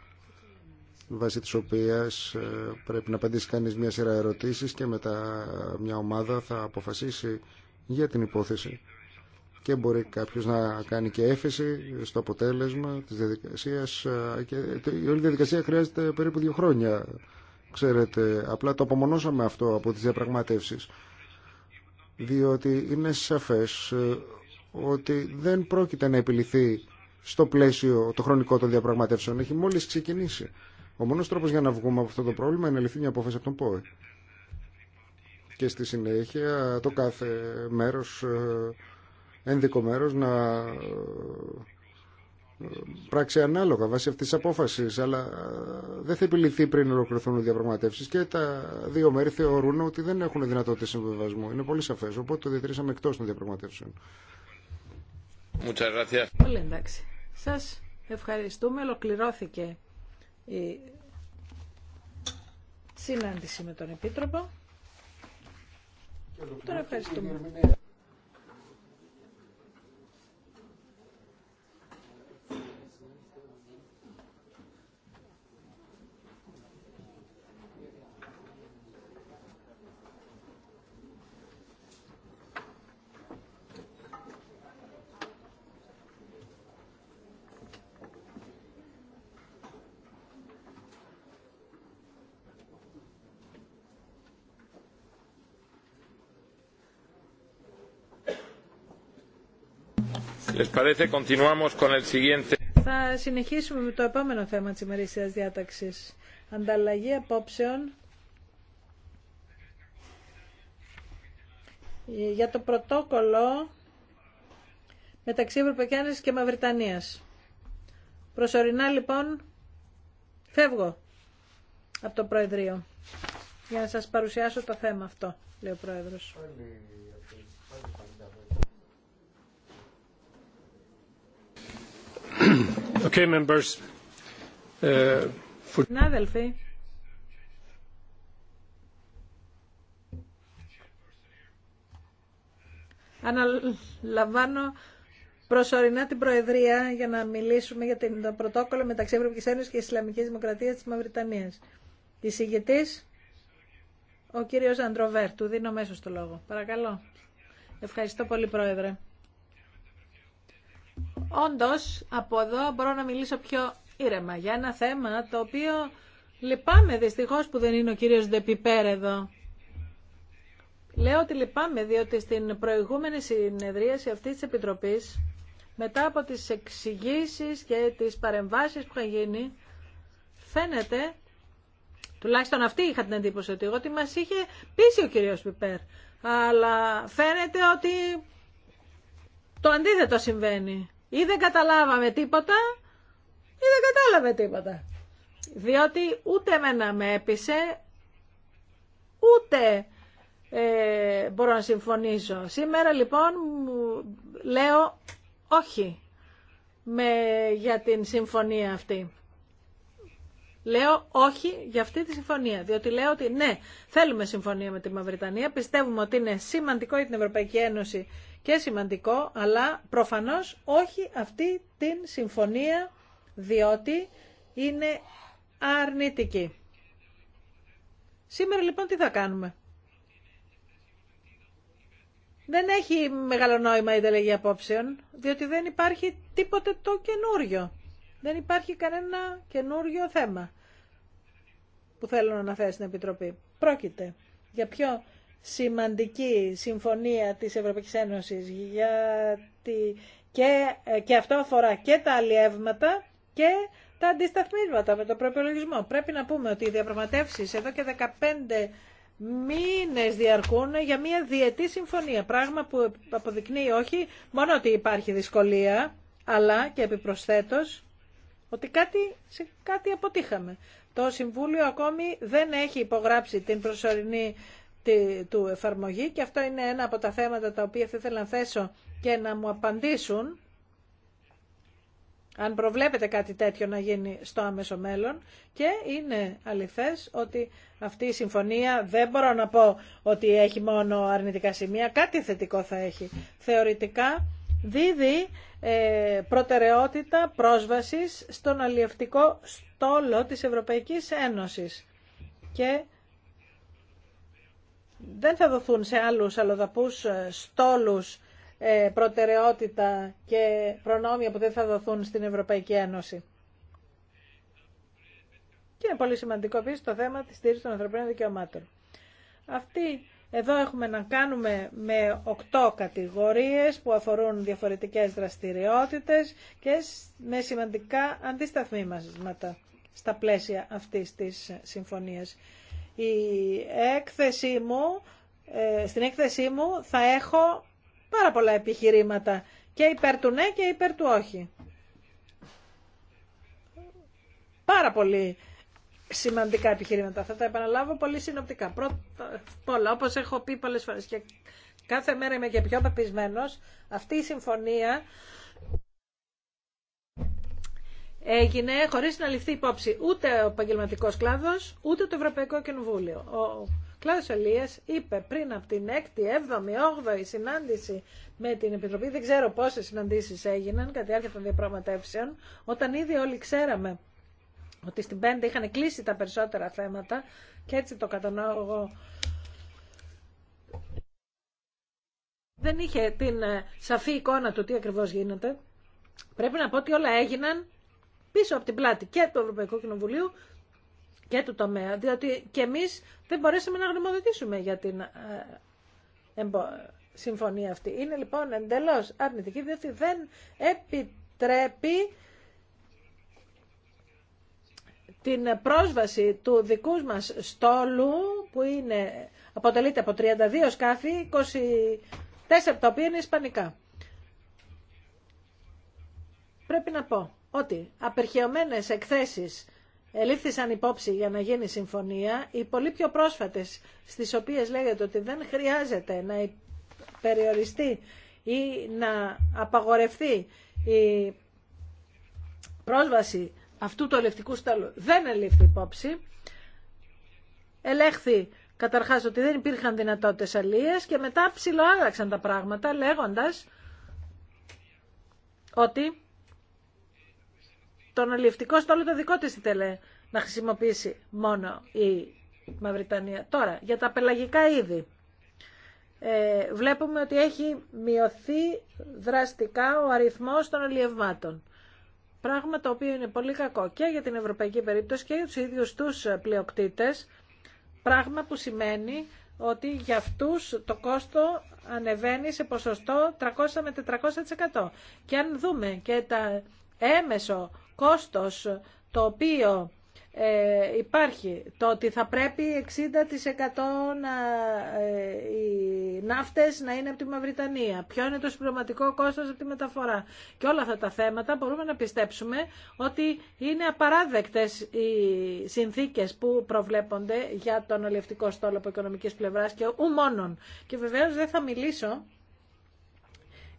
βάσει της οποίας ε, πρέπει να απαντήσει κανείς μια σειρά ερωτήσεις και μετά μια ομάδα θα αποφασίσει για την υπόθεση και μπορεί κάποιος να κάνει και έφεση στο αποτέλεσμα της διαδικασίας ε, και η όλη διαδικασία χρειάζεται περίπου δύο χρόνια ξέρετε απλά το απομονώσαμε αυτό από τις διαπραγματεύσεις διότι είναι σαφές ε, ότι δεν πρόκειται να επιληθεί στο πλαίσιο το χρονικό των διαπραγματεύσεων έχει μόλις ξεκινήσει ο μόνος τρόπος για να βγούμε από αυτό το πρόβλημα είναι να λυθεί μια απόφαση από τον ΠΟΕ. Και στη συνέχεια το κάθε μέρο ε, ένδικο μέρο να ε, πράξει ανάλογα βάσει αυτής της απόφασης αλλά ε, δεν θα επιληθεί πριν ολοκληρωθούν οι διαπραγματεύσεις και τα δύο μέρη θεωρούν ότι δεν έχουν δυνατότητα συμβιβασμού. Είναι πολύ σαφές, οπότε το διατηρήσαμε εκτός των διαπραγματεύσεων. Πολύ εντάξει. Σας ευχαριστούμε. Ολοκληρώθηκε η συνάντηση με τον Επίτροπο. Τώρα ευχαριστούμε. Θα συνεχίσουμε με το επόμενο θέμα της ημερήσιας διάταξης. Ανταλλαγή απόψεων για το πρωτόκολλο μεταξύ Ευρωπαϊκής και Μαυριτανίας. Προσωρινά λοιπόν φεύγω από το Προεδρείο για να σας παρουσιάσω το θέμα αυτό, λέει ο Πρόεδρος. Okay, ε, Συνάδελφοι, αναλαμβάνω προσωρινά την Προεδρία για να μιλήσουμε για το πρωτόκολλο μεταξύ Ευρωπαϊκής Ένωσης και Ισλαμικής Δημοκρατίας της Μαυριτανίας. Η συγγετής, ο κύριος Αντροβέρ, του δίνω μέσο το λόγο. Παρακαλώ. Ευχαριστώ πολύ, Πρόεδρε. Όντω από εδώ μπορώ να μιλήσω πιο ήρεμα για ένα θέμα το οποίο λυπάμαι δυστυχώς που δεν είναι ο κύριος Ντεπιπέρ εδώ. Λέω ότι λυπάμαι διότι στην προηγούμενη συνεδρίαση αυτή τη Επιτροπής μετά από τις εξηγήσει και τις παρεμβάσεις που είχαν γίνει φαίνεται τουλάχιστον αυτή είχα την εντύπωση ότι, ότι μας είχε πείσει ο κύριο Πιπέρ αλλά φαίνεται ότι το αντίθετο συμβαίνει. Ή δεν καταλάβαμε τίποτα, ή δεν κατάλαβε τίποτα. Διότι ούτε εμένα με έπεισε, ούτε ε, μπορώ να συμφωνήσω. Σήμερα λοιπόν λέω όχι με, για την συμφωνία αυτή. Λέω όχι για αυτή τη συμφωνία, διότι λέω ότι ναι, θέλουμε συμφωνία με τη Μαυριτανία, πιστεύουμε ότι είναι σημαντικό για την Ευρωπαϊκή Ένωση και σημαντικό, αλλά προφανώς όχι αυτή την συμφωνία, διότι είναι αρνητική. Σήμερα λοιπόν τι θα κάνουμε. Δεν έχει μεγάλο νόημα η τελεγή απόψεων, διότι δεν υπάρχει τίποτε το καινούριο. Δεν υπάρχει κανένα καινούριο θέμα που θέλω να αναφέρω στην Επιτροπή. Πρόκειται για ποιο σημαντική συμφωνία της Ευρωπαϊκής Ένωσης γιατί και, ε, και αυτό αφορά και τα αλλιεύματα και τα αντισταθμίσματα με τον προπολογισμό. Πρέπει να πούμε ότι οι διαπραγματεύσεις εδώ και 15 μήνες διαρκούν για μια διετή συμφωνία, πράγμα που αποδεικνύει όχι μόνο ότι υπάρχει δυσκολία, αλλά και επιπροσθέτως ότι κάτι, κάτι αποτύχαμε. Το Συμβούλιο ακόμη δεν έχει υπογράψει την προσωρινή του εφαρμογή και αυτό είναι ένα από τα θέματα τα οποία θα ήθελα να θέσω και να μου απαντήσουν αν προβλέπετε κάτι τέτοιο να γίνει στο άμεσο μέλλον και είναι αληθές ότι αυτή η συμφωνία δεν μπορώ να πω ότι έχει μόνο αρνητικά σημεία, κάτι θετικό θα έχει. Θεωρητικά δίδει ε, προτεραιότητα πρόσβασης στον αλλιευτικό στόλο της Ευρωπαϊκής Ένωσης και δεν θα δοθούν σε άλλους αλλοδαπούς ε, στόλους ε, προτεραιότητα και προνόμια που δεν θα δοθούν στην Ευρωπαϊκή Ένωση. Και είναι πολύ σημαντικό επίση το θέμα της στήριξης των ανθρωπίνων δικαιωμάτων. Αυτή εδώ έχουμε να κάνουμε με οκτώ κατηγορίες που αφορούν διαφορετικές δραστηριότητες και με σημαντικά αντισταθμίμασματα στα πλαίσια αυτής της συμφωνίας. Η έκθεσή μου, ε, στην έκθεσή μου θα έχω πάρα πολλά επιχειρήματα και υπέρ του ναι και υπέρ του όχι. Πάρα πολύ σημαντικά επιχειρήματα. Θα τα επαναλάβω πολύ συνοπτικά. Πρώτα απ' όλα, όπως έχω πει πολλές φορές και κάθε μέρα είμαι και πιο πεπισμένος, αυτή η συμφωνία έγινε χωρί να ληφθεί υπόψη ούτε ο επαγγελματικό κλάδο, ούτε το Ευρωπαϊκό Κοινοβούλιο. Ο κλάδο Ελίας είπε πριν από την 6η, 7η, 8η συνάντηση με την Επιτροπή, δεν ξέρω πόσε συναντήσει έγιναν κατά τη διάρκεια των διαπραγματεύσεων, όταν ήδη όλοι ξέραμε ότι στην 5η είχαν κλείσει τα περισσότερα θέματα και έτσι το κατανοώ δεν είχε την ε, σαφή εικόνα του τι ακριβώς γίνεται. Πρέπει να πω ότι όλα έγιναν πίσω από την πλάτη και του Ευρωπαϊκού Κοινοβουλίου και του τομέα, διότι και εμείς δεν μπορέσαμε να γνωμοδοτήσουμε για την ε, συμφωνία αυτή. Είναι λοιπόν εντελώς αρνητική, διότι δεν επιτρέπει την πρόσβαση του δικού μας στόλου, που είναι, αποτελείται από 32 σκάφη, 24 τα οποία είναι ισπανικά. Πρέπει να πω ότι απερχαιωμένες εκθέσεις ελήφθησαν υπόψη για να γίνει συμφωνία, οι πολύ πιο πρόσφατες στις οποίες λέγεται ότι δεν χρειάζεται να περιοριστεί ή να απαγορευτεί η πρόσβαση αυτού του ελευτικού στόλου δεν ελήφθη υπόψη. Ελέχθη καταρχάς ότι δεν υπήρχαν δυνατότητες αλίες και μετά ψηλοάλλαξαν τα πράγματα λέγοντας ότι τον αλληλευτικό στόλο το δικό της ήθελε να χρησιμοποιήσει μόνο η Μαυριτανία. Τώρα, για τα πελαγικά είδη. Ε, βλέπουμε ότι έχει μειωθεί δραστικά ο αριθμός των αλλιευμάτων. Πράγμα το οποίο είναι πολύ κακό και για την ευρωπαϊκή περίπτωση και για τους ίδιους τους πλειοκτήτες. Πράγμα που σημαίνει ότι για αυτούς το κόστο ανεβαίνει σε ποσοστό 300 με 400%. Και αν δούμε και τα έμεσο κόστος το οποίο ε, υπάρχει το ότι θα πρέπει 60% να, ε, οι ναύτες να είναι από τη Μαυριτανία. Ποιο είναι το συμπληρωματικό κόστος από τη μεταφορά. Και όλα αυτά τα θέματα μπορούμε να πιστέψουμε ότι είναι απαράδεκτες οι συνθήκες που προβλέπονται για τον ολευτικό στόλο από οικονομικής πλευράς και ου μόνον. Και βεβαίως δεν θα μιλήσω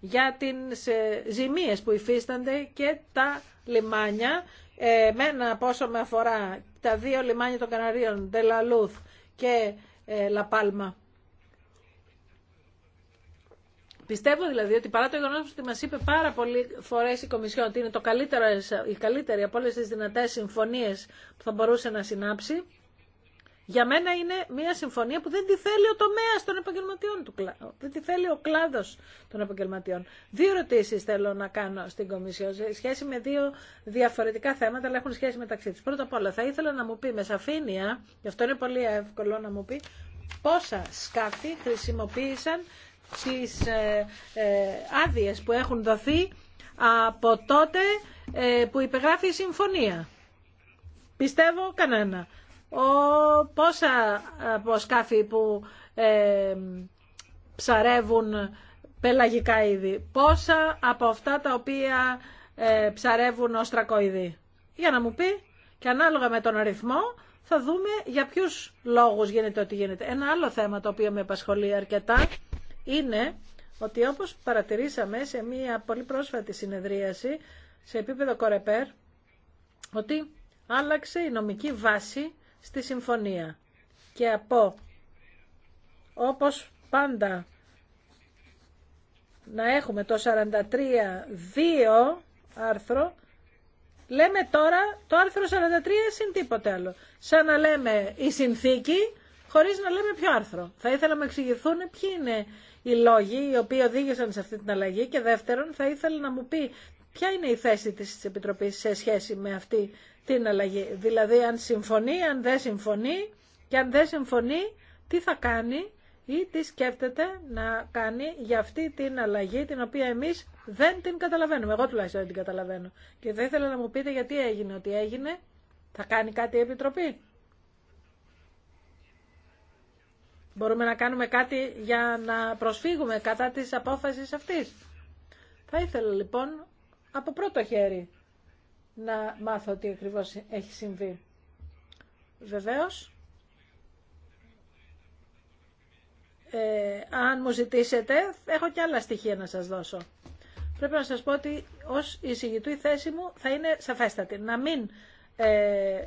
για τις ζημίες που υφίστανται και τα λιμάνια. Εμένα, πόσο με αφορά, τα δύο λιμάνια των Καναρίων, Δελαλούθ και ε, Λαπάλμα. Πιστεύω δηλαδή ότι παρά το γεγονό ότι μα είπε πάρα πολλέ φορέ η Κομισιόν ότι είναι το καλύτερο, η καλύτερη από όλε τι δυνατέ συμφωνίε που θα μπορούσε να συνάψει, για μένα είναι μια συμφωνία που δεν τη θέλει ο τομέα των επαγγελματιών του Δεν τη θέλει ο κλάδο των επαγγελματιών. Δύο ερωτήσει θέλω να κάνω στην Κομισιό σε σχέση με δύο διαφορετικά θέματα, αλλά έχουν σχέση μεταξύ του. Πρώτα απ' όλα, θα ήθελα να μου πει με σαφήνεια, γι' αυτό είναι πολύ εύκολο να μου πει, πόσα σκάφη χρησιμοποίησαν τι ε, ε, άδειες που έχουν δοθεί από τότε ε, που υπεγράφει η συμφωνία. Πιστεύω κανένα ο, πόσα ε, από σκάφη που ε, ψαρεύουν πελαγικά είδη, πόσα από αυτά τα οποία ε, ψαρεύουν ψαρεύουν οστρακοειδή. Για να μου πει και ανάλογα με τον αριθμό θα δούμε για ποιους λόγους γίνεται ό,τι γίνεται. Ένα άλλο θέμα το οποίο με απασχολεί αρκετά είναι ότι όπως παρατηρήσαμε σε μια πολύ πρόσφατη συνεδρίαση σε επίπεδο Κορεπέρ, ότι άλλαξε η νομική βάση στη συμφωνία και από όπως πάντα να έχουμε το 43-2 άρθρο λέμε τώρα το άρθρο 43 συν τίποτε άλλο σαν να λέμε η συνθήκη χωρίς να λέμε ποιο άρθρο θα ήθελα να εξηγηθούν ποιοι είναι οι λόγοι οι οποίοι οδήγησαν σε αυτή την αλλαγή και δεύτερον θα ήθελα να μου πει ποια είναι η θέση της Επιτροπής σε σχέση με αυτή την αλλαγή. Δηλαδή αν συμφωνεί, αν δεν συμφωνεί και αν δεν συμφωνεί τι θα κάνει ή τι σκέφτεται να κάνει για αυτή την αλλαγή την οποία εμείς δεν την καταλαβαίνουμε. Εγώ τουλάχιστον δεν την καταλαβαίνω. Και θα ήθελα να μου πείτε γιατί έγινε ότι έγινε. Θα κάνει κάτι η Επιτροπή. Μπορούμε να κάνουμε κάτι για να προσφύγουμε κατά της απόφασης αυτής. Θα ήθελα λοιπόν από πρώτο χέρι να μάθω τι ακριβώς έχει συμβεί. Βεβαίως, ε, αν μου ζητήσετε, έχω και άλλα στοιχεία να σας δώσω. Πρέπει να σας πω ότι ως εισηγητού η θέση μου θα είναι σαφέστατη. Να μην ε,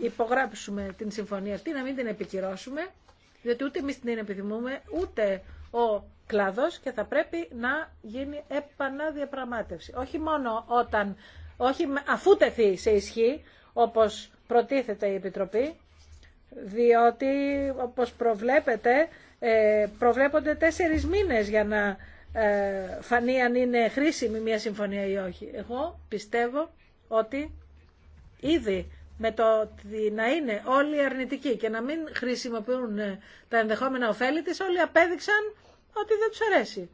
υπογράψουμε την συμφωνία αυτή, να μην την επικυρώσουμε, διότι ούτε εμείς την επιθυμούμε, ούτε ο κλάδος και θα πρέπει να γίνει επαναδιαπραγμάτευση. Όχι μόνο όταν, όχι αφού τεθεί σε ισχύ, όπως προτίθεται η Επιτροπή, διότι όπως προβλέπετε, προβλέπονται τέσσερις μήνες για να ε, φανεί αν είναι χρήσιμη μια συμφωνία ή όχι. Εγώ πιστεύω ότι ήδη με το ότι να είναι όλοι αρνητικοί και να μην χρησιμοποιούν ε, τα ενδεχόμενα ωφέλη της, όλοι απέδειξαν ότι δεν του αρέσει.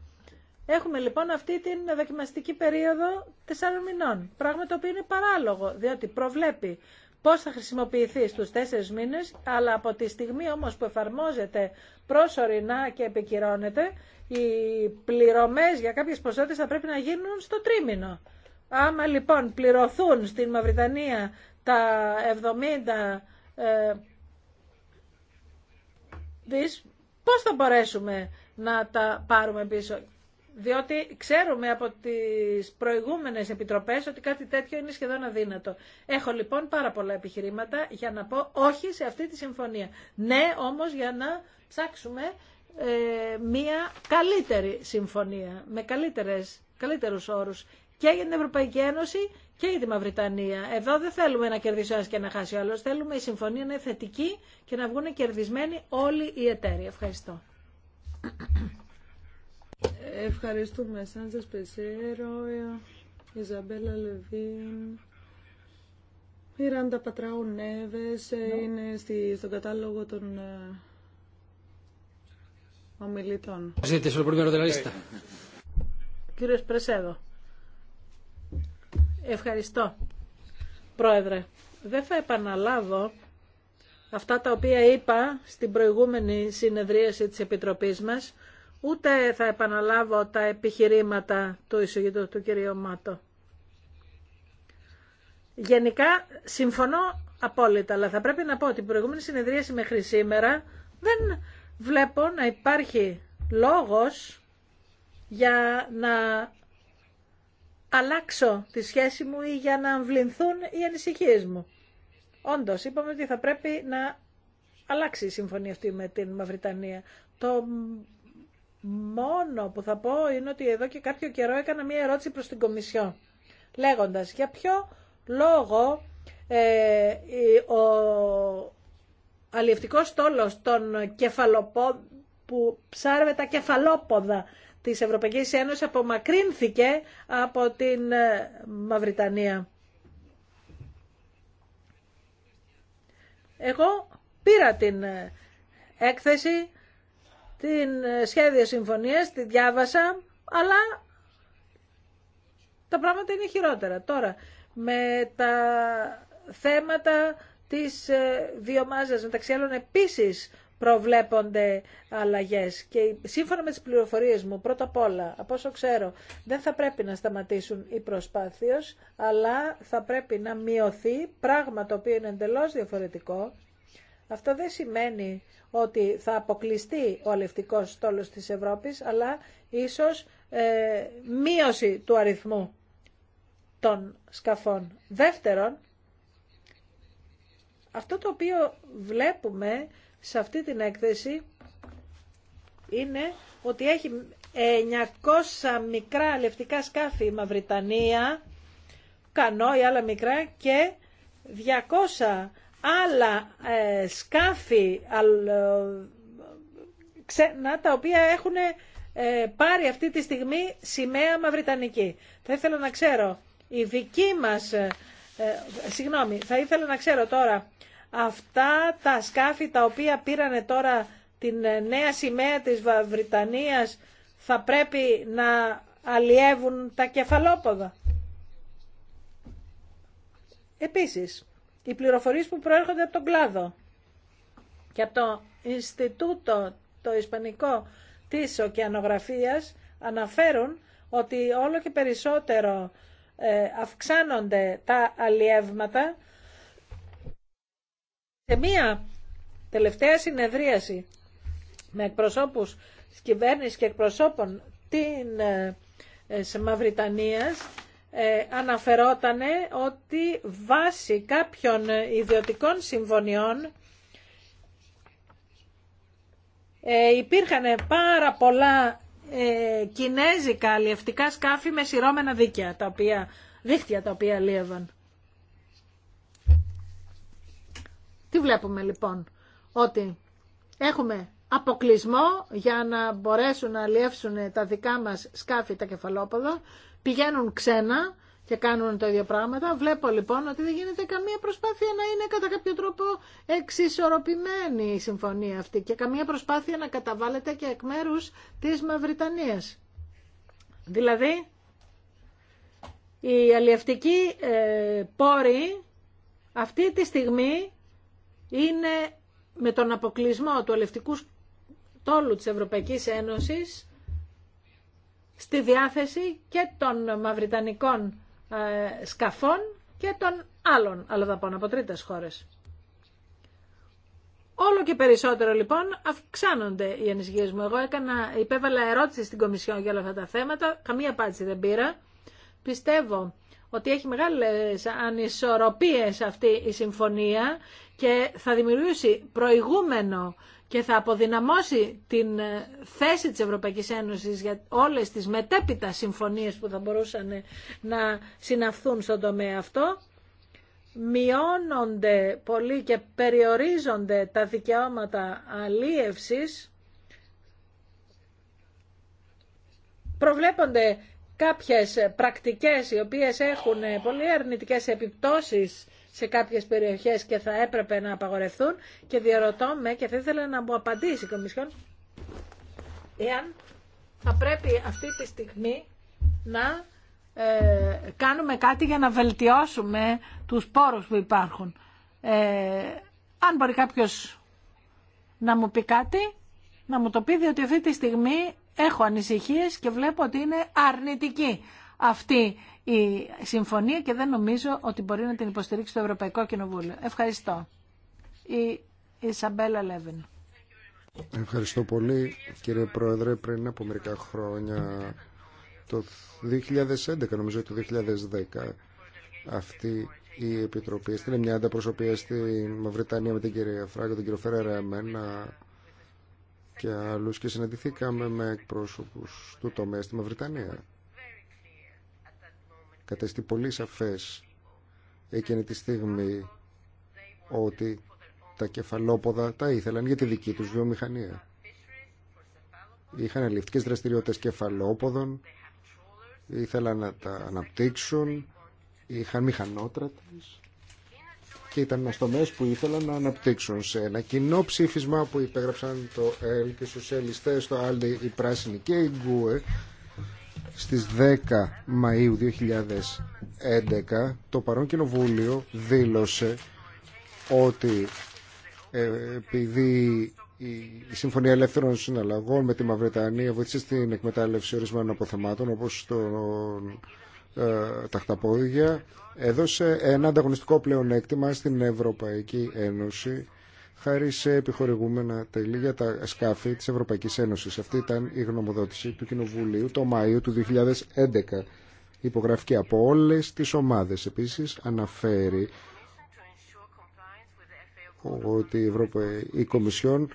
Έχουμε λοιπόν αυτή την δοκιμαστική περίοδο τεσσάρων μηνών, πράγμα το οποίο είναι παράλογο, διότι προβλέπει πώς θα χρησιμοποιηθεί στους τέσσερις μήνε, αλλά από τη στιγμή όμως που εφαρμόζεται προσωρινά και επικυρώνεται, οι πληρωμές για κάποιες ποσότητε θα πρέπει να γίνουν στο τρίμηνο. Άμα λοιπόν πληρωθούν στην Μαυριτανία τα 70 ε, δις, πώς θα μπορέσουμε να τα πάρουμε πίσω. Διότι ξέρουμε από τις προηγούμενες επιτροπές ότι κάτι τέτοιο είναι σχεδόν αδύνατο. Έχω λοιπόν πάρα πολλά επιχειρήματα για να πω όχι σε αυτή τη συμφωνία. Ναι όμως για να ψάξουμε ε, μία καλύτερη συμφωνία με καλύτερες, καλύτερους όρους και για την Ευρωπαϊκή Ένωση και για τη Μαυριτανία. Εδώ δεν θέλουμε να κερδίσει ο και να χάσει ο άλλος. Θέλουμε η συμφωνία να είναι θετική και να βγουν κερδισμένοι όλοι οι εταίροι. Ευχαριστώ. Ευχαριστούμε. Σάντζες Πεσέρο, Ιζαμπέλα Λεβίν, Μιράντα Πατράου no. Ναι. είναι στη, στον κατάλογο των ε, ομιλητών. Κύριος Πρεσέδο, ευχαριστώ. Πρόεδρε, δεν θα επαναλάβω αυτά τα οποία είπα στην προηγούμενη συνεδρίαση της Επιτροπής μας, ούτε θα επαναλάβω τα επιχειρήματα του εισηγητού του κ. Μάτο. Γενικά, συμφωνώ απόλυτα, αλλά θα πρέπει να πω ότι την προηγούμενη συνεδρίαση μέχρι σήμερα δεν βλέπω να υπάρχει λόγος για να αλλάξω τη σχέση μου ή για να αμβλυνθούν οι ανησυχίες μου. Όντω είπαμε ότι θα πρέπει να αλλάξει η συμφωνία αυτή με την Μαυριτανία. Το μόνο που θα πω είναι ότι εδώ και κάποιο καιρό έκανα μία ερώτηση προς την Κομισιό, λέγοντας για ποιο λόγο ε, ο αλλιευτικός στόλος των κεφαλοπόδων που ψάρευε τα κεφαλόποδα της Ευρωπαϊκής Ένωσης απομακρύνθηκε από την ε, Μαυριτανία. Εγώ πήρα την ε, έκθεση, την ε, σχέδιο συμφωνίας, τη διάβασα, αλλά τα πράγματα είναι χειρότερα. Τώρα, με τα θέματα της ε, βιομάζας, μεταξύ άλλων επίσης προβλέπονται αλλαγές. Και σύμφωνα με τις πληροφορίες μου, πρώτα απ' όλα, από όσο ξέρω, δεν θα πρέπει να σταματήσουν οι προσπάθειες, αλλά θα πρέπει να μειωθεί πράγμα το οποίο είναι εντελώς διαφορετικό. Αυτό δεν σημαίνει ότι θα αποκλειστεί ο αλευτικός στόλος της Ευρώπης, αλλά ίσως ε, μείωση του αριθμού των σκαφών. Δεύτερον, αυτό το οποίο βλέπουμε σε αυτή την έκθεση είναι ότι έχει 900 μικρά λευτικά σκάφη η Μαυριτανία, κανό άλλα μικρά και 200 άλλα ε, σκάφη ε, ξένα τα οποία έχουν ε, πάρει αυτή τη στιγμή σημαία μαυριτανική. Θα ήθελα να ξέρω, η δική μας, συγγνώμη, θα ήθελα να ξέρω τώρα αυτά τα σκάφη τα οποία πήρανε τώρα την ε, νέα σημαία της Βρυτανίας θα πρέπει να αλλιεύουν τα κεφαλόποδα. Επίσης, οι πληροφορίες που προέρχονται από τον κλάδο και από το Ινστιτούτο το Ισπανικό της Οκεανογραφίας αναφέρουν ότι όλο και περισσότερο ε, αυξάνονται τα αλλιεύματα σε μία τελευταία συνεδρίαση με εκπροσώπους της κυβέρνησης και εκπροσώπων την ε, ε, σε Μαυριτανίας ε, αναφερότανε ότι βάσει κάποιων ιδιωτικών συμφωνιών ε, υπήρχαν πάρα πολλά ε, κινέζικα αλλιευτικά σκάφη με σειρώμενα δίκαια, τα οποία, δίχτυα τα οποία αλλιεύαν. Τι βλέπουμε λοιπόν, ότι έχουμε αποκλεισμό για να μπορέσουν να αλλιεύσουν τα δικά μας σκάφη τα κεφαλόποδα, πηγαίνουν ξένα και κάνουν τα ίδια πράγματα. Βλέπω λοιπόν ότι δεν γίνεται καμία προσπάθεια να είναι κατά κάποιο τρόπο εξισορροπημένη η συμφωνία αυτή και καμία προσπάθεια να καταβάλλεται και εκ μέρους της Μαυριτανίας. Δηλαδή, οι αλλιευτικοί ε, πόροι αυτή τη στιγμή είναι με τον αποκλεισμό του αλευτικού τόλου της Ευρωπαϊκής Ένωσης στη διάθεση και των μαυριτανικών ε, σκαφών και των άλλων αλλοδαπών από τρίτες χώρες. Όλο και περισσότερο λοιπόν αυξάνονται οι ανησυχίες μου. Εγώ έκανα, υπέβαλα ερώτηση στην Κομισιόν για όλα αυτά τα θέματα, καμία απάντηση δεν πήρα. Πιστεύω ότι έχει μεγάλες ανισορροπίες αυτή η συμφωνία και θα δημιουργήσει προηγούμενο και θα αποδυναμώσει την ε, θέση της Ευρωπαϊκής Ένωσης για όλες τις μετέπειτα συμφωνίες που θα μπορούσαν ε, να συναυθούν στον τομέα αυτό, μειώνονται πολύ και περιορίζονται τα δικαιώματα αλίευσης, προβλέπονται κάποιες πρακτικές οι οποίες έχουν πολύ αρνητικές επιπτώσεις σε κάποιες περιοχές και θα έπρεπε να απαγορευτούν και διαρωτώ με και θα ήθελα να μου απαντήσει η Κομισιόν εάν θα πρέπει αυτή τη στιγμή να ε, κάνουμε κάτι για να βελτιώσουμε τους πόρους που υπάρχουν. Ε, αν μπορεί κάποιος να μου πει κάτι, να μου το πει, διότι αυτή τη στιγμή έχω ανησυχίες και βλέπω ότι είναι αρνητική αυτή η συμφωνία και δεν νομίζω ότι μπορεί να την υποστηρίξει το Ευρωπαϊκό Κοινοβούλιο. Ευχαριστώ. Η Ισαμπέλα Λέβιν. Ευχαριστώ πολύ κύριε Πρόεδρε. Πριν από μερικά χρόνια, το 2011 νομίζω το 2010, αυτή η Επιτροπή έστειλε μια ανταπροσωπεία στη Μαυριτανία με την κυρία Φράγκο, τον κύριο Φερέρα, εμένα και άλλους και συναντηθήκαμε με εκπρόσωπους του τομέα στη Μαυριτανία κατέστη πολύ σαφές εκείνη τη στιγμή ότι τα κεφαλόποδα τα ήθελαν για τη δική τους βιομηχανία. Είχαν αλληλευτικές δραστηριότητες κεφαλόποδων, ήθελαν να τα αναπτύξουν, είχαν μηχανότρατες και ήταν ένα που ήθελαν να αναπτύξουν σε ένα κοινό ψήφισμα που υπέγραψαν το ΕΛ και οι σοσιαλιστές, το ΑΛΔΕ, οι πράσινοι και η ΓΚΟΕ στις 10 Μαΐου 2011 το παρόν κοινοβούλιο δήλωσε ότι ε, επειδή η Συμφωνία Ελεύθερων Συναλλαγών με τη Μαυρετανία βοήθησε στην εκμετάλλευση ορισμένων αποθεμάτων όπως το, ε, τα χταπόδια έδωσε ένα ανταγωνιστικό πλεονέκτημα στην Ευρωπαϊκή Ένωση χάρη σε επιχορηγούμενα τέλη για τα σκάφη της Ευρωπαϊκής Ένωσης. Αυτή ήταν η γνωμοδότηση του Κοινοβουλίου το Μάιο του 2011. Υπογραφική από όλες τις ομάδες. Επίσης αναφέρει ότι η, η Κομισιόν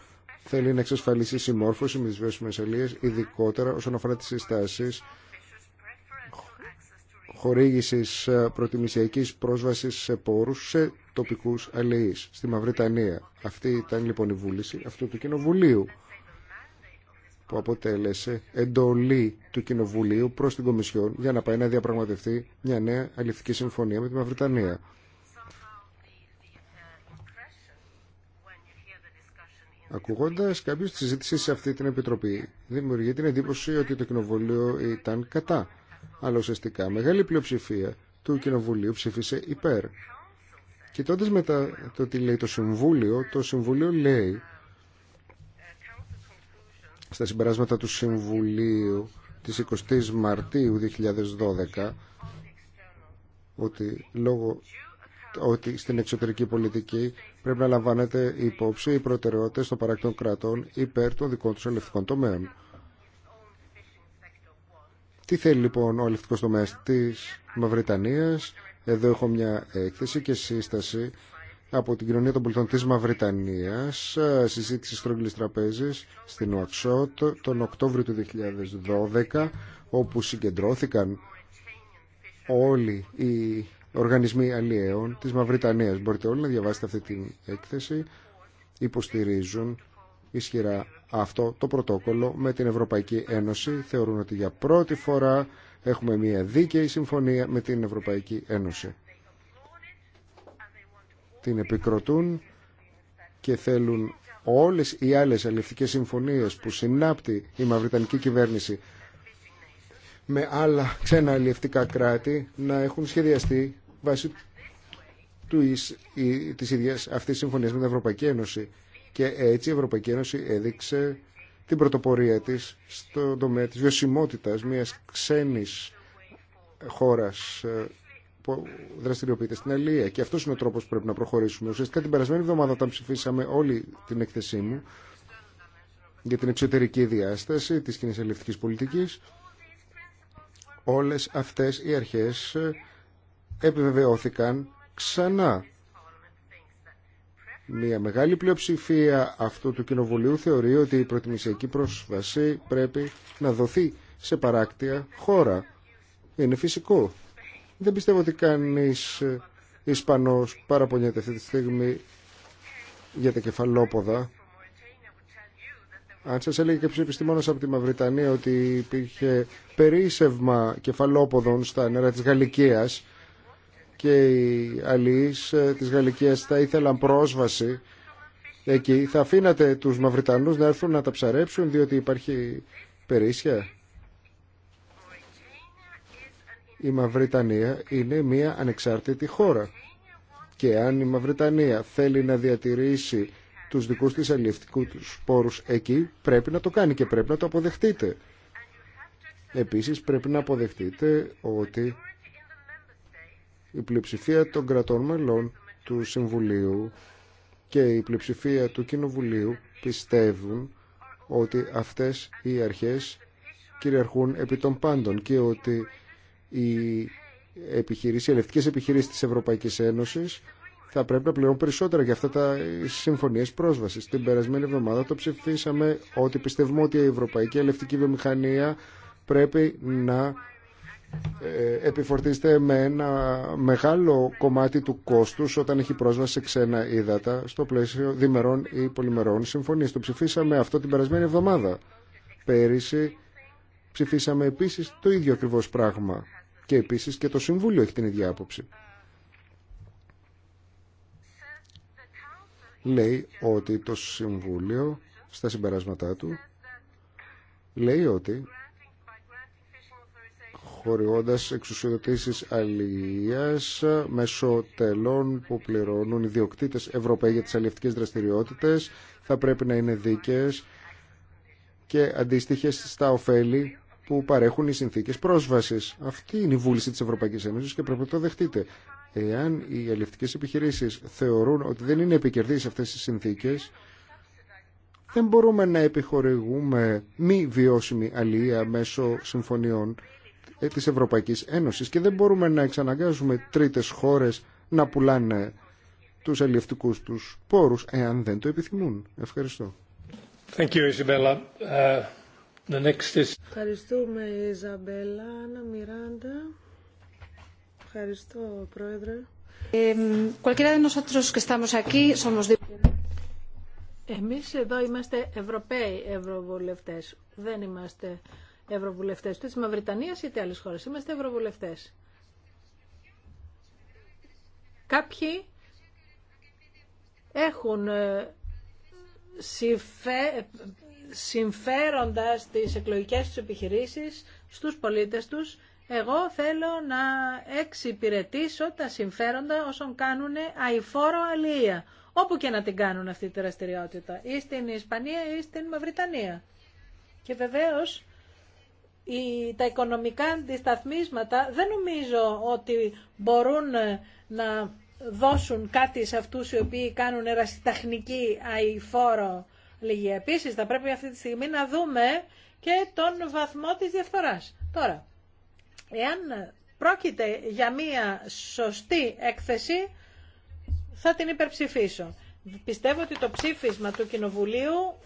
θέλει να εξασφαλίσει συμμόρφωση με τις βιώσιμες αλίες, ειδικότερα όσον αφορά τις συστάσεις χορήγησης ε, προτιμησιακής πρόσβασης σε πόρους σε τοπικούς αλληλεί στη Μαυριτανία. Αυτή ήταν λοιπόν η βούληση αυτού του κοινοβουλίου που αποτέλεσε εντολή του Κοινοβουλίου προς την Κομισιόν για να πάει να διαπραγματευτεί μια νέα αληθική συμφωνία με τη Μαυριτανία. Ακούγοντα κάποιο τη συζήτηση σε αυτή την επιτροπή, δημιουργεί την εντύπωση ότι το Κοινοβούλιο ήταν κατά. Αλλά ουσιαστικά μεγάλη πλειοψηφία του Κοινοβουλίου ψήφισε υπέρ. Κοιτώντας μετά το τι λέει το Συμβούλιο, το Συμβούλιο λέει στα συμπεράσματα του Συμβουλίου της 20ης Μαρτίου 2012 ότι, λόγω, ότι στην εξωτερική πολιτική πρέπει να λαμβάνεται υπόψη οι προτεραιότητες των παρακτών κρατών υπέρ των δικών τους ελευθερικών τομέων. Τι θέλει λοιπόν ο ελευθερικός τομέας της Μαυριτανίας, εδώ έχω μια έκθεση και σύσταση από την κοινωνία των πολιτών της Μαυριτανίας, συζήτηση στρογγυλής τραπέζης στην ΟΑΞΟΤ τον Οκτώβριο του 2012, όπου συγκεντρώθηκαν όλοι οι οργανισμοί αλλιέων της Μαυριτανίας. Μπορείτε όλοι να διαβάσετε αυτή την έκθεση. Υποστηρίζουν ισχυρά αυτό το πρωτόκολλο με την Ευρωπαϊκή Ένωση. Θεωρούν ότι για πρώτη φορά έχουμε μια δίκαιη συμφωνία με την Ευρωπαϊκή Ένωση. Την επικροτούν και θέλουν όλες οι άλλες αλληλευτικές συμφωνίες που συνάπτει η μαυριτανική κυβέρνηση με άλλα ξένα αλληλευτικά κράτη να έχουν σχεδιαστεί βάσει του της ίδιας αυτής συμφωνίας με την Ευρωπαϊκή Ένωση. Και έτσι η Ευρωπαϊκή Ένωση έδειξε την πρωτοπορία της στον τομέα της βιωσιμότητας μιας ξένης χώρας ε, που δραστηριοποιείται στην Αλία. Και αυτός είναι ο τρόπος που πρέπει να προχωρήσουμε. Ουσιαστικά την περασμένη εβδομάδα όταν ψηφίσαμε όλη την εκθεσή μου για την εξωτερική διάσταση της κοινής ελευθερικής πολιτικής, όλες αυτές οι αρχές ε, επιβεβαιώθηκαν ξανά μια μεγάλη πλειοψηφία αυτού του κοινοβουλίου θεωρεί ότι η προτιμησιακή πρόσβαση πρέπει να δοθεί σε παράκτια χώρα. Είναι φυσικό. Δεν πιστεύω ότι κανείς ε, Ισπανός παραπονιέται αυτή τη στιγμή για τα κεφαλόποδα. Αν σας έλεγε κάποιος επιστήμονας από τη Μαυριτανία ότι υπήρχε περίσευμα κεφαλόποδων στα νερά της Γαλλικίας και οι αλληλείς ε, της Γαλλικίας θα ήθελαν πρόσβαση εκεί. Θα αφήνατε τους Μαυριτανούς να έρθουν να τα ψαρέψουν διότι υπάρχει περίσσια. Η Μαυριτανία είναι μια ανεξάρτητη χώρα και αν η Μαυριτανία θέλει να διατηρήσει τους δικούς της αλληλευτικού πόρους εκεί πρέπει να το κάνει και πρέπει να το αποδεχτείτε. Επίσης πρέπει να αποδεχτείτε ότι η πλειοψηφία των κρατών μελών του Συμβουλίου και η πλειοψηφία του Κοινοβουλίου πιστεύουν ότι αυτές οι αρχές κυριαρχούν επί των πάντων και ότι οι, επιχειρήσεις, οι ελευτικές επιχειρήσεις της Ευρωπαϊκής Ένωσης θα πρέπει να πληρώνουν περισσότερα για αυτά τα συμφωνίε πρόσβαση. Την περασμένη εβδομάδα το ψηφίσαμε ότι πιστεύουμε ότι η Ευρωπαϊκή Ελευτική Βιομηχανία πρέπει να ε, επιφορτίζεται με ένα μεγάλο κομμάτι του κόστους όταν έχει πρόσβαση σε ξένα ύδατα στο πλαίσιο διμερών ή πολυμερών συμφωνίες. Το ψηφίσαμε αυτό την περασμένη εβδομάδα. Πέρυσι ψηφίσαμε επίσης το ίδιο ακριβώς πράγμα και επίσης και το Συμβούλιο έχει την ίδια άποψη. Λέει ότι το Συμβούλιο στα συμπεράσματά του λέει ότι χωριώντας εξουσιοδοτήσεις αλληλείας μέσω τελών που πληρώνουν οι διοκτήτε Ευρωπαίοι για τις αλληλευτικές δραστηριότητες θα πρέπει να είναι δίκαιες και αντίστοιχες στα ωφέλη που παρέχουν οι συνθήκες πρόσβασης. Αυτή είναι η βούληση της Ευρωπαϊκής Ένωσης και πρέπει να το δεχτείτε. Εάν οι αλληλευτικές επιχειρήσεις θεωρούν ότι δεν είναι επικερδείς αυτές τις συνθήκες, δεν μπορούμε να επιχορηγούμε μη βιώσιμη αλληλεία μέσω συμφωνιών της Ευρωπαϊκής Ένωσης και δεν μπορούμε να εξαναγκάζουμε τρίτες χώρες να πουλάνε τους ελληνικούς τους πόρους εάν δεν το επιθυμούν. Ευχαριστώ. Thank you, Isabella. Uh, the next is... Ευχαριστούμε, Ιζαμπέλα. Άννα Μιράντα. Ευχαριστώ, Πρόεδρε. Ε, cualquiera de nosotros que estamos aquí somos de... Εμείς εδώ είμαστε Ευρωπαίοι Ευρωβουλευτές. Δεν είμαστε ευρωβουλευτές τη της Μαυριτανίας είτε άλλες χώρες. Είμαστε ευρωβουλευτές. Κάποιοι έχουν ε, συμφέροντα τις εκλογικές τους επιχειρήσεις στους πολίτες τους. Εγώ θέλω να εξυπηρετήσω τα συμφέροντα όσων κάνουν αηφόρο αλληλεία. όπου και να την κάνουν αυτή τη δραστηριότητα, ή στην Ισπανία ή στην Μαυριτανία. Και βεβαίως τα οικονομικά αντισταθμίσματα δεν νομίζω ότι μπορούν ε, να δώσουν κάτι σε αυτούς οι οποίοι κάνουν ερασιτεχνική αηφόρο λίγη. Επίσης θα πρέπει αυτή τη στιγμή να δούμε και τον βαθμό της διαφθοράς. Τώρα, εάν πρόκειται για μία σωστή έκθεση, θα την υπερψηφίσω. Πιστεύω ότι το ψήφισμα του Κοινοβουλίου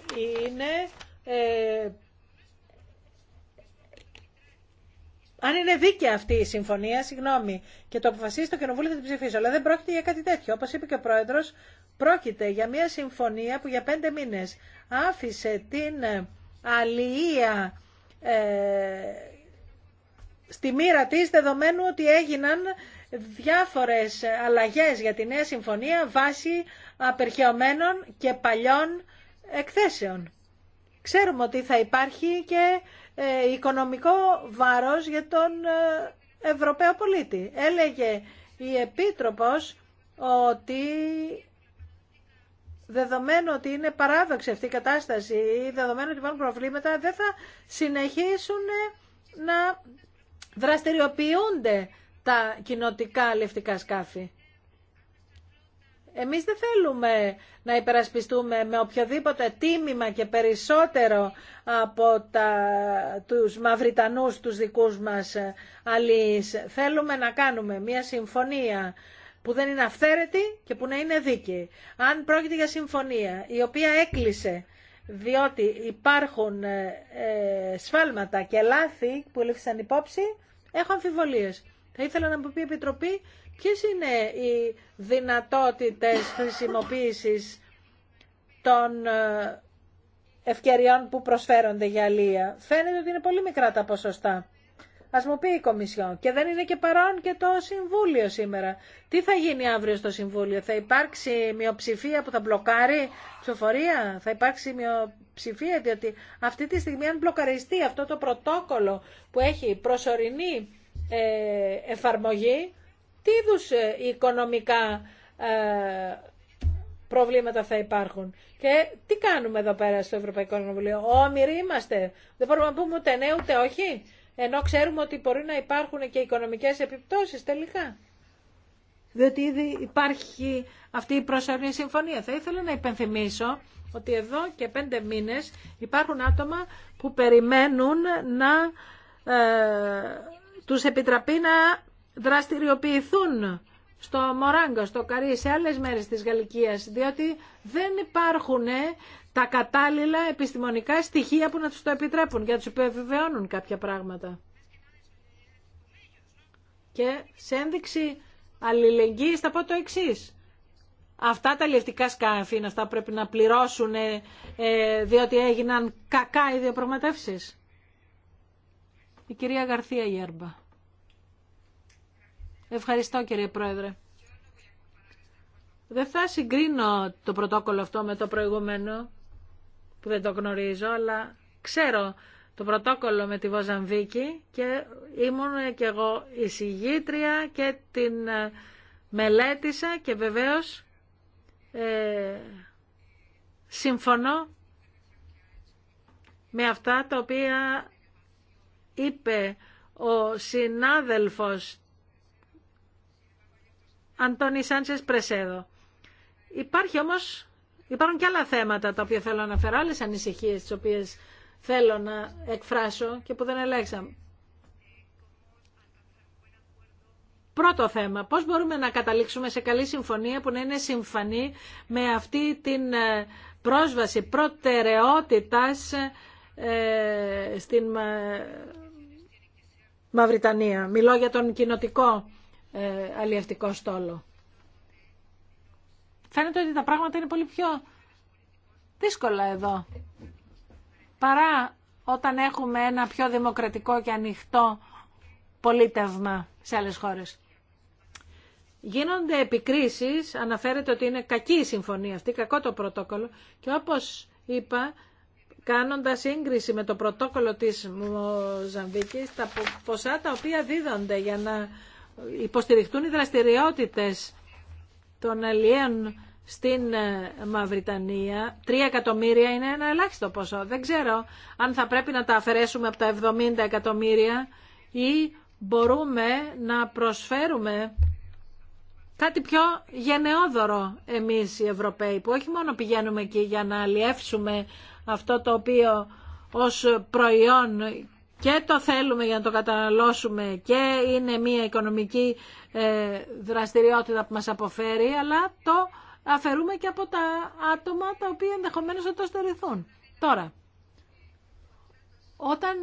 είναι ε, Αν είναι δίκαια αυτή η συμφωνία, συγγνώμη, και το αποφασίσει το κοινοβούλιο θα την ψηφίσω. Αλλά δεν πρόκειται για κάτι τέτοιο. Όπω είπε και ο πρόεδρο, πρόκειται για μια συμφωνία που για πέντε μήνε άφησε την ε, αλληλεία ε, στη μοίρα τη, δεδομένου ότι έγιναν διάφορες αλλαγέ για τη νέα συμφωνία βάσει απερχαιωμένων και παλιών εκθέσεων. Ξέρουμε ότι θα υπάρχει και ε, οικονομικό βάρος για τον ε, Ευρωπαίο πολίτη. Έλεγε η Επίτροπος ότι δεδομένου ότι είναι παράδοξη αυτή η κατάσταση ή δεδομένου ότι υπάρχουν προβλήματα δεν θα συνεχίσουν ε, να δραστηριοποιούνται τα κοινοτικά λευτικά σκάφη. Εμείς δεν θέλουμε να υπερασπιστούμε με οποιοδήποτε τίμημα και περισσότερο από τα, τους Μαυριτανούς, τους δικούς μας Θέλουμε να κάνουμε μια συμφωνία που δεν είναι αυθαίρετη και που να είναι δίκαιη. Αν πρόκειται για συμφωνία η οποία έκλεισε διότι υπάρχουν ε, ε, σφάλματα και λάθη που ελήφθησαν υπόψη, έχω αμφιβολίες. Θα ήθελα να μου πει η Επιτροπή Ποιες είναι οι δυνατότητες χρησιμοποίησης των ε, ευκαιριών που προσφέρονται για αλεία. Φαίνεται ότι είναι πολύ μικρά τα ποσοστά. Α μου πει η Κομισιόν. Και δεν είναι και παρόν και το Συμβούλιο σήμερα. Τι θα γίνει αύριο στο Συμβούλιο, θα υπάρξει μειοψηφία που θα μπλοκάρει ψηφοφορία, θα υπάρξει μειοψηφία, διότι αυτή τη στιγμή αν μπλοκαριστεί αυτό το πρωτόκολλο που έχει προσωρινή ε, εφαρμογή, τι είδου ε, οικονομικά ε, προβλήματα θα υπάρχουν. Και τι κάνουμε εδώ πέρα στο Ευρωπαϊκό Κοινοβουλίο. Όμοιροι είμαστε. Δεν μπορούμε να πούμε ούτε ναι ούτε όχι. Ενώ ξέρουμε ότι μπορεί να υπάρχουν και οικονομικές επιπτώσεις τελικά. Διότι ήδη υπάρχει αυτή η προσωρινή συμφωνία. Θα ήθελα να υπενθυμίσω ότι εδώ και πέντε μήνες υπάρχουν άτομα που περιμένουν να ε, τους επιτραπεί να δραστηριοποιηθούν στο Μοράγκο, στο Καρί, σε άλλες μέρες της Γαλλικίας, διότι δεν υπάρχουν τα κατάλληλα επιστημονικά στοιχεία που να τους το επιτρέπουν για να τους επιβεβαιώνουν κάποια πράγματα. Και σε ένδειξη αλληλεγγύης θα πω το εξή. Αυτά τα λευτικά σκάφη είναι αυτά πρέπει να πληρώσουν ε, ε, διότι έγιναν κακά οι διαπραγματεύσει. Η κυρία Γαρθία Γέρμπα. Ευχαριστώ κύριε Πρόεδρε. Δεν θα συγκρίνω το πρωτόκολλο αυτό με το προηγούμενο, που δεν το γνωρίζω, αλλά ξέρω το πρωτόκολλο με τη Βοζανβίκη και ήμουν και εγώ εισηγήτρια και την ε, μελέτησα και βεβαίως ε, συμφωνώ με αυτά τα οποία είπε ο συνάδελφος Αντώνη Σάντσες Πρεσέδο. Υπάρχει όμως, υπάρχουν και άλλα θέματα τα οποία θέλω να αναφέρω, άλλες ανησυχίες τις οποίες θέλω να εκφράσω και που δεν ελέγξαμε. Πρώτο θέμα, πώς μπορούμε να καταλήξουμε σε καλή συμφωνία που να είναι συμφανή με αυτή την ε, πρόσβαση προτεραιότητας ε, στην ε, Μαυριτανία. Μιλώ για τον κοινοτικό ε, αλλιευτικό στόλο. Φαίνεται ότι τα πράγματα είναι πολύ πιο δύσκολα εδώ. Παρά όταν έχουμε ένα πιο δημοκρατικό και ανοιχτό πολίτευμα σε άλλες χώρες. Γίνονται επικρίσεις, αναφέρεται ότι είναι κακή η συμφωνία αυτή, κακό το πρωτόκολλο και όπως είπα, κάνοντας σύγκριση με το πρωτόκολλο της Μοζαμβίκης, τα ποσά τα οποία δίδονται για να υποστηριχτούν οι δραστηριότητες των αλλιέων στην ε, Μαυριτανία. Τρία εκατομμύρια είναι ένα ελάχιστο ποσό. Δεν ξέρω αν θα πρέπει να τα αφαιρέσουμε από τα 70 εκατομμύρια ή μπορούμε να προσφέρουμε κάτι πιο γενναιόδωρο εμείς οι Ευρωπαίοι που όχι μόνο πηγαίνουμε εκεί για να αλλιεύσουμε αυτό το οποίο ως προϊόν και το θέλουμε για να το καταναλώσουμε και είναι μια οικονομική ε, δραστηριότητα που μας αποφέρει, αλλά το αφαιρούμε και από τα άτομα τα οποία ενδεχομένως θα το στερηθούν. Τώρα, όταν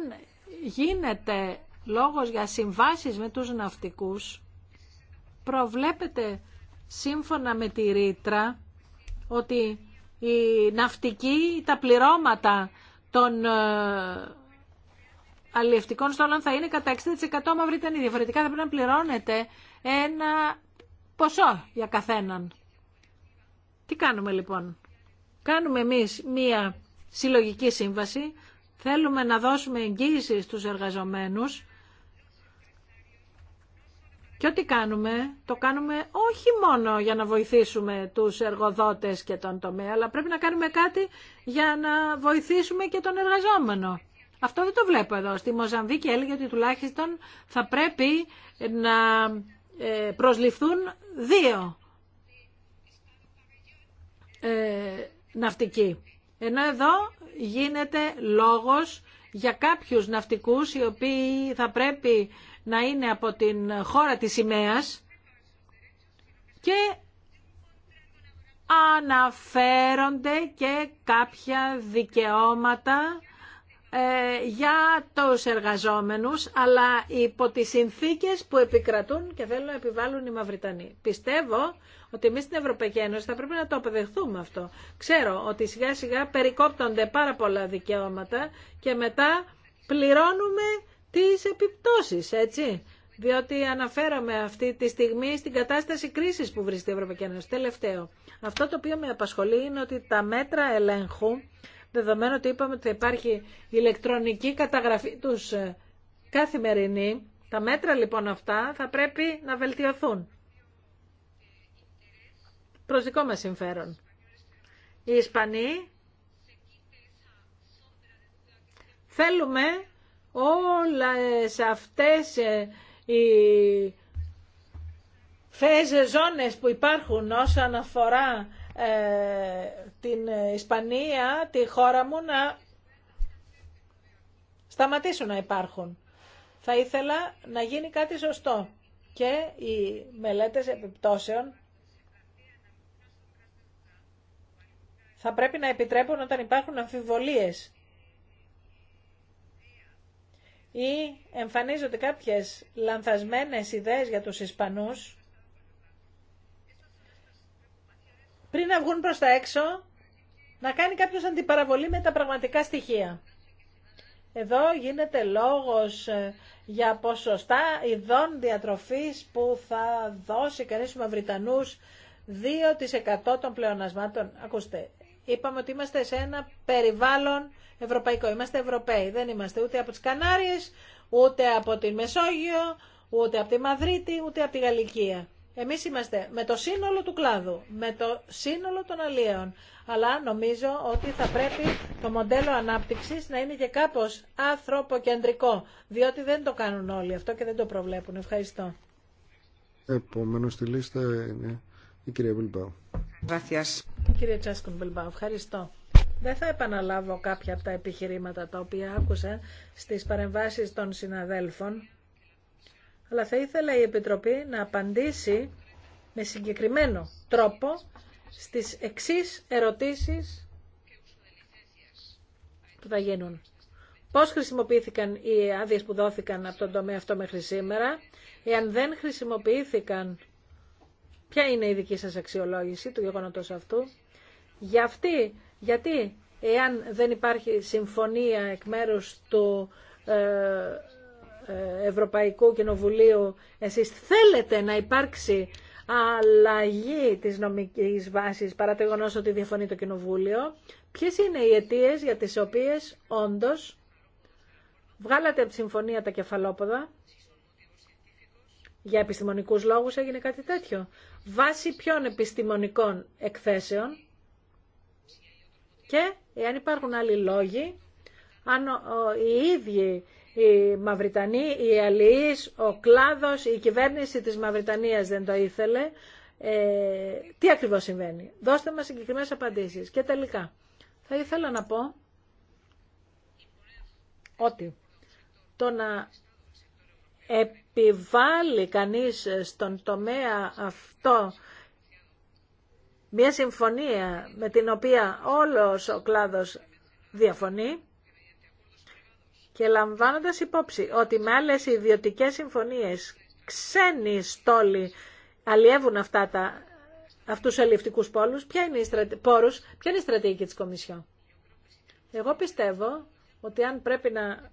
γίνεται λόγος για συμβάσεις με τους ναυτικούς, προβλέπεται σύμφωνα με τη ρήτρα ότι οι ναυτικοί, τα πληρώματα των ε, αλληλευτικών στόλων θα είναι κατά 60% Μαυρίτανοι. Διαφορετικά θα πρέπει να πληρώνετε ένα ποσό για καθέναν. Τι κάνουμε λοιπόν. Κάνουμε εμείς μία συλλογική σύμβαση. Θέλουμε να δώσουμε εγγύηση στους εργαζομένους. Και ό,τι κάνουμε, το κάνουμε όχι μόνο για να βοηθήσουμε τους εργοδότες και τον τομέα, αλλά πρέπει να κάνουμε κάτι για να βοηθήσουμε και τον εργαζόμενο. Αυτό δεν το βλέπω εδώ. Στη Μοζαμβίκη έλεγε ότι τουλάχιστον θα πρέπει να ε, προσληφθούν δύο ε, ναυτικοί. Ενώ εδώ γίνεται λόγος για κάποιους ναυτικούς οι οποίοι θα πρέπει να είναι από την χώρα της σημαίας και αναφέρονται και κάποια δικαιώματα ε, για τους εργαζόμενους, αλλά υπό τις συνθήκες που επικρατούν και θέλουν να επιβάλλουν οι Μαυριτανοί. Πιστεύω ότι εμείς στην Ευρωπαϊκή Ένωση θα πρέπει να το αποδεχθούμε αυτό. Ξέρω ότι σιγά σιγά περικόπτονται πάρα πολλά δικαιώματα και μετά πληρώνουμε τις επιπτώσεις, έτσι. Διότι αναφέρομαι αυτή τη στιγμή στην κατάσταση κρίσης που βρίσκεται η Ευρωπαϊκή Ένωση. Τελευταίο. Αυτό το οποίο με απασχολεί είναι ότι τα μέτρα ελέγχου δεδομένου ότι είπαμε ότι θα υπάρχει ηλεκτρονική καταγραφή τους ε, καθημερινή. Τα μέτρα λοιπόν αυτά θα πρέπει να βελτιωθούν. Προς δικό μας συμφέρον. Οι Ισπανοί θέλουμε όλες αυτές ε, οι φέζες ζώνες που υπάρχουν όσον αφορά ε, την Ισπανία, τη χώρα μου να σταματήσουν να υπάρχουν. Θα ήθελα να γίνει κάτι σωστό και οι μελέτες επιπτώσεων θα πρέπει να επιτρέπουν όταν υπάρχουν αμφιβολίες ή εμφανίζονται κάποιες λανθασμένες ιδέες για τους Ισπανούς πριν να βγουν προς τα έξω, να κάνει κάποιος αντιπαραβολή με τα πραγματικά στοιχεία. Εδώ γίνεται λόγος ε, για ποσοστά ειδών διατροφής που θα δώσει κανείς στους Μαυριτανούς 2% των πλεονασμάτων. Ακούστε, είπαμε ότι είμαστε σε ένα περιβάλλον ευρωπαϊκό. Είμαστε Ευρωπαίοι. Δεν είμαστε ούτε από τις Κανάριες, ούτε από τη Μεσόγειο, ούτε από τη Μαδρίτη, ούτε από τη Γαλλικία. Εμείς είμαστε με το σύνολο του κλάδου, με το σύνολο των αλλιέων. Αλλά νομίζω ότι θα πρέπει το μοντέλο ανάπτυξη να είναι και κάπως ανθρωποκεντρικό, διότι δεν το κάνουν όλοι αυτό και δεν το προβλέπουν. Ευχαριστώ. Επόμενο στη λίστα είναι η κυρία Μπιλμπάου. Κύριε Τσάσκουν Μπιλμπάου, ευχαριστώ. Δεν θα επαναλάβω κάποια από τα επιχειρήματα τα οποία άκουσα στις παρεμβάσεις των συναδέλφων αλλά θα ήθελα η Επιτροπή να απαντήσει με συγκεκριμένο τρόπο στις εξής ερωτήσεις που θα γίνουν. Πώς χρησιμοποιήθηκαν οι άδειε που δόθηκαν από τον τομέα αυτό μέχρι σήμερα, εάν δεν χρησιμοποιήθηκαν, ποια είναι η δική σας αξιολόγηση του γεγονότος αυτού, για αυτή, γιατί εάν δεν υπάρχει συμφωνία εκ μέρους του ε, ε, Ευρωπαϊκού Κοινοβουλίου εσείς θέλετε να υπάρξει αλλαγή της νομικής βάσης παρά το ότι διαφωνεί το Κοινοβούλιο. Ποιες είναι οι αιτίες για τις οποίες όντως βγάλατε από τη συμφωνία τα κεφαλόποδα για επιστημονικούς λόγους έγινε κάτι τέτοιο. Βάσει ποιων επιστημονικών εκθέσεων και εάν υπάρχουν άλλοι λόγοι, αν οι ίδιοι οι Μαυριτανοί, οι αλληλείς, ο κλάδος, η κυβέρνηση της Μαυριτανίας δεν το ήθελε. Ε, τι ακριβώς συμβαίνει. Δώστε μας συγκεκριμένες απαντήσεις. Και τελικά, θα ήθελα να πω ότι το να επιβάλλει κανείς στον τομέα αυτό μια συμφωνία με την οποία όλος ο κλάδος διαφωνεί, και λαμβάνοντας υπόψη ότι με άλλες ιδιωτικές συμφωνίες ξένοι στόλοι αλλιεύουν αυτά τα, αυτούς τους πόλους, ποια είναι η πόρους, ποια είναι η στρατηγική της Κομισιόν. Εγώ πιστεύω ότι αν πρέπει να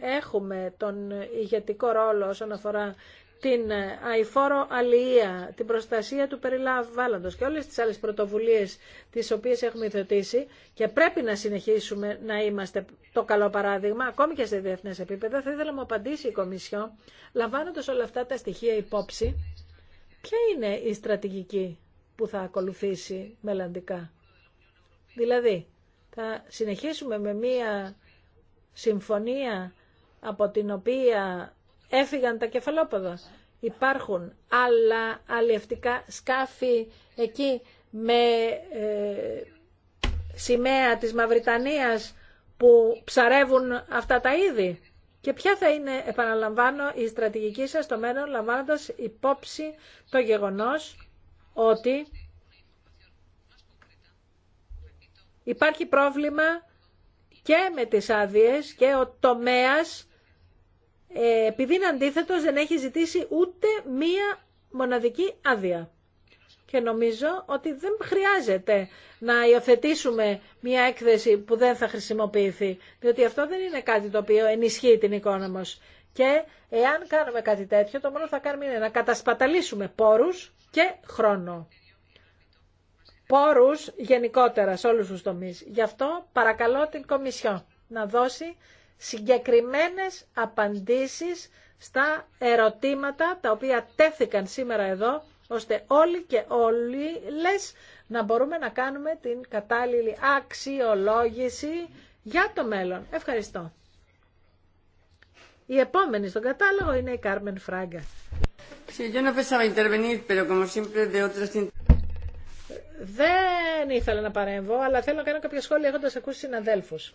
έχουμε τον ηγετικό ρόλο όσον αφορά την ε, αηφόρο αλληλεία, την προστασία του περιβάλλοντος και όλες τις άλλες πρωτοβουλίες τις οποίες έχουμε υιοθετήσει και πρέπει να συνεχίσουμε να είμαστε το καλό παράδειγμα, ακόμη και σε διεθνές επίπεδα, θα ήθελα να μου απαντήσει η Κομισιό, λαμβάνοντας όλα αυτά τα στοιχεία υπόψη, ποια είναι η στρατηγική που θα ακολουθήσει μελλοντικά. Δηλαδή, θα συνεχίσουμε με μία συμφωνία από την οποία έφυγαν τα κεφαλόποδα. Υπάρχουν άλλα αλλιευτικά σκάφη εκεί με ε, σημαία της Μαυριτανίας που ψαρεύουν αυτά τα είδη. Και ποια θα είναι, επαναλαμβάνω, η στρατηγική σας στο μέλλον, λαμβάνοντας υπόψη το γεγονός ότι υπάρχει πρόβλημα και με τις άδειες και ο τομέας ε, επειδή είναι αντίθετο δεν έχει ζητήσει ούτε μία μοναδική άδεια. Και νομίζω ότι δεν χρειάζεται να υιοθετήσουμε μια έκθεση που δεν θα χρησιμοποιηθεί, διότι αυτό δεν είναι κάτι το οποίο ενισχύει την εικόνα μας. Και εάν κάνουμε κάτι τέτοιο, το μόνο που θα κάνουμε είναι να κατασπαταλήσουμε πόρους και χρόνο. Πόρους γενικότερα σε όλους τους τομείς. Γι' αυτό παρακαλώ την Κομισιό να δώσει συγκεκριμένες απαντήσεις στα ερωτήματα τα οποία τέθηκαν σήμερα εδώ, ώστε όλοι και όλοι λες να μπορούμε να κάνουμε την κατάλληλη αξιολόγηση για το μέλλον. Ευχαριστώ. Η επόμενη στον κατάλογο είναι η Κάρμεν Φράγκα. Δεν ήθελα να παρέμβω, αλλά θέλω να κάνω κάποια σχόλια έχοντας ακούσει συναδέλφους.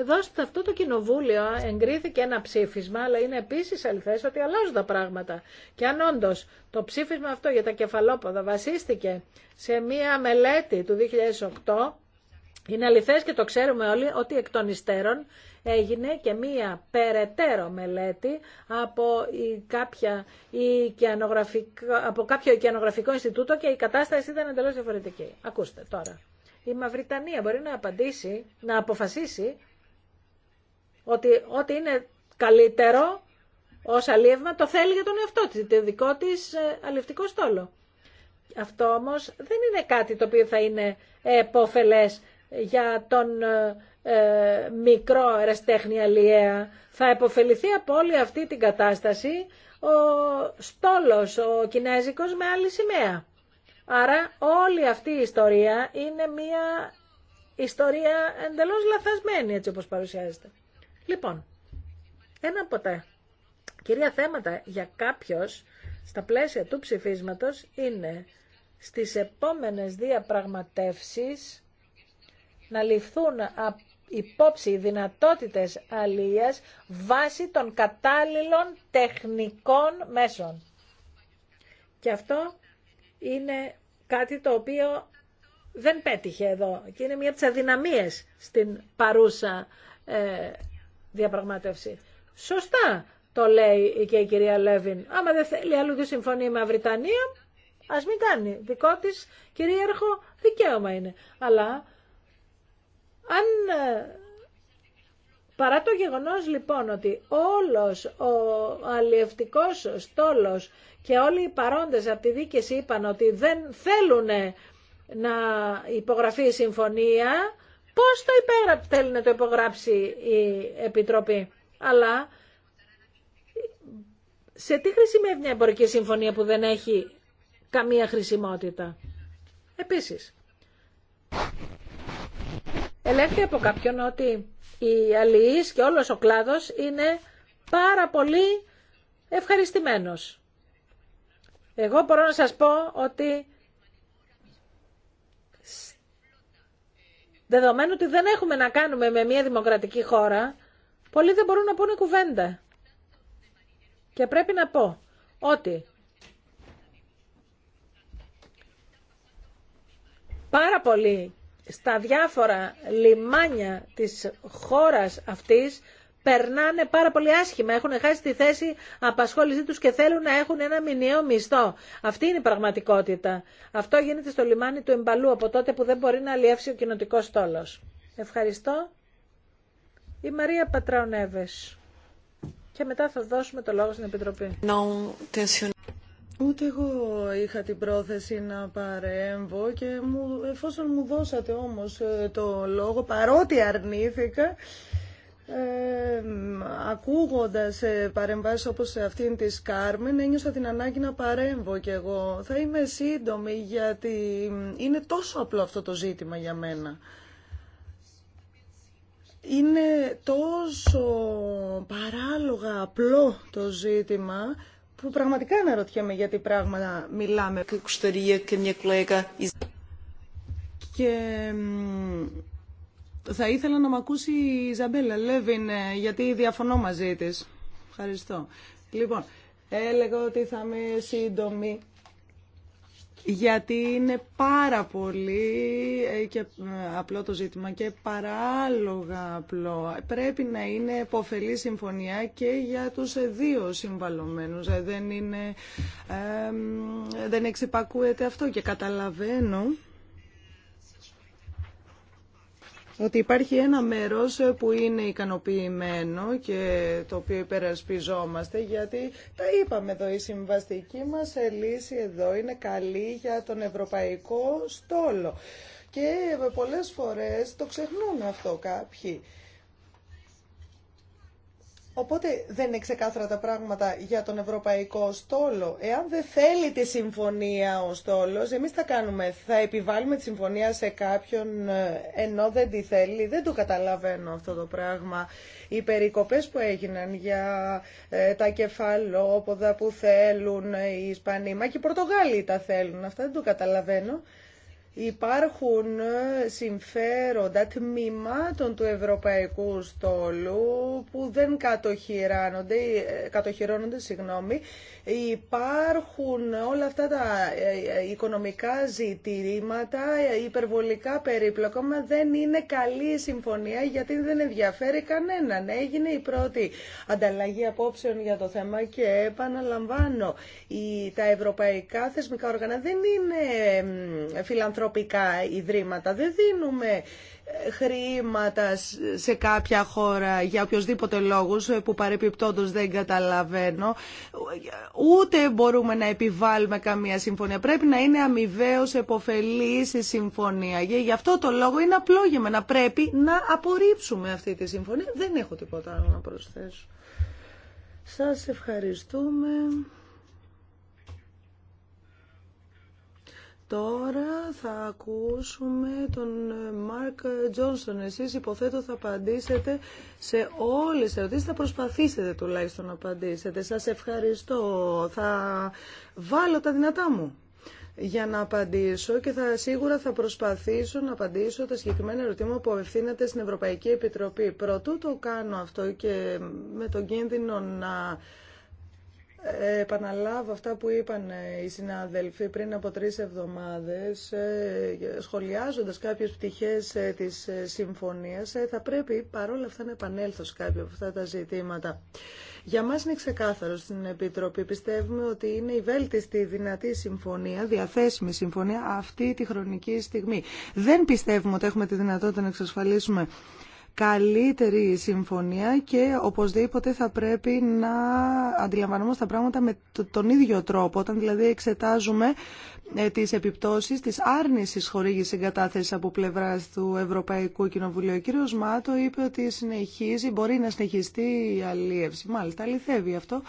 Εδώ σε αυτό το κοινοβούλιο εγκρίθηκε ένα ψήφισμα, αλλά είναι επίση αληθές ότι αλλάζουν τα πράγματα. Και αν όντω το ψήφισμα αυτό για τα κεφαλόποδα βασίστηκε σε μία μελέτη του 2008, είναι αληθές και το ξέρουμε όλοι ότι εκ των υστέρων έγινε και μία περαιτέρω μελέτη από, η κάποια, από κάποιο οικιανογραφικό Ινστιτούτο και η κατάσταση ήταν εντελώ διαφορετική. Ακούστε τώρα. Η Μαυριτανία μπορεί να απαντήσει, να αποφασίσει ότι ό,τι είναι καλύτερο ως αλίευμα το θέλει για τον εαυτό της, το δικό της ε, αλευτικό στόλο. Αυτό όμως δεν είναι κάτι το οποίο θα είναι εποφελές για τον ε, ε, μικρό αλιέα. Θα επωφεληθεί από όλη αυτή την κατάσταση ο στόλος, ο κινέζικος με άλλη σημαία. Άρα όλη αυτή η ιστορία είναι μια ιστορία εντελώς λαθασμένη έτσι όπως παρουσιάζεται. Λοιπόν, ένα από τα κυρία θέματα για κάποιος στα πλαίσια του ψηφίσματος είναι στις επόμενες διαπραγματεύσεις να ληφθούν υπόψη οι δυνατότητες αλίας βάσει των κατάλληλων τεχνικών μέσων. Και αυτό είναι κάτι το οποίο δεν πέτυχε εδώ και είναι μία από τις αδυναμίες στην παρούσα ε, Σωστά το λέει και η κυρία Λέβιν. Άμα δεν θέλει αλλού δύο συμφωνία με Βρυτανία, α μην κάνει. Δικό τη κυρίαρχο δικαίωμα είναι. Αλλά αν ε, Παρά το γεγονός λοιπόν ότι όλος ο αλλιευτικός στόλος και όλοι οι παρόντες από τη δίκηση είπαν ότι δεν θέλουν να υπογραφεί η συμφωνία, πώς το υπέγραψε, θέλει να το υπογράψει η Επιτροπή. Αλλά σε τι χρησιμεύει μια εμπορική συμφωνία που δεν έχει καμία χρησιμότητα. Επίσης, ελέγχθη από κάποιον ότι οι αλληλείς και όλος ο κλάδος είναι πάρα πολύ ευχαριστημένος. Εγώ μπορώ να σας πω ότι Δεδομένου ότι δεν έχουμε να κάνουμε με μια δημοκρατική χώρα, πολλοί δεν μπορούν να πούνε κουβέντα. Και πρέπει να πω ότι πάρα πολλοί στα διάφορα λιμάνια της χώρας αυτής περνάνε πάρα πολύ άσχημα, έχουν χάσει τη θέση απασχόλησή τους και θέλουν να έχουν ένα μηνιαίο μισθό. Αυτή είναι η πραγματικότητα. Αυτό γίνεται στο λιμάνι του Εμπαλού από τότε που δεν μπορεί να αλλιεύσει ο κοινοτικό στόλο. Ευχαριστώ. Η Μαρία Πατραονέβες. Και μετά θα δώσουμε το λόγο στην Επιτροπή. Ούτε εγώ είχα την πρόθεση να παρέμβω και μου, εφόσον μου δώσατε όμως ε, το λόγο, παρότι αρνήθηκα, ακούγοντας ε, παρεμβάσεις όπως αυτήν της Κάρμεν ένιωσα την ανάγκη να παρέμβω κι εγώ. Θα είμαι σύντομη γιατί είναι τόσο απλό αυτό το ζήτημα για μένα. Είναι τόσο παράλογα απλό το ζήτημα που πραγματικά αναρωτιέμαι για τι πράγματα μιλάμε. Και θα ήθελα να μ' ακούσει η Ιζαμπέλα Λέβιν, ε, γιατί διαφωνώ μαζί τη. Ευχαριστώ. Λοιπόν, έλεγα ότι θα είμαι σύντομη γιατί είναι πάρα πολύ ε, και ε, απλό το ζήτημα και παράλογα απλό. Πρέπει να είναι υποφελή συμφωνία και για τους δύο συμβαλωμένους. Δεν, είναι, δεν εξυπακούεται αυτό και καταλαβαίνω ότι υπάρχει ένα μέρος που είναι ικανοποιημένο και το οποίο υπερασπιζόμαστε γιατί τα είπαμε εδώ, η συμβαστική μας λύση εδώ είναι καλή για τον ευρωπαϊκό στόλο. Και πολλές φορές το ξεχνούν αυτό κάποιοι. Οπότε δεν είναι ξεκάθαρα τα πράγματα για τον Ευρωπαϊκό Στόλο. Εάν δεν θέλει τη συμφωνία ο στόλο, εμείς θα κάνουμε. Θα επιβάλλουμε τη συμφωνία σε κάποιον ε, ενώ δεν τη θέλει. Δεν το καταλαβαίνω αυτό το πράγμα. Οι περικοπές που έγιναν για ε, τα κεφαλόποδα που θέλουν ε, οι Ισπανοί, μα και οι Πορτογάλοι τα θέλουν. Αυτά δεν το καταλαβαίνω υπάρχουν ε, συμφέροντα τμήματων του ευρωπαϊκού στόλου που δεν κατοχυρώνονται, ε, κατοχυρώνονται συγγνώμη, Υπάρχουν όλα αυτά τα ε, ε, οικονομικά ζητηρήματα ε, υπερβολικά περίπλοκα, μα δεν είναι καλή συμφωνία γιατί δεν ενδιαφέρει κανέναν. Έγινε η πρώτη ανταλλαγή απόψεων για το θέμα και επαναλαμβάνω, η, τα ευρωπαϊκά θεσμικά όργανα δεν είναι φιλανθρωπικά ιδρύματα. Δεν δίνουμε χρήματα σε κάποια χώρα για οποιοδήποτε λόγους που παρεπιπτόντως δεν καταλαβαίνω ούτε μπορούμε να επιβάλλουμε καμία συμφωνία πρέπει να είναι αμοιβαίω επωφελή η συμφωνία και αυτό το λόγο είναι απλό για να πρέπει να απορρίψουμε αυτή τη συμφωνία δεν έχω τίποτα άλλο να προσθέσω Σας ευχαριστούμε Τώρα θα ακούσουμε τον Μάρκ ε, Τζόνσον. Εσείς υποθέτω θα απαντήσετε σε όλες τις ερωτήσεις. Θα προσπαθήσετε τουλάχιστον να απαντήσετε. Σας ευχαριστώ. Θα βάλω τα δυνατά μου για να απαντήσω και θα, σίγουρα θα προσπαθήσω να απαντήσω τα συγκεκριμένα ερωτήματα που απευθύνεται στην Ευρωπαϊκή Επιτροπή. Προτού το κάνω αυτό και με τον κίνδυνο να επαναλάβω αυτά που είπαν ε, οι συνάδελφοι πριν από τρεις εβδομάδες, ε, σχολιάζοντας κάποιες πτυχές ε, της συμφωνίας, θα πρέπει παρόλα αυτά να επανέλθω σε κάποια από αυτά τα ζητήματα. Για μας είναι ξεκάθαρο στην Επιτροπή. Πιστεύουμε ότι είναι η βέλτιστη δυνατή συμφωνία, διαθέσιμη συμφωνία αυτή τη χρονική στιγμή. Δεν πιστεύουμε ότι έχουμε τη δυνατότητα να εξασφαλίσουμε καλύτερη συμφωνία και οπωσδήποτε θα πρέπει να αντιλαμβανόμαστε τα πράγματα με τον ίδιο τρόπο. Όταν δηλαδή εξετάζουμε ε, τις επιπτώσεις της άρνησης χορήγησης εγκατάθεσης από πλευράς του Ευρωπαϊκού Κοινοβουλίου. Ο κύριος Μάτο είπε ότι συνεχίζει, μπορεί να συνεχιστεί η αλίευση. Μάλιστα, αληθεύει αυτό.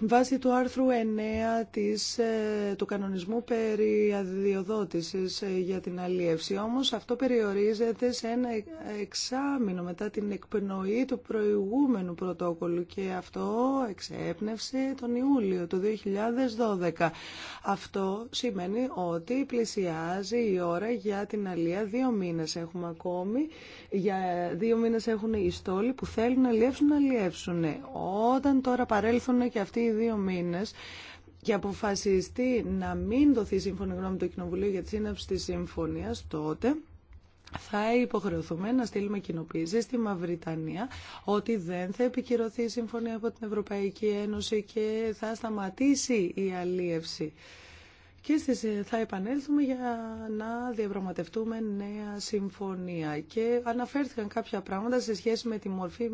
Βάσει του άρθρου 9 της, ε, του κανονισμού περί αδειοδότησης ε, για την αλλιεύση. όμως αυτό περιορίζεται σε ένα εξάμεινο μετά την εκπνοή του προηγούμενου πρωτόκολλου και αυτό εξέπνευσε τον Ιούλιο του 2012. Αυτό σημαίνει ότι πλησιάζει η ώρα για την αλία δύο μήνες έχουμε ακόμη για δύο μήνες έχουν οι στόλοι που θέλουν να αλλιεύσουν να αλλιεύσουν. Όταν τώρα παρέλθουν και αυτοί οι δύο μήνες και αποφασιστεί να μην δοθεί σύμφωνη γνώμη του Κοινοβουλίου για τη σύναψη της συμφωνίας, τότε θα υποχρεωθούμε να στείλουμε κοινοποίηση στη Μαυριτανία ότι δεν θα επικυρωθεί η συμφωνία από την Ευρωπαϊκή Ένωση και θα σταματήσει η αλίευση και ε, θα επανέλθουμε για να διαπραγματευτούμε νέα συμφωνία. Και αναφέρθηκαν κάποια πράγματα σε σχέση με τη μορφή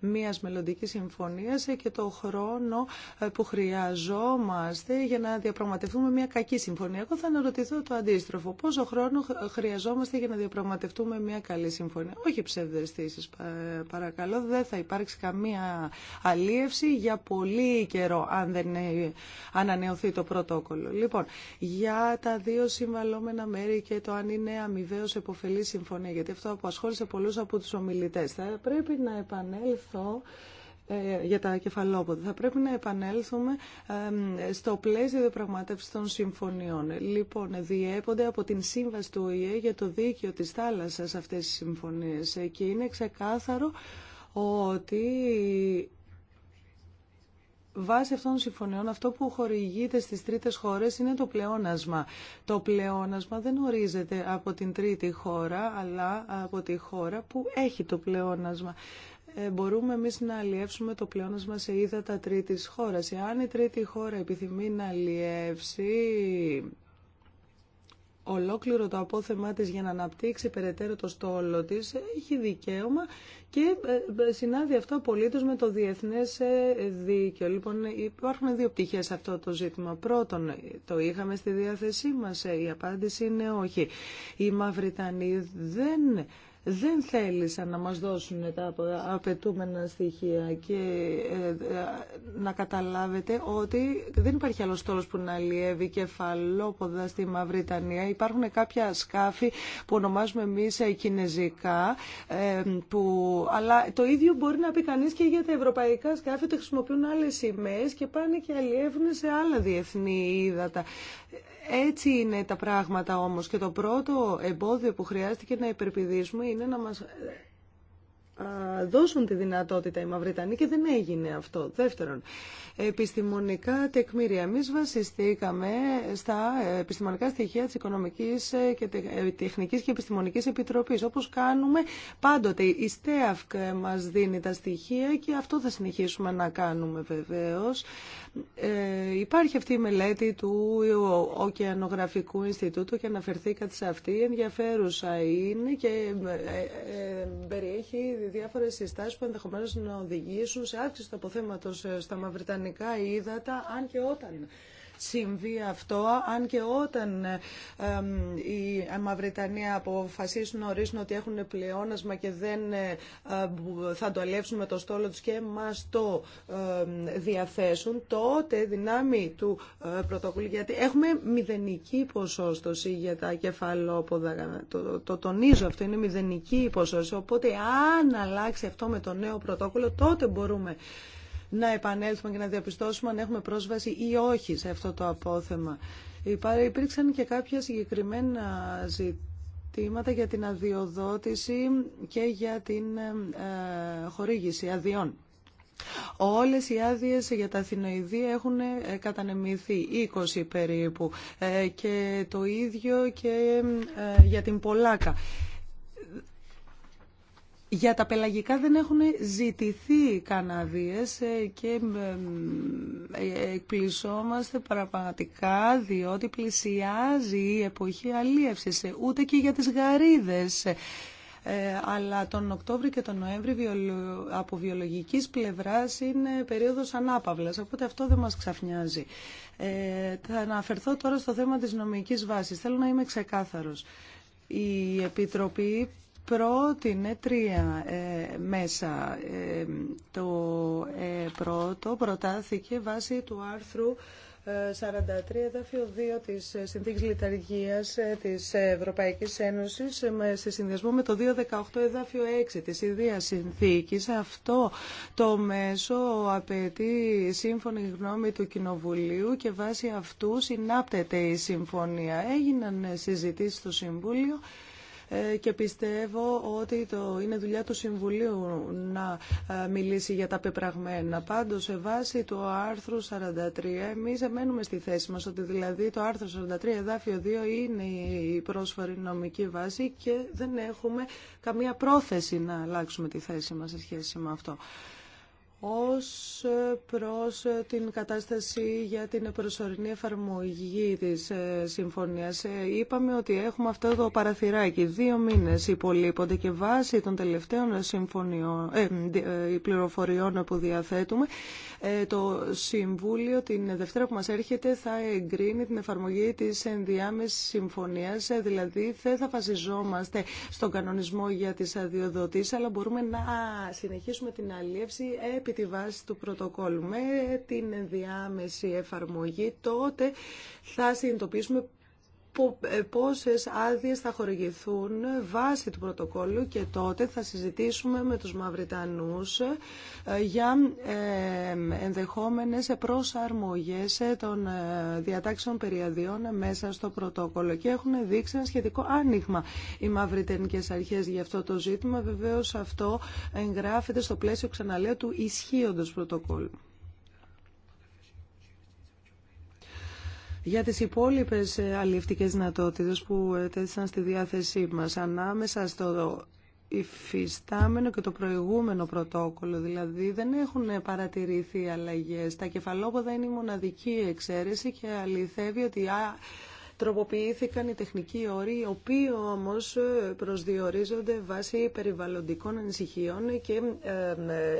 μιας μελλοντική συμφωνίας ε, και το χρόνο ε, που χρειαζόμαστε για να διαπραγματευτούμε μια κακή συμφωνία. Εγώ θα αναρωτηθώ το αντίστροφο. Πόσο χρόνο χρειαζόμαστε για να διαπραγματευτούμε μια καλή συμφωνία. Όχι ψευδεστήσεις παρακαλώ. Δεν θα υπάρξει καμία αλίευση για πολύ καιρό αν δεν ανανεωθεί το πρωτόκολλο. Λοιπόν, για τα δύο συμβαλόμενα μέρη και το αν είναι αμοιβαίω επωφελή συμφωνία, γιατί αυτό απασχόλησε πολλού από του ομιλητέ. Θα πρέπει να επανέλθω ε, για τα κεφαλόποδα. Θα πρέπει να επανέλθουμε στο πλαίσιο διαπραγματεύσεων των συμφωνιών. Λοιπόν, διέπονται από την σύμβαση του ΟΗΕ για το δίκαιο της θάλασσας αυτές τις συμφωνίες και είναι ξεκάθαρο ότι Βάσει αυτών των συμφωνιών αυτό που χορηγείται στις τρίτες χώρες είναι το πλεόνασμα. Το πλεόνασμα δεν ορίζεται από την τρίτη χώρα αλλά από τη χώρα που έχει το πλεόνασμα. Ε, μπορούμε εμείς να αλλιεύσουμε το πλεόνασμα σε ύδατα τρίτης χώρας. Εάν η τρίτη χώρα επιθυμεί να αλλιεύσει ολόκληρο το απόθεμά της για να αναπτύξει περαιτέρω το στόλο της, έχει δικαίωμα και ε, ε, συνάδει αυτό απολύτω με το διεθνές ε, δίκαιο. Λοιπόν, υπάρχουν δύο πτυχές σε αυτό το ζήτημα. Πρώτον, το είχαμε στη διάθεσή μας, η απάντηση είναι όχι. Οι Μαυριτανοί δεν δεν θέλησαν να μας δώσουν τα απαιτούμενα στοιχεία και ε, ε, να καταλάβετε ότι δεν υπάρχει άλλος τόλος που να αλλιεύει κεφαλόποδα στη Μαυριτανία. Υπάρχουν κάποια σκάφη που ονομάζουμε εμείς ε, κινέζικα, που... αλλά το ίδιο μπορεί να πει κανείς και για τα ευρωπαϊκά σκάφη, τα χρησιμοποιούν άλλες σημαίες και πάνε και αλλιεύουν σε άλλα διεθνή ύδατα. Έτσι είναι τα πράγματα όμως και το πρώτο εμπόδιο που χρειάστηκε να υπερπηδήσουμε είναι να μας δώσουν τη δυνατότητα οι Μαυριτανοί και δεν έγινε αυτό. Δεύτερον, επιστημονικά τεκμήρια. Εμεί βασιστήκαμε στα επιστημονικά στοιχεία της Οικονομικής ε, και ε, Τεχνικής και Επιστημονικής Επιτροπής, όπως κάνουμε πάντοτε. Η ΣΤΕΑΦΚ μας δίνει τα στοιχεία και αυτό θα συνεχίσουμε να κάνουμε βεβαίως. Ε, υπάρχει αυτή η μελέτη του Οκεανογραφικού Ινστιτούτου και αναφερθήκατε σε αυτή. Ενδιαφέρουσα είναι και ε, περιέχει διάφορε συστάσεις που ενδεχομένω να οδηγήσουν σε αύξηση του αποθέματο ε, στα μαυριτανικά ύδατα, αν και όταν συμβεί αυτό, αν και όταν η Μαυριτανία αποφασίσουν ορίσουν ότι έχουν πλεόνασμα και δεν ε, θα το αλεύσουν με το στόλο τους και μας το διαθέσουν, τότε δυνάμει του ε, πρωτοκόλλου, γιατί έχουμε μηδενική ποσόστοση για τα κεφαλόποδα, το, το τονίζω αυτό, είναι μηδενική ποσόστοση, οπότε αν αλλάξει αυτό με το νέο πρωτόκολλο, τότε μπορούμε να επανέλθουμε και να διαπιστώσουμε αν έχουμε πρόσβαση ή όχι σε αυτό το απόθεμα. Υπήρξαν και κάποια συγκεκριμένα ζητήματα για την αδειοδότηση και για την ε, χορήγηση αδειών. Όλες οι άδειες για τα αθηνοειδή έχουν ε, κατανεμηθεί, 20 περίπου, ε, και το ίδιο και για την Πολάκα. Για τα πελαγικά δεν έχουν ζητηθεί Καναδίες ε, και ε, εκπλησόμαστε πραγματικά διότι πλησιάζει η εποχή αλίευσης, ε, ούτε και για τις γαρίδες. αλλά τον Οκτώβριο και τον Νοέμβριο από βιολογικής πλευράς είναι περίοδος ανάπαυλας, οπότε αυτό δεν μας ξαφνιάζει. Ε, θα αναφερθώ τώρα στο θέμα της νομικής βάσης. Θέλω να είμαι ξεκάθαρος. Η Επιτροπή πρότεινε τρία ε, μέσα. Ε, το ε, πρώτο προτάθηκε βάσει του άρθρου 43 εδάφιο 2 της Συνθήκης Λιταργίας της Ευρωπαϊκής Ένωσης σε συνδυασμό με το 218 εδάφιο 6 της ίδιας συνθήκης. Αυτό το μέσο απαιτεί σύμφωνη γνώμη του Κοινοβουλίου και βάσει αυτού συνάπτεται η συμφωνία. Έγιναν συζητήσεις στο Συμβούλιο ε, και πιστεύω ότι το είναι δουλειά του Συμβουλίου να ε, μιλήσει για τα πεπραγμένα. Πάντως, σε βάση του άρθρου 43, εμεί μένουμε στη θέση μας ότι δηλαδή το άρθρο 43 εδάφιο 2 είναι η πρόσφορη νομική βάση και δεν έχουμε καμία πρόθεση να αλλάξουμε τη θέση μας σε σχέση με αυτό ως προς την κατάσταση για την προσωρινή εφαρμογή της ε, συμφωνίας. Ε, είπαμε ότι έχουμε αυτό το παραθυράκι. Δύο μήνες υπολείπονται και βάσει των τελευταίων συμφωνιών, ε, ε πληροφοριών που διαθέτουμε το Συμβούλιο την Δευτέρα που μας έρχεται θα εγκρίνει την εφαρμογή της ενδιάμεσης συμφωνίας. Δηλαδή δεν θα βασιζόμαστε στον κανονισμό για τις αδειοδοτήσεις αλλά μπορούμε να συνεχίσουμε την αλίευση επί τη βάση του πρωτοκόλλου. Με την διάμεση εφαρμογή τότε θα συνειδητοποιήσουμε ε, πόσες άδειες θα χορηγηθούν βάσει του πρωτοκόλλου και τότε θα συζητήσουμε με τους Μαυριτανούς ε, για ε, ενδεχόμενες προσαρμογές των διατάξεων περιαδιών μέσα στο πρωτόκολλο και έχουν δείξει ένα σχετικό άνοιγμα οι μαυριτανικές αρχές για αυτό το ζήτημα. Βεβαίως αυτό εγγράφεται στο πλαίσιο ξαναλέω του ισχύοντος πρωτοκόλλου. για τις υπόλοιπες ε, αλληλευτικές δυνατότητες που ε, τέθησαν στη διάθεσή μας ανάμεσα στο υφιστάμενο και το προηγούμενο πρωτόκολλο, δηλαδή δεν έχουν παρατηρηθεί αλλαγές. Τα κεφαλόποδα είναι η μοναδική εξαίρεση και αληθεύει ότι τροποποιήθηκαν οι τεχνικοί όροι, οι οποίοι όμως ε, προσδιορίζονται βάσει περιβαλλοντικών ανησυχιών και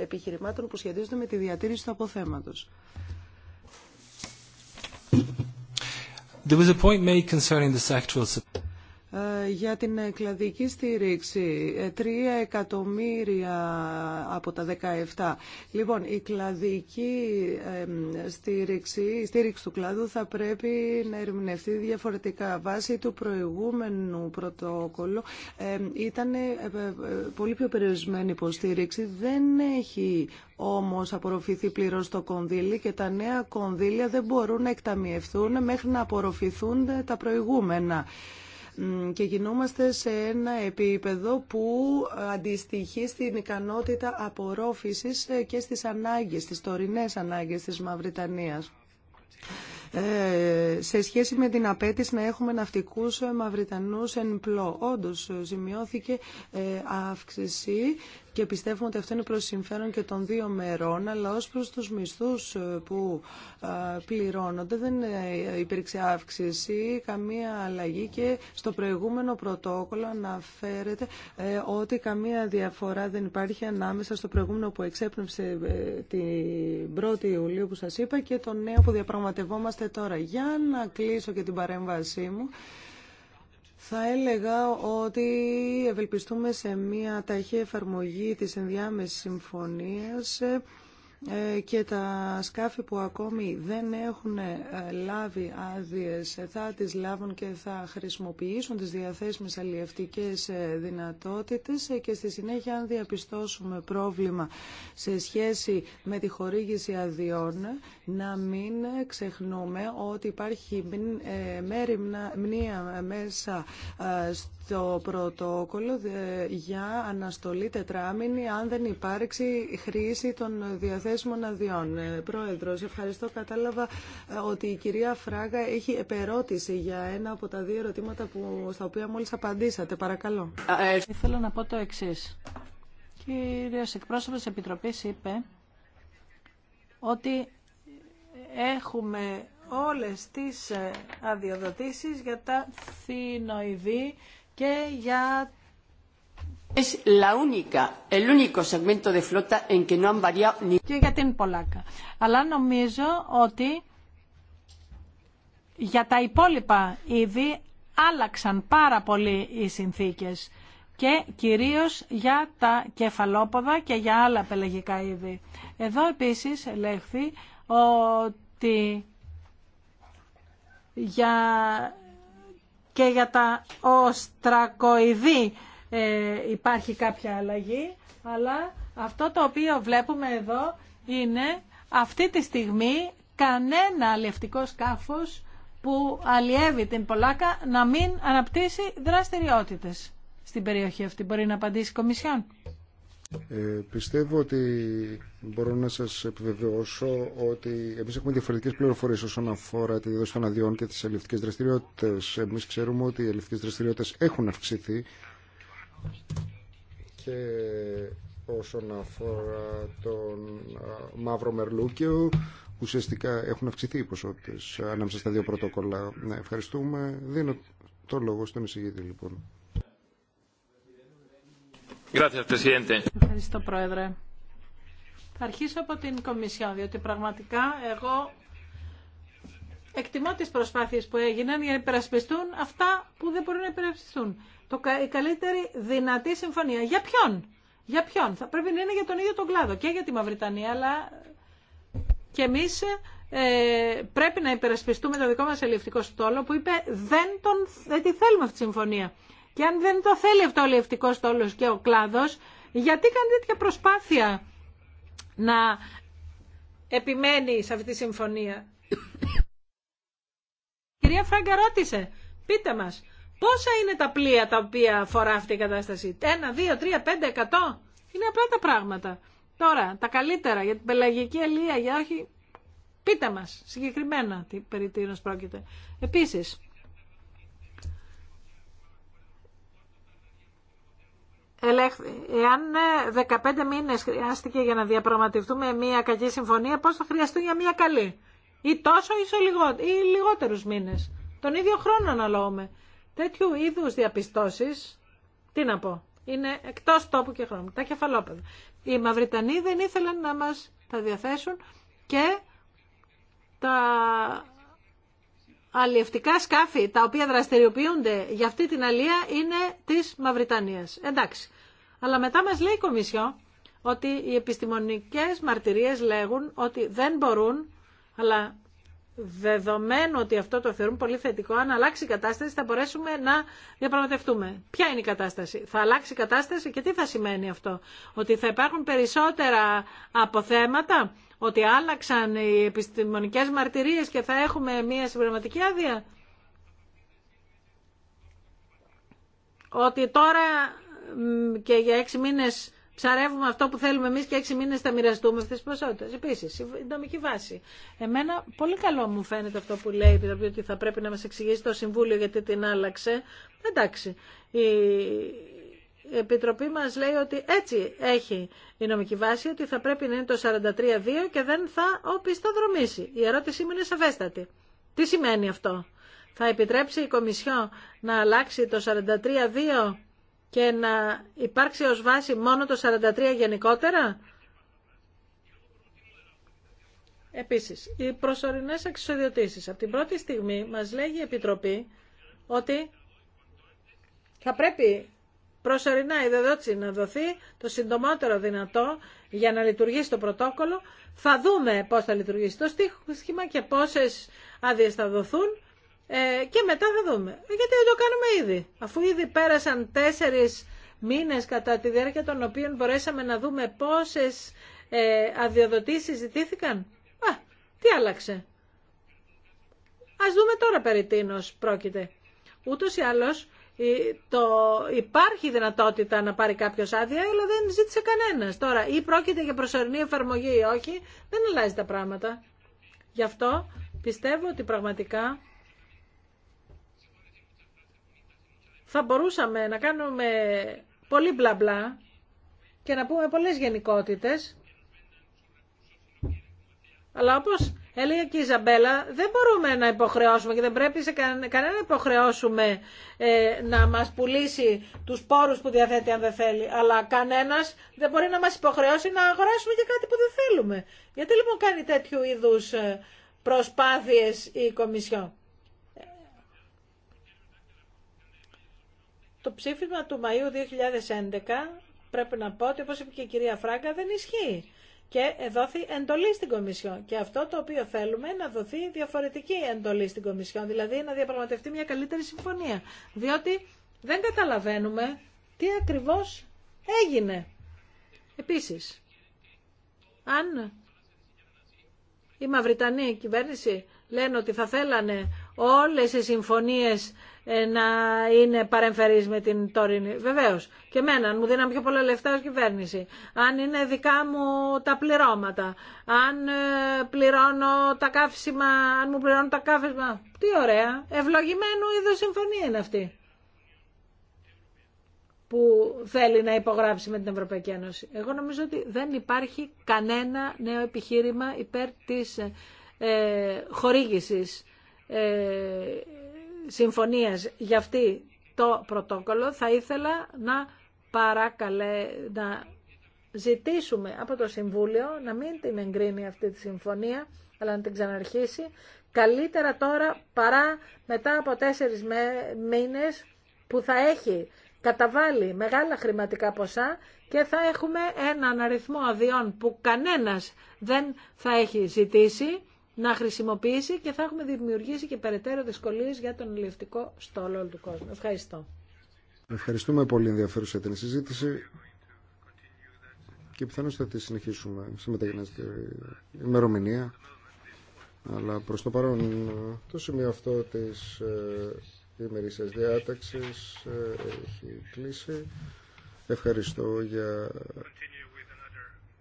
επιχειρημάτων που σχετίζονται με τη διατήρηση του αποθέματος. There was a point made concerning the sexual. Ε, για την κλαδική στήριξη. 3 ε, εκατομμύρια από τα 17. Λοιπόν, η κλαδική στήριξη, η στήριξη του κλάδου θα πρέπει να ερμηνευτεί διαφορετικά. Βάσει του προηγούμενου πρωτόκολλου ήταν ε, πολύ πιο περιορισμένη υποστήριξη. Δεν έχει όμως απορροφηθεί πλήρως το κονδύλι και τα νέα κονδύλια δεν μπορούν να εκταμιευθούν μέχρι να απορροφηθούν τα προηγούμενα και γινόμαστε σε ένα επίπεδο που αντιστοιχεί στην ικανότητα απορρόφησης ε, και στις ανάγκες, στις τωρινές ανάγκες της Μαυριτανίας ε, σε σχέση με την απέτηση να έχουμε ναυτικούς μαυριτανούς εν πλώ. Όντως ε, ζημιώθηκε αύξηση και πιστεύουμε ότι αυτό είναι προς συμφέρον και των δύο μερών, αλλά ως προς τους μισθούς ε, που ε, πληρώνονται δεν ε, υπήρξε αύξηση, καμία αλλαγή και στο προηγούμενο πρωτόκολλο αναφέρεται ότι καμία διαφορά δεν υπάρχει ανάμεσα στο προηγούμενο που εξέπνευσε την 1η Ιουλίου που σας είπα και το νέο που διαπραγματευόμαστε τώρα. Για να κλείσω και την παρέμβασή μου. Θα έλεγα ότι ευελπιστούμε σε μια ταχύ εφαρμογή της ενδιάμεσης συμφωνίας ε, και τα σκάφη που ακόμη δεν έχουν ε, λάβει άδειε, ε, θα τις λάβουν και θα χρησιμοποιήσουν τις διαθέσιμες αλλιευτικές δυνατότητες και στη συνέχεια αν διαπιστώσουμε πρόβλημα σε σχέση με τη χορήγηση αδειών να μην ξεχνούμε ότι υπάρχει μέρη μνήμα μέσα το πρωτόκολλο για αναστολή τετράμινη αν δεν υπάρξει χρήση των διαθέσιμων αδειών. Ε, πρόεδρος, ευχαριστώ. Κατάλαβα ε, ότι η κυρία Φράγα έχει επερώτηση για ένα από τα δύο ερωτήματα που, στα οποία μόλις απαντήσατε. Παρακαλώ. Ε, Θέλω να πω το εξής. Κύριο εκπρόσωπο τη Επιτροπής είπε ότι έχουμε όλες τις αδειοδοτήσεις για τα θηνοειδή και για και για την Πολάκα. Αλλά νομίζω ότι για τα υπόλοιπα είδη άλλαξαν πάρα πολύ οι συνθήκες και κυρίως για τα κεφαλόποδα και για άλλα πελαγικά είδη. Εδώ επίσης ελέγχθη ότι για και για τα οστρακοειδή ε, υπάρχει κάποια αλλαγή, αλλά αυτό το οποίο βλέπουμε εδώ είναι αυτή τη στιγμή κανένα αλλιευτικό σκάφος που αλλιεύει την Πολάκα να μην αναπτύσσει δραστηριότητες στην περιοχή αυτή. Μπορεί να απαντήσει η Κομισιόν. Ε, πιστεύω ότι μπορώ να σας επιβεβαιώσω ότι εμείς έχουμε διαφορετικές πληροφορίες όσον αφορά τη δόση των αδειών και τις ελληνικές δραστηριότητες. Εμείς ξέρουμε ότι οι ελληνικές δραστηριότητες έχουν αυξηθεί και όσον αφορά τον Μαύρο Μερλούκιο ουσιαστικά έχουν αυξηθεί οι ποσότητες ανάμεσα στα δύο πρωτόκολλα. Ναι, ευχαριστούμε. Δίνω το λόγο στον εισηγητή λοιπόν. Ευχαριστώ, Πρόεδρε. Θα αρχίσω από την Κομισιόν, διότι πραγματικά εγώ εκτιμώ τις προσπάθειες που έγιναν για να υπερασπιστούν αυτά που δεν μπορούν να υπερασπιστούν. Το, η καλύτερη δυνατή συμφωνία. Για ποιον? Για ποιον? Θα πρέπει να είναι για τον ίδιο τον κλάδο και για τη Μαυριτανία, αλλά και εμείς ε, πρέπει να υπερασπιστούμε το δικό μας ελληνικό στόλο που είπε δεν, τον, δεν τη θέλουμε αυτή τη συμφωνία. Και αν δεν το θέλει αυτό ο λευτικός τόλος και ο κλάδος, γιατί κάνει τέτοια προσπάθεια να επιμένει σε αυτή τη συμφωνία. (coughs) Κυρία Φράγκα ρώτησε, πείτε μας, πόσα είναι τα πλοία τα οποία αφορά αυτή η κατάσταση. Ένα, δύο, τρία, πέντε, εκατό. Είναι απλά τα πράγματα. Τώρα, τα καλύτερα για την πελαγική αλία, για όχι... Πείτε μας συγκεκριμένα τι περί πρόκειται. Επίσης, Εάν 15 ε, μήνε χρειάστηκε για να διαπραγματευτούμε μια κακή συμφωνία, πώ θα χρειαστούν για μια καλή. Ή τόσο ή, ή λιγότερους μήνες. Τον ίδιο χρόνο αναλόγουμε. Τέτοιου είδους διαπιστώσεις, τι να πω, είναι εκτός τόπου και χρόνου. Τα κεφαλόπεδα. Οι Μαυριτανοί δεν ήθελαν να μας τα διαθέσουν και τα αλλιευτικά σκάφη τα οποία δραστηριοποιούνται για αυτή την αλία είναι της Μαυριτανίας. Εντάξει. Αλλά μετά μας λέει η Κομισιό ότι οι επιστημονικές μαρτυρίες λέγουν ότι δεν μπορούν, αλλά δεδομένου ότι αυτό το θεωρούν πολύ θετικό, αν αλλάξει η κατάσταση θα μπορέσουμε να διαπραγματευτούμε. Ποια είναι η κατάσταση. Θα αλλάξει η κατάσταση και τι θα σημαίνει αυτό. Ότι θα υπάρχουν περισσότερα αποθέματα ότι άλλαξαν οι επιστημονικές μαρτυρίες και θα έχουμε μία συμπληρωματική άδεια. Ότι τώρα και για έξι μήνες ψαρεύουμε αυτό που θέλουμε εμείς και έξι μήνες θα μοιραστούμε αυτές τις ποσότητες. Επίσης, η νομική βάση. Εμένα πολύ καλό μου φαίνεται αυτό που λέει, δηλαδή ότι θα πρέπει να μας εξηγήσει το Συμβούλιο γιατί την άλλαξε. Εντάξει, η Επιτροπή μας λέει ότι έτσι έχει η νομική βάση ότι θα πρέπει να είναι το 43-2 και δεν θα οπισθοδρομήσει. Η ερώτησή μου είναι σαφέστατη. Τι σημαίνει αυτό. Θα επιτρέψει η Κομισιό να αλλάξει το 43-2 και να υπάρξει ως βάση μόνο το 43 γενικότερα. Επίσης, οι προσωρινές αξιοδιοτήσεις. Από την πρώτη στιγμή μας λέει η Επιτροπή ότι θα πρέπει προσωρινά η δεδότηση να δοθεί το συντομότερο δυνατό για να λειτουργήσει το πρωτόκολλο. Θα δούμε πώς θα λειτουργήσει το σχήμα και πόσες άδειες θα δοθούν ε, και μετά θα δούμε. Γιατί δεν το κάνουμε ήδη. Αφού ήδη πέρασαν τέσσερις μήνες κατά τη διάρκεια των οποίων μπορέσαμε να δούμε πόσες ε, αδειοδοτήσεις ζητήθηκαν. Α, τι άλλαξε. Ας δούμε τώρα περί τίνος πρόκειται. Ούτως ή άλλως ε, το υπάρχει δυνατότητα να πάρει κάποιο άδεια, αλλά δεν ζήτησε κανένα. Τώρα, ή πρόκειται για προσωρινή εφαρμογή ή όχι, δεν αλλάζει τα πράγματα. Γι' αυτό πιστεύω ότι πραγματικά θα μπορούσαμε να κάνουμε πολύ μπλα μπλα και να πούμε πολλές γενικότητες, αλλά όπως Έλεγε και η Ζαμπέλα, δεν μπορούμε να υποχρεώσουμε και δεν πρέπει σε κανένα να υποχρεώσουμε ε, να μας πουλήσει τους πόρους που διαθέτει αν δεν θέλει. Αλλά κανένας δεν μπορεί να μας υποχρεώσει να αγοράσουμε για κάτι που δεν θέλουμε. Γιατί λοιπόν κάνει τέτοιου είδους ε, προσπάθειες η Κομισιόν. Ε, το ψήφισμα του Μαΐου 2011 πρέπει να πω ότι όπως είπε και η κυρία Φράγκα δεν ισχύει και δόθη εντολή στην Κομισιόν. Και αυτό το οποίο θέλουμε να δοθεί διαφορετική εντολή στην Κομισιόν, δηλαδή να διαπραγματευτεί μια καλύτερη συμφωνία. Διότι δεν καταλαβαίνουμε τι ακριβώς έγινε. Επίσης, αν η Μαυριτανή κυβέρνηση λένε ότι θα θέλανε όλες οι συμφωνίες ε, να είναι παρεμφερής με την τωρινή. Βεβαίως. Και εμένα, αν μου δίναν πιο πολλά λεφτά ως κυβέρνηση. Αν είναι δικά μου τα πληρώματα. Αν ε, πληρώνω τα καύσιμα, αν μου πληρώνω τα καύσιμα. Τι ωραία. Ευλογημένου είδο συμφωνία είναι αυτή που θέλει να υπογράψει με την Ευρωπαϊκή Ένωση. Εγώ νομίζω ότι δεν υπάρχει κανένα νέο επιχείρημα υπέρ της ε, χορήγησης ε, συμφωνίας για αυτή το πρωτόκολλο, θα ήθελα να παρακαλέ, να ζητήσουμε από το Συμβούλιο να μην την εγκρίνει αυτή τη συμφωνία, αλλά να την ξαναρχίσει. Καλύτερα τώρα παρά μετά από τέσσερις μήνες που θα έχει καταβάλει μεγάλα χρηματικά ποσά και θα έχουμε έναν αριθμό αδειών που κανένας δεν θα έχει ζητήσει να χρησιμοποιήσει και θα έχουμε δημιουργήσει και περαιτέρω δυσκολίε για τον ελληνικό στόλο όλου του κόσμου. Ευχαριστώ. Ευχαριστούμε πολύ ενδιαφέρουσα την συζήτηση και πιθανώς θα τη συνεχίσουμε σε μεταγενέστερη ημερομηνία. Αλλά προς το παρόν το σημείο αυτό της ε, ημερήσιας διάταξης ε, έχει κλείσει. Ευχαριστώ για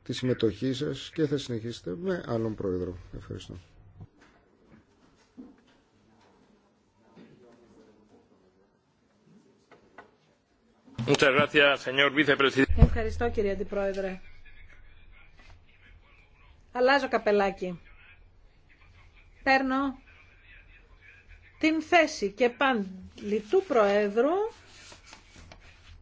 τη συμμετοχή σας και θα συνεχίσετε με άλλον πρόεδρο. Ευχαριστώ. Ευχαριστώ κύριε Αντιπρόεδρε. Αλλάζω καπελάκι. Παίρνω την θέση και πάλι του Προέδρου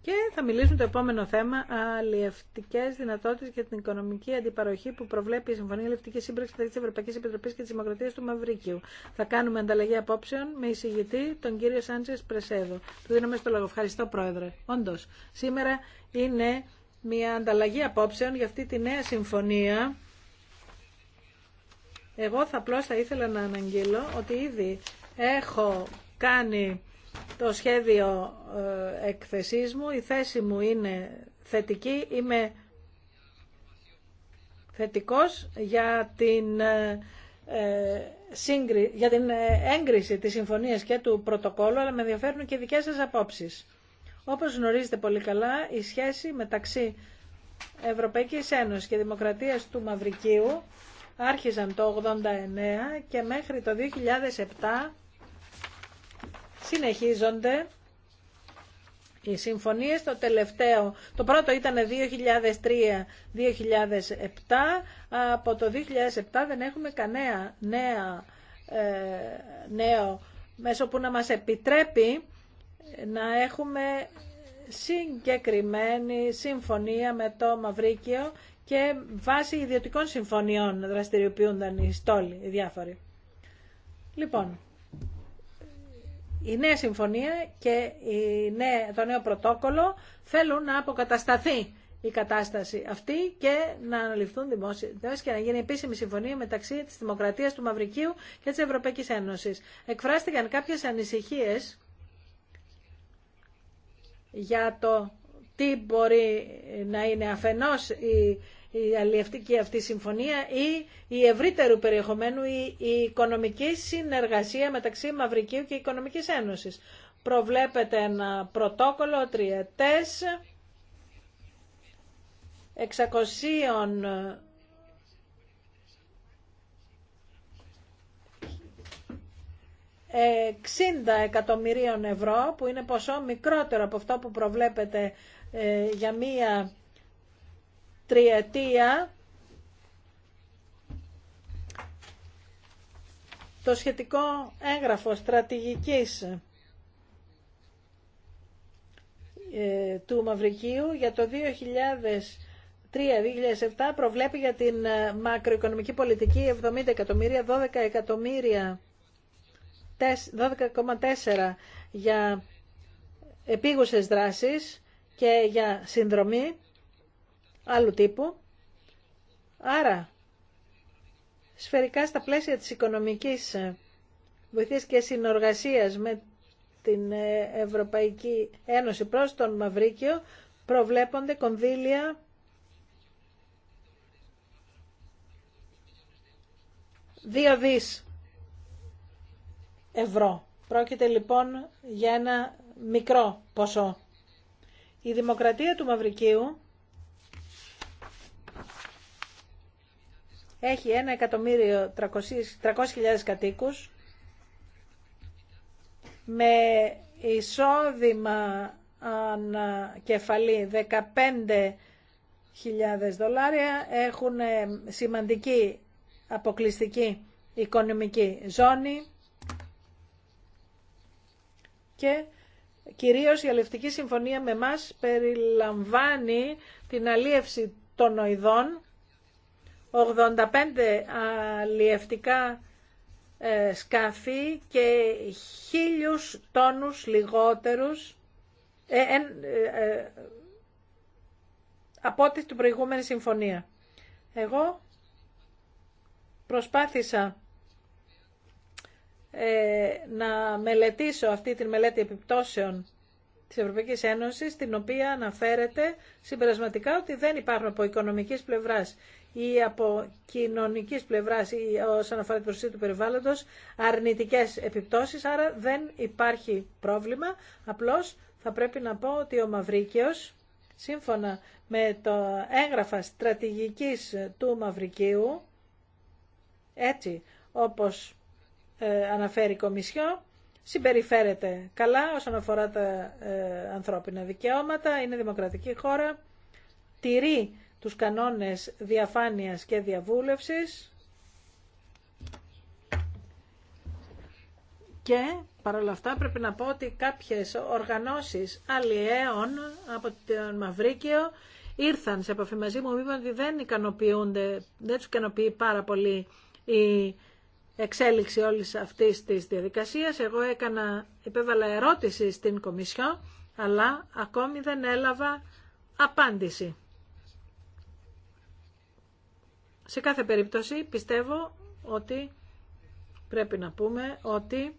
και θα μιλήσουμε το επόμενο θέμα, αλλιευτικέ δυνατότητε για την οικονομική αντιπαροχή που προβλέπει η Συμφωνία Αλλιευτική Σύμπραξη μεταξύ τη Ευρωπαϊκή Επιτροπή και τη Δημοκρατία του Μαυρίκιου. Θα κάνουμε ανταλλαγή απόψεων με εισηγητή τον κύριο Σάντζε Πρεσέδο. Του δίνουμε στο λόγο. Ευχαριστώ, Πρόεδρε. Όντω, σήμερα είναι μια ανταλλαγή απόψεων για αυτή τη νέα συμφωνία. Εγώ θα απλώ θα ήθελα να αναγγείλω ότι ήδη έχω κάνει το σχέδιο ε, εκθεσής μου. Η θέση μου είναι θετική. Είμαι θετικός για την, ε, ε, για την έγκριση της συμφωνίας και του πρωτοκόλλου, αλλά με ενδιαφέρουν και δικές σας απόψεις. Όπως γνωρίζετε πολύ καλά, η σχέση μεταξύ Ευρωπαϊκής Ένωσης και Δημοκρατίας του Μαυρικίου άρχισαν το 89 και μέχρι το 2007 συνεχίζονται οι συμφωνίες. Το τελευταίο, το πρώτο ήταν 2003-2007. Από το 2007 δεν έχουμε κανένα νέα, ε, νέο μέσο που να μας επιτρέπει να έχουμε συγκεκριμένη συμφωνία με το Μαυρίκιο και βάσει ιδιωτικών συμφωνιών δραστηριοποιούνταν οι στόλοι, οι διάφοροι. Λοιπόν, η νέα συμφωνία και η το νέο πρωτόκολλο θέλουν να αποκατασταθεί η κατάσταση αυτή και να αναλυφθούν δημόσιες και να γίνει επίσημη συμφωνία μεταξύ της Δημοκρατίας του Μαυρικίου και της Ευρωπαϊκής Ένωσης. Εκφράστηκαν κάποιες ανησυχίες για το τι μπορεί να είναι αφενός η η αλλιευτική αυτή συμφωνία ή η ευρύτερου περιεχομένου η, η οικονομική η μεταξύ Μαυρικίου και Οικονομικής Ένωσης. Προβλέπεται ένα πρωτόκολλο τριετές 60 εκατομμυρίων ευρώ που είναι ποσό μικρότερο από αυτό που προβλέπεται ε, για μία τριετία το σχετικό έγγραφο στρατηγικής ε, του Μαυρικίου για το 2003-2007 προβλέπει για την ε, μακροοικονομική πολιτική 70 εκατομμύρια, 12 εκατομμύρια 12,4 για επίγουσες δράσεις και για συνδρομή άλλου τύπου. Άρα, σφαιρικά στα πλαίσια της οικονομικής ε, βοηθείας και συνεργασίας με την ε, Ευρωπαϊκή Ένωση προς τον Μαυρίκιο προβλέπονται κονδύλια 2 δις ευρώ. Πρόκειται λοιπόν για ένα μικρό ποσό. Η δημοκρατία του Μαυρικίου έχει 1.300.000 κατοίκους με εισόδημα ανακεφαλή 15.000 δολάρια έχουν ε, σημαντική αποκλειστική οικονομική ζώνη και κυρίως η Αλευτική Συμφωνία με μας περιλαμβάνει την αλίευση των οειδών 85 αλλιευτικά ε, σκάφη και χίλιους τόνους λιγότερους ε, ε, από ό,τι την προηγούμενη συμφωνία. Εγώ προσπάθησα να μελετήσω αυτή τη μελέτη επιπτώσεων της Ευρωπαϊκής Ένωσης, την οποία αναφέρεται συμπερασματικά ότι δεν υπάρχουν από οικονομικής πλευράς ή από κοινωνικής πλευράς ή όσον αφορά την προσοχή του περιβάλλοντος αρνητικές επιπτώσεις, άρα δεν υπάρχει πρόβλημα. Απλώς θα πρέπει να πω ότι ο Μαυρίκιος, σύμφωνα με το έγγραφα στρατηγικής του Μαυρικίου, έτσι όπως ε, αναφέρει η Κομισιό, συμπεριφέρεται καλά όσον αφορά τα ε, ανθρώπινα δικαιώματα, είναι δημοκρατική χώρα, τηρεί τους κανόνες διαφάνειας και διαβούλευσης και παρόλα αυτά πρέπει να πω ότι κάποιες οργανώσεις αλλιέων από τον Μαυρίκιο ήρθαν σε επαφή μαζί μου, είπαν ότι δεν ικανοποιούνται, δεν τους ικανοποιεί πάρα πολύ η εξέλιξη όλης αυτής της διαδικασίας. Εγώ έκανα, επέβαλα ερώτηση στην Κομισιό, αλλά ακόμη δεν έλαβα απάντηση. Σε κάθε περίπτωση πιστεύω ότι πρέπει να πούμε ότι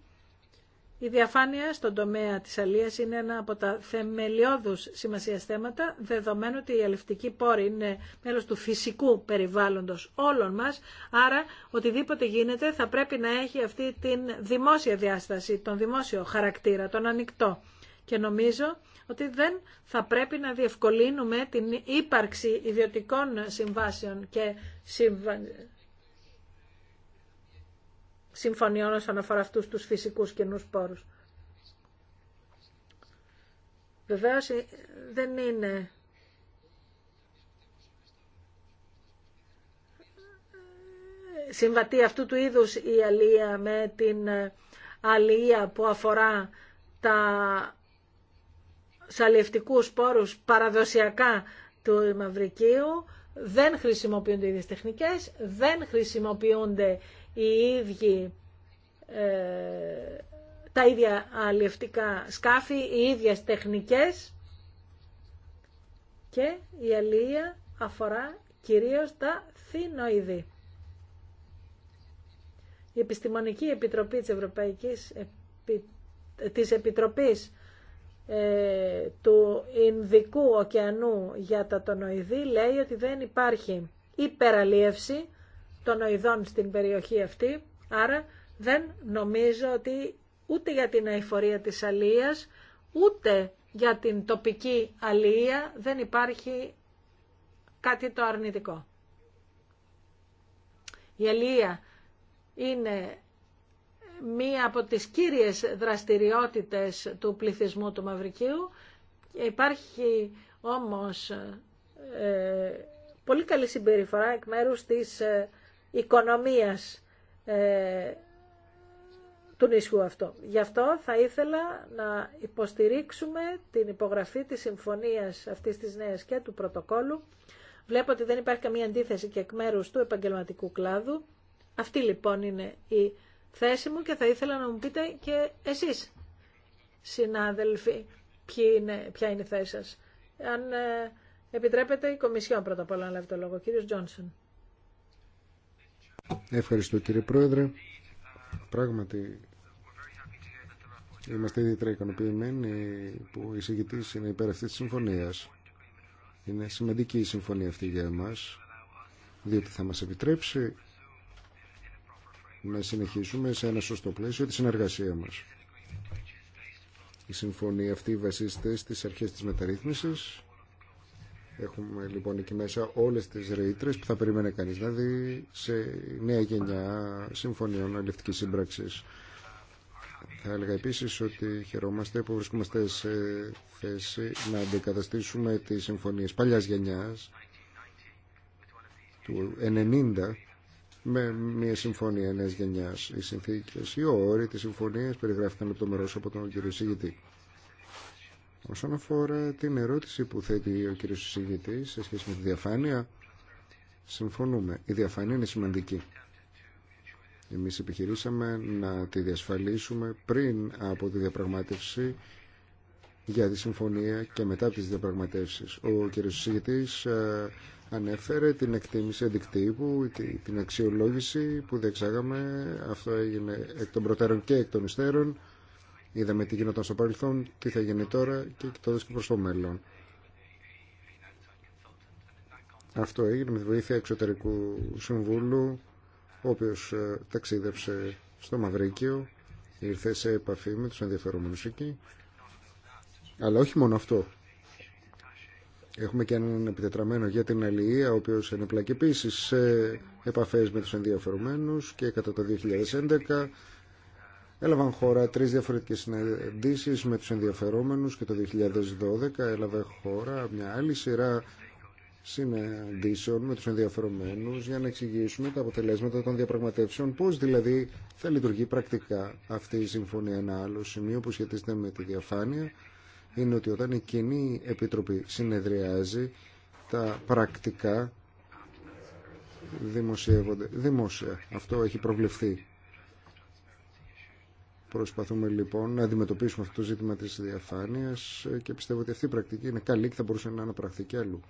η διαφάνεια στον τομέα της αλίας είναι ένα από τα θεμελιώδους σημασία θέματα, δεδομένου ότι η αλευτική πόρη είναι μέλος του φυσικού περιβάλλοντος όλων μας, άρα οτιδήποτε γίνεται θα πρέπει να έχει αυτή την δημόσια διάσταση, τον δημόσιο χαρακτήρα, τον ανοιχτό. Και νομίζω ότι δεν θα πρέπει να διευκολύνουμε την ύπαρξη ιδιωτικών συμβάσεων και συμφωνιών όσον αφορά αυτούς τους φυσικούς κοινούς πόρους. Βεβαίως ε, δεν είναι συμβατή αυτού του είδους η αλία με την ε, αλία που αφορά τα σαλιευτικούς πόρους παραδοσιακά του Μαυρικίου, δεν χρησιμοποιούνται οι ίδιες τεχνικές, δεν χρησιμοποιούνται οι ίδιοι, ε, τα ίδια αλλιευτικά σκάφη, οι ίδιες τεχνικές και η αλληλεία αφορά κυρίως τα θηνοειδή. Η Επιστημονική Επιτροπή της Ευρωπαϊκής της Επιτροπής ε, του Ινδικού ωκεανού για τα τονοειδή λέει ότι δεν υπάρχει υπεραλίευση τονοειδών στην περιοχή αυτή, άρα δεν νομίζω ότι ούτε για την αηφορία της αλίας, ούτε για την τοπική αλία δεν υπάρχει κάτι το αρνητικό. Η αλία είναι μία από τις κύριες δραστηριότητες του πληθυσμού του Μαυρικίου. Υπάρχει όμως ε, πολύ καλή συμπεριφορά εκ μέρους της ε, οικονομίας ε, του νησιού αυτό. Γι' αυτό θα ήθελα να υποστηρίξουμε την υπογραφή της συμφωνίας αυτής της νέας και του πρωτοκόλου. Βλέπω ότι δεν υπάρχει καμία αντίθεση και εκ μέρους του επαγγελματικού κλάδου. Αυτή λοιπόν είναι η θέση μου και θα ήθελα να μου πείτε και εσείς, συνάδελφοι, ποιοι είναι, ποια είναι η θέση σας. Αν ε, επιτρέπετε η Κομισιόν πρώτα απ' όλα να λάβει το λόγο. Κύριος Τζόνσον. Ευχαριστώ κύριε Πρόεδρε. Πράγματι είμαστε ιδιαίτερα ικανοποιημένοι που η εισηγητής είναι υπέρ αυτής της συμφωνίας. Είναι σημαντική η συμφωνία αυτή για εμάς, διότι θα μας επιτρέψει να συνεχίσουμε σε ένα σωστό πλαίσιο τη συνεργασία μας. Η συμφωνία αυτή βασίζεται στις αρχές της μεταρρύθμισης. Έχουμε λοιπόν εκεί μέσα όλες τις ρήτρε που θα περίμενε κανείς να δηλαδή, δει σε νέα γενιά συμφωνιών αλληλευτικής σύμπραξης. Θα έλεγα επίσης ότι χαιρόμαστε που βρισκόμαστε σε θέση να αντικαταστήσουμε τις συμφωνίες παλιάς γενιάς του 90 με μια συμφωνία νέα γενιά. Οι συνθήκε, οι όροι τη συμφωνία περιγράφηκαν λεπτομερώ από τον κύριο Συγητή. Όσον αφορά την ερώτηση που θέτει ο κύριο Συγητή σε σχέση με τη διαφάνεια, συμφωνούμε. Η διαφάνεια είναι σημαντική. Εμείς επιχειρήσαμε να τη διασφαλίσουμε πριν από τη διαπραγμάτευση για τη συμφωνία και μετά τις διαπραγματεύσεις. Ο κ. Συζητητής ε, ανέφερε την εκτίμηση αντικτύπου, την αξιολόγηση που διεξάγαμε. Αυτό έγινε εκ των προτέρων και εκ των υστέρων. Είδαμε τι γινόταν στο παρελθόν, τι θα γίνει τώρα και κοιτώντας και προ το μέλλον. Αυτό έγινε με τη βοήθεια εξωτερικού συμβούλου, ο οποίος ε, ταξίδεψε στο Μαυρίκιο, ήρθε σε επαφή με τους ενδιαφερόμενους εκεί αλλά όχι μόνο αυτό. Έχουμε και έναν επιτετραμένο για την αλληλεία, ο οποίος ενεπλάκει επίση σε επαφές με τους ενδιαφερομένους και κατά το 2011 έλαβαν χώρα τρεις διαφορετικέ συναντήσεις με τους ενδιαφερόμενους και το 2012 έλαβε χώρα μια άλλη σειρά συναντήσεων με τους ενδιαφερομένους για να εξηγήσουμε τα αποτελέσματα των διαπραγματεύσεων, Πώ δηλαδή θα λειτουργεί πρακτικά αυτή η συμφωνία. Ένα άλλο σημείο που σχετίζεται με τη διαφάνεια είναι ότι όταν η κοινή επιτροπή συνεδριάζει, τα πρακτικά δημοσιεύονται δημόσια. Αυτό έχει προβλεφθεί. Προσπαθούμε λοιπόν να αντιμετωπίσουμε αυτό το ζήτημα της διαφάνειας και πιστεύω ότι αυτή η πρακτική είναι καλή και θα μπορούσε να αναπραχθεί και αλλού.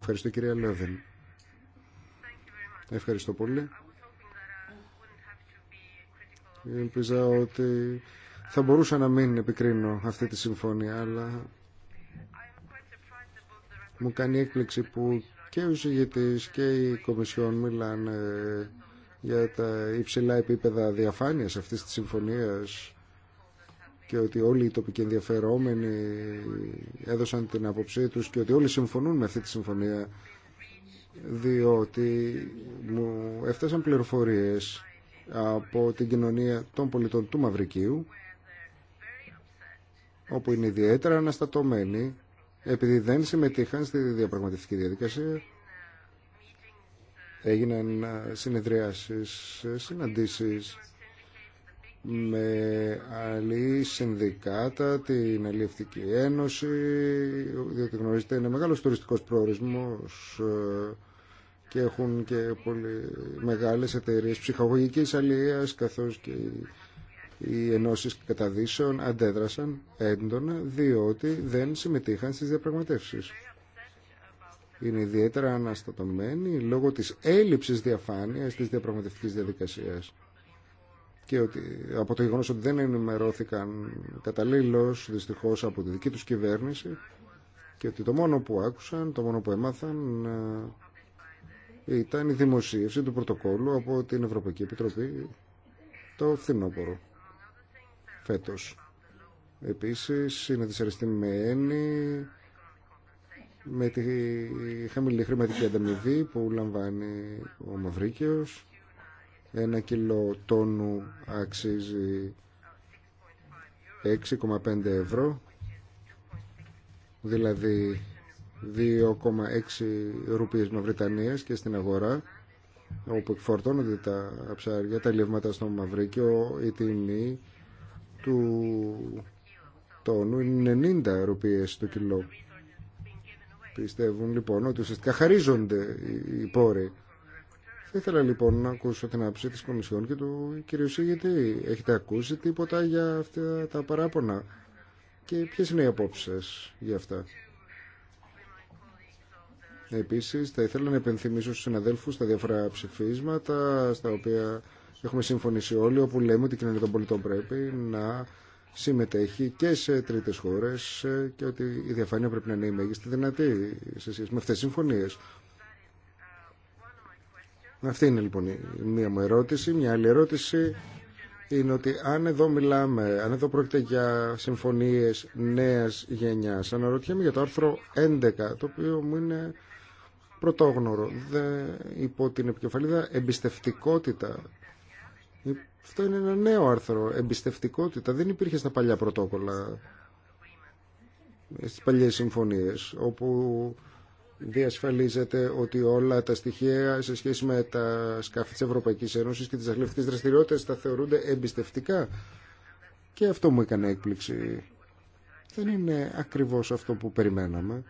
Ευχαριστώ κυρία Λέβεν. Ευχαριστώ πολύ. Ελπίζω ότι θα μπορούσα να μην επικρίνω αυτή τη συμφωνία, αλλά μου κάνει έκπληξη που και ο εισηγητής και η Κομισιόν μιλάνε για τα υψηλά επίπεδα διαφάνειας αυτής της συμφωνίας και ότι όλοι οι τοπικοί ενδιαφερόμενοι έδωσαν την άποψή τους και ότι όλοι συμφωνούν με αυτή τη συμφωνία διότι μου έφτασαν πληροφορίες από την κοινωνία των πολιτών του Μαυρικίου όπου είναι ιδιαίτερα αναστατωμένοι επειδή δεν συμμετείχαν στη διαπραγματευτική διαδικασία. Έγιναν ε, συνεδριάσεις, ε, συναντήσεις με άλλη συνδικάτα, την Αλληλευτική Ένωση, διότι γνωρίζετε είναι μεγάλος τουριστικός προορισμός ε, και έχουν και πολύ μεγάλες εταιρείες ψυχαγωγικής αλληλείας καθώς και οι ενώσει καταδύσεων αντέδρασαν έντονα διότι δεν συμμετείχαν στις διαπραγματεύσεις. Είναι ιδιαίτερα αναστατωμένοι λόγω της έλλειψης διαφάνειας τη διαπραγματεύτική διαδικασία και ότι, από το γεγονό ότι δεν ενημερώθηκαν καταλήλως δυστυχώ από τη δική τους κυβέρνηση και ότι το μόνο που άκουσαν, το μόνο που έμαθαν ε, ήταν η δημοσίευση του πρωτοκόλλου από την Ευρωπαϊκή Επιτροπή το φθινόπωρο φέτος. Επίσης είναι δυσαρεστημένη με τη χαμηλή χρηματική ανταμοιβή που λαμβάνει ο Μαυρίκαιος. Ένα κιλό τόνου αξίζει 6,5 ευρώ, δηλαδή 2,6 ρουπίες Μαυριτανίας και στην αγορά όπου εκφορτώνονται τα ψάρια, τα λεύματα στο Μαυρίκιο, η τιμή του τόνου είναι 90 ευρωπίες το κιλό. Πιστεύουν λοιπόν ότι ουσιαστικά χαρίζονται οι πόροι. Θα ήθελα λοιπόν να ακούσω την άποψη της Κομισιόν και του κυρίου Σιγητή. Έχετε ακούσει τίποτα για αυτά τα παράπονα και ποιες είναι οι απόψεις για αυτά. Επίσης θα ήθελα να επενθυμίσω στους συναδέλφους τα διάφορα ψηφίσματα στα οποία έχουμε συμφωνήσει όλοι όπου λέμε ότι η κοινωνία των πολιτών πρέπει να συμμετέχει και σε τρίτες χώρες και ότι η διαφάνεια πρέπει να είναι η μέγιστη δυνατή σε σχέση με αυτές τις συμφωνίες. Αυτή είναι λοιπόν μία μου ερώτηση. η μία μου ερώτηση. Μια άλλη ερώτηση είναι ότι αν εδώ μιλάμε, αν εδώ πρόκειται για συμφωνίες νέας γενιάς, αναρωτιέμαι για το άρθρο 11, το οποίο μου είναι πρωτόγνωρο. Δε, υπό την επικεφαλίδα εμπιστευτικότητα αυτό είναι ένα νέο άρθρο. Εμπιστευτικότητα δεν υπήρχε στα παλιά πρωτόκολλα, στι παλιέ συμφωνίε, όπου διασφαλίζεται ότι όλα τα στοιχεία σε σχέση με τα σκάφη τη Ευρωπαϊκή Ένωση και τι αγλευτικές δραστηριότητες θα θεωρούνται εμπιστευτικά. Και αυτό μου έκανε έκπληξη. Δεν είναι ακριβώ αυτό που περιμέναμε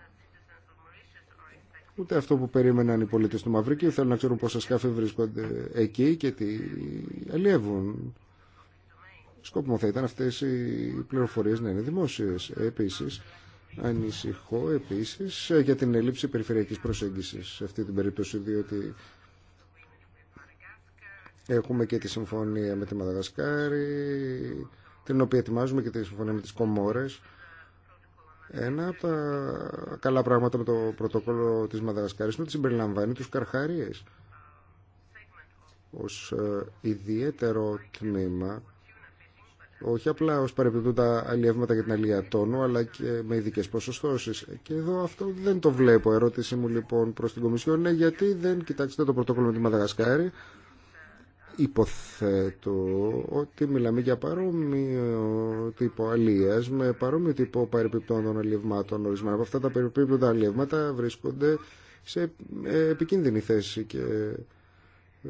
ούτε αυτό που περίμεναν οι πολίτε του Μαυρική. Θέλουν να ξέρουν πόσα σκάφη βρίσκονται εκεί και τι αλλιεύουν. Σκόπιμο θα ήταν αυτέ οι πληροφορίε να είναι δημόσιε. Επίση, ανησυχώ επίση για την έλλειψη περιφερειακή προσέγγιση σε αυτή την περίπτωση, διότι έχουμε και τη συμφωνία με τη Μαδαγασκάρη, την οποία ετοιμάζουμε και τη συμφωνία με τι Κομόρες ένα από τα καλά πράγματα με το πρωτόκολλο της Μαδαγασκάρης είναι ότι συμπεριλαμβάνει τους καρχαρίες ως ε, ιδιαίτερο τμήμα όχι απλά ως τα αλλιεύματα για την αλληλεία τόνου αλλά και με ειδικέ ποσοστώσεις και εδώ αυτό δεν το βλέπω ερώτηση μου λοιπόν προς την Κομισιόν είναι γιατί δεν κοιτάξετε το πρωτόκολλο με τη Μαδαγασκάρη Υποθέτω ότι μιλάμε για παρόμοιο τύπο αλίας με παρόμοιο τύπο παρεπιπτόντων των αλλιευμάτων. Ορισμένα από αυτά τα παρεπιπτόντα αλλιεύματα βρίσκονται σε ε, επικίνδυνη θέση και ε,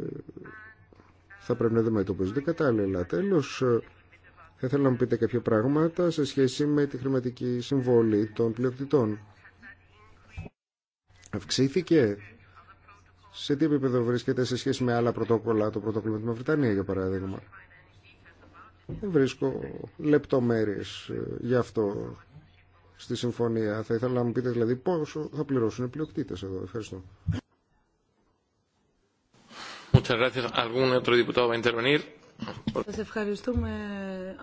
θα πρέπει να αντιμετωπίζονται κατάλληλα. Τέλος, ε, θα ήθελα να μου πείτε κάποια πράγματα σε σχέση με τη χρηματική συμβόλη των πλειοκτητών. Αυξήθηκε σε τι επίπεδο βρίσκεται σε σχέση με άλλα πρωτόκολλα, το πρωτόκολλο με τη Μαυριτανία για παράδειγμα. Δεν βρίσκω λεπτομέρειες ε, γι' αυτό στη συμφωνία. Θα ήθελα να μου πείτε δηλαδή πόσο θα πληρώσουν οι πλειοκτήτες εδώ. Ευχαριστώ. Σας ευχαριστούμε.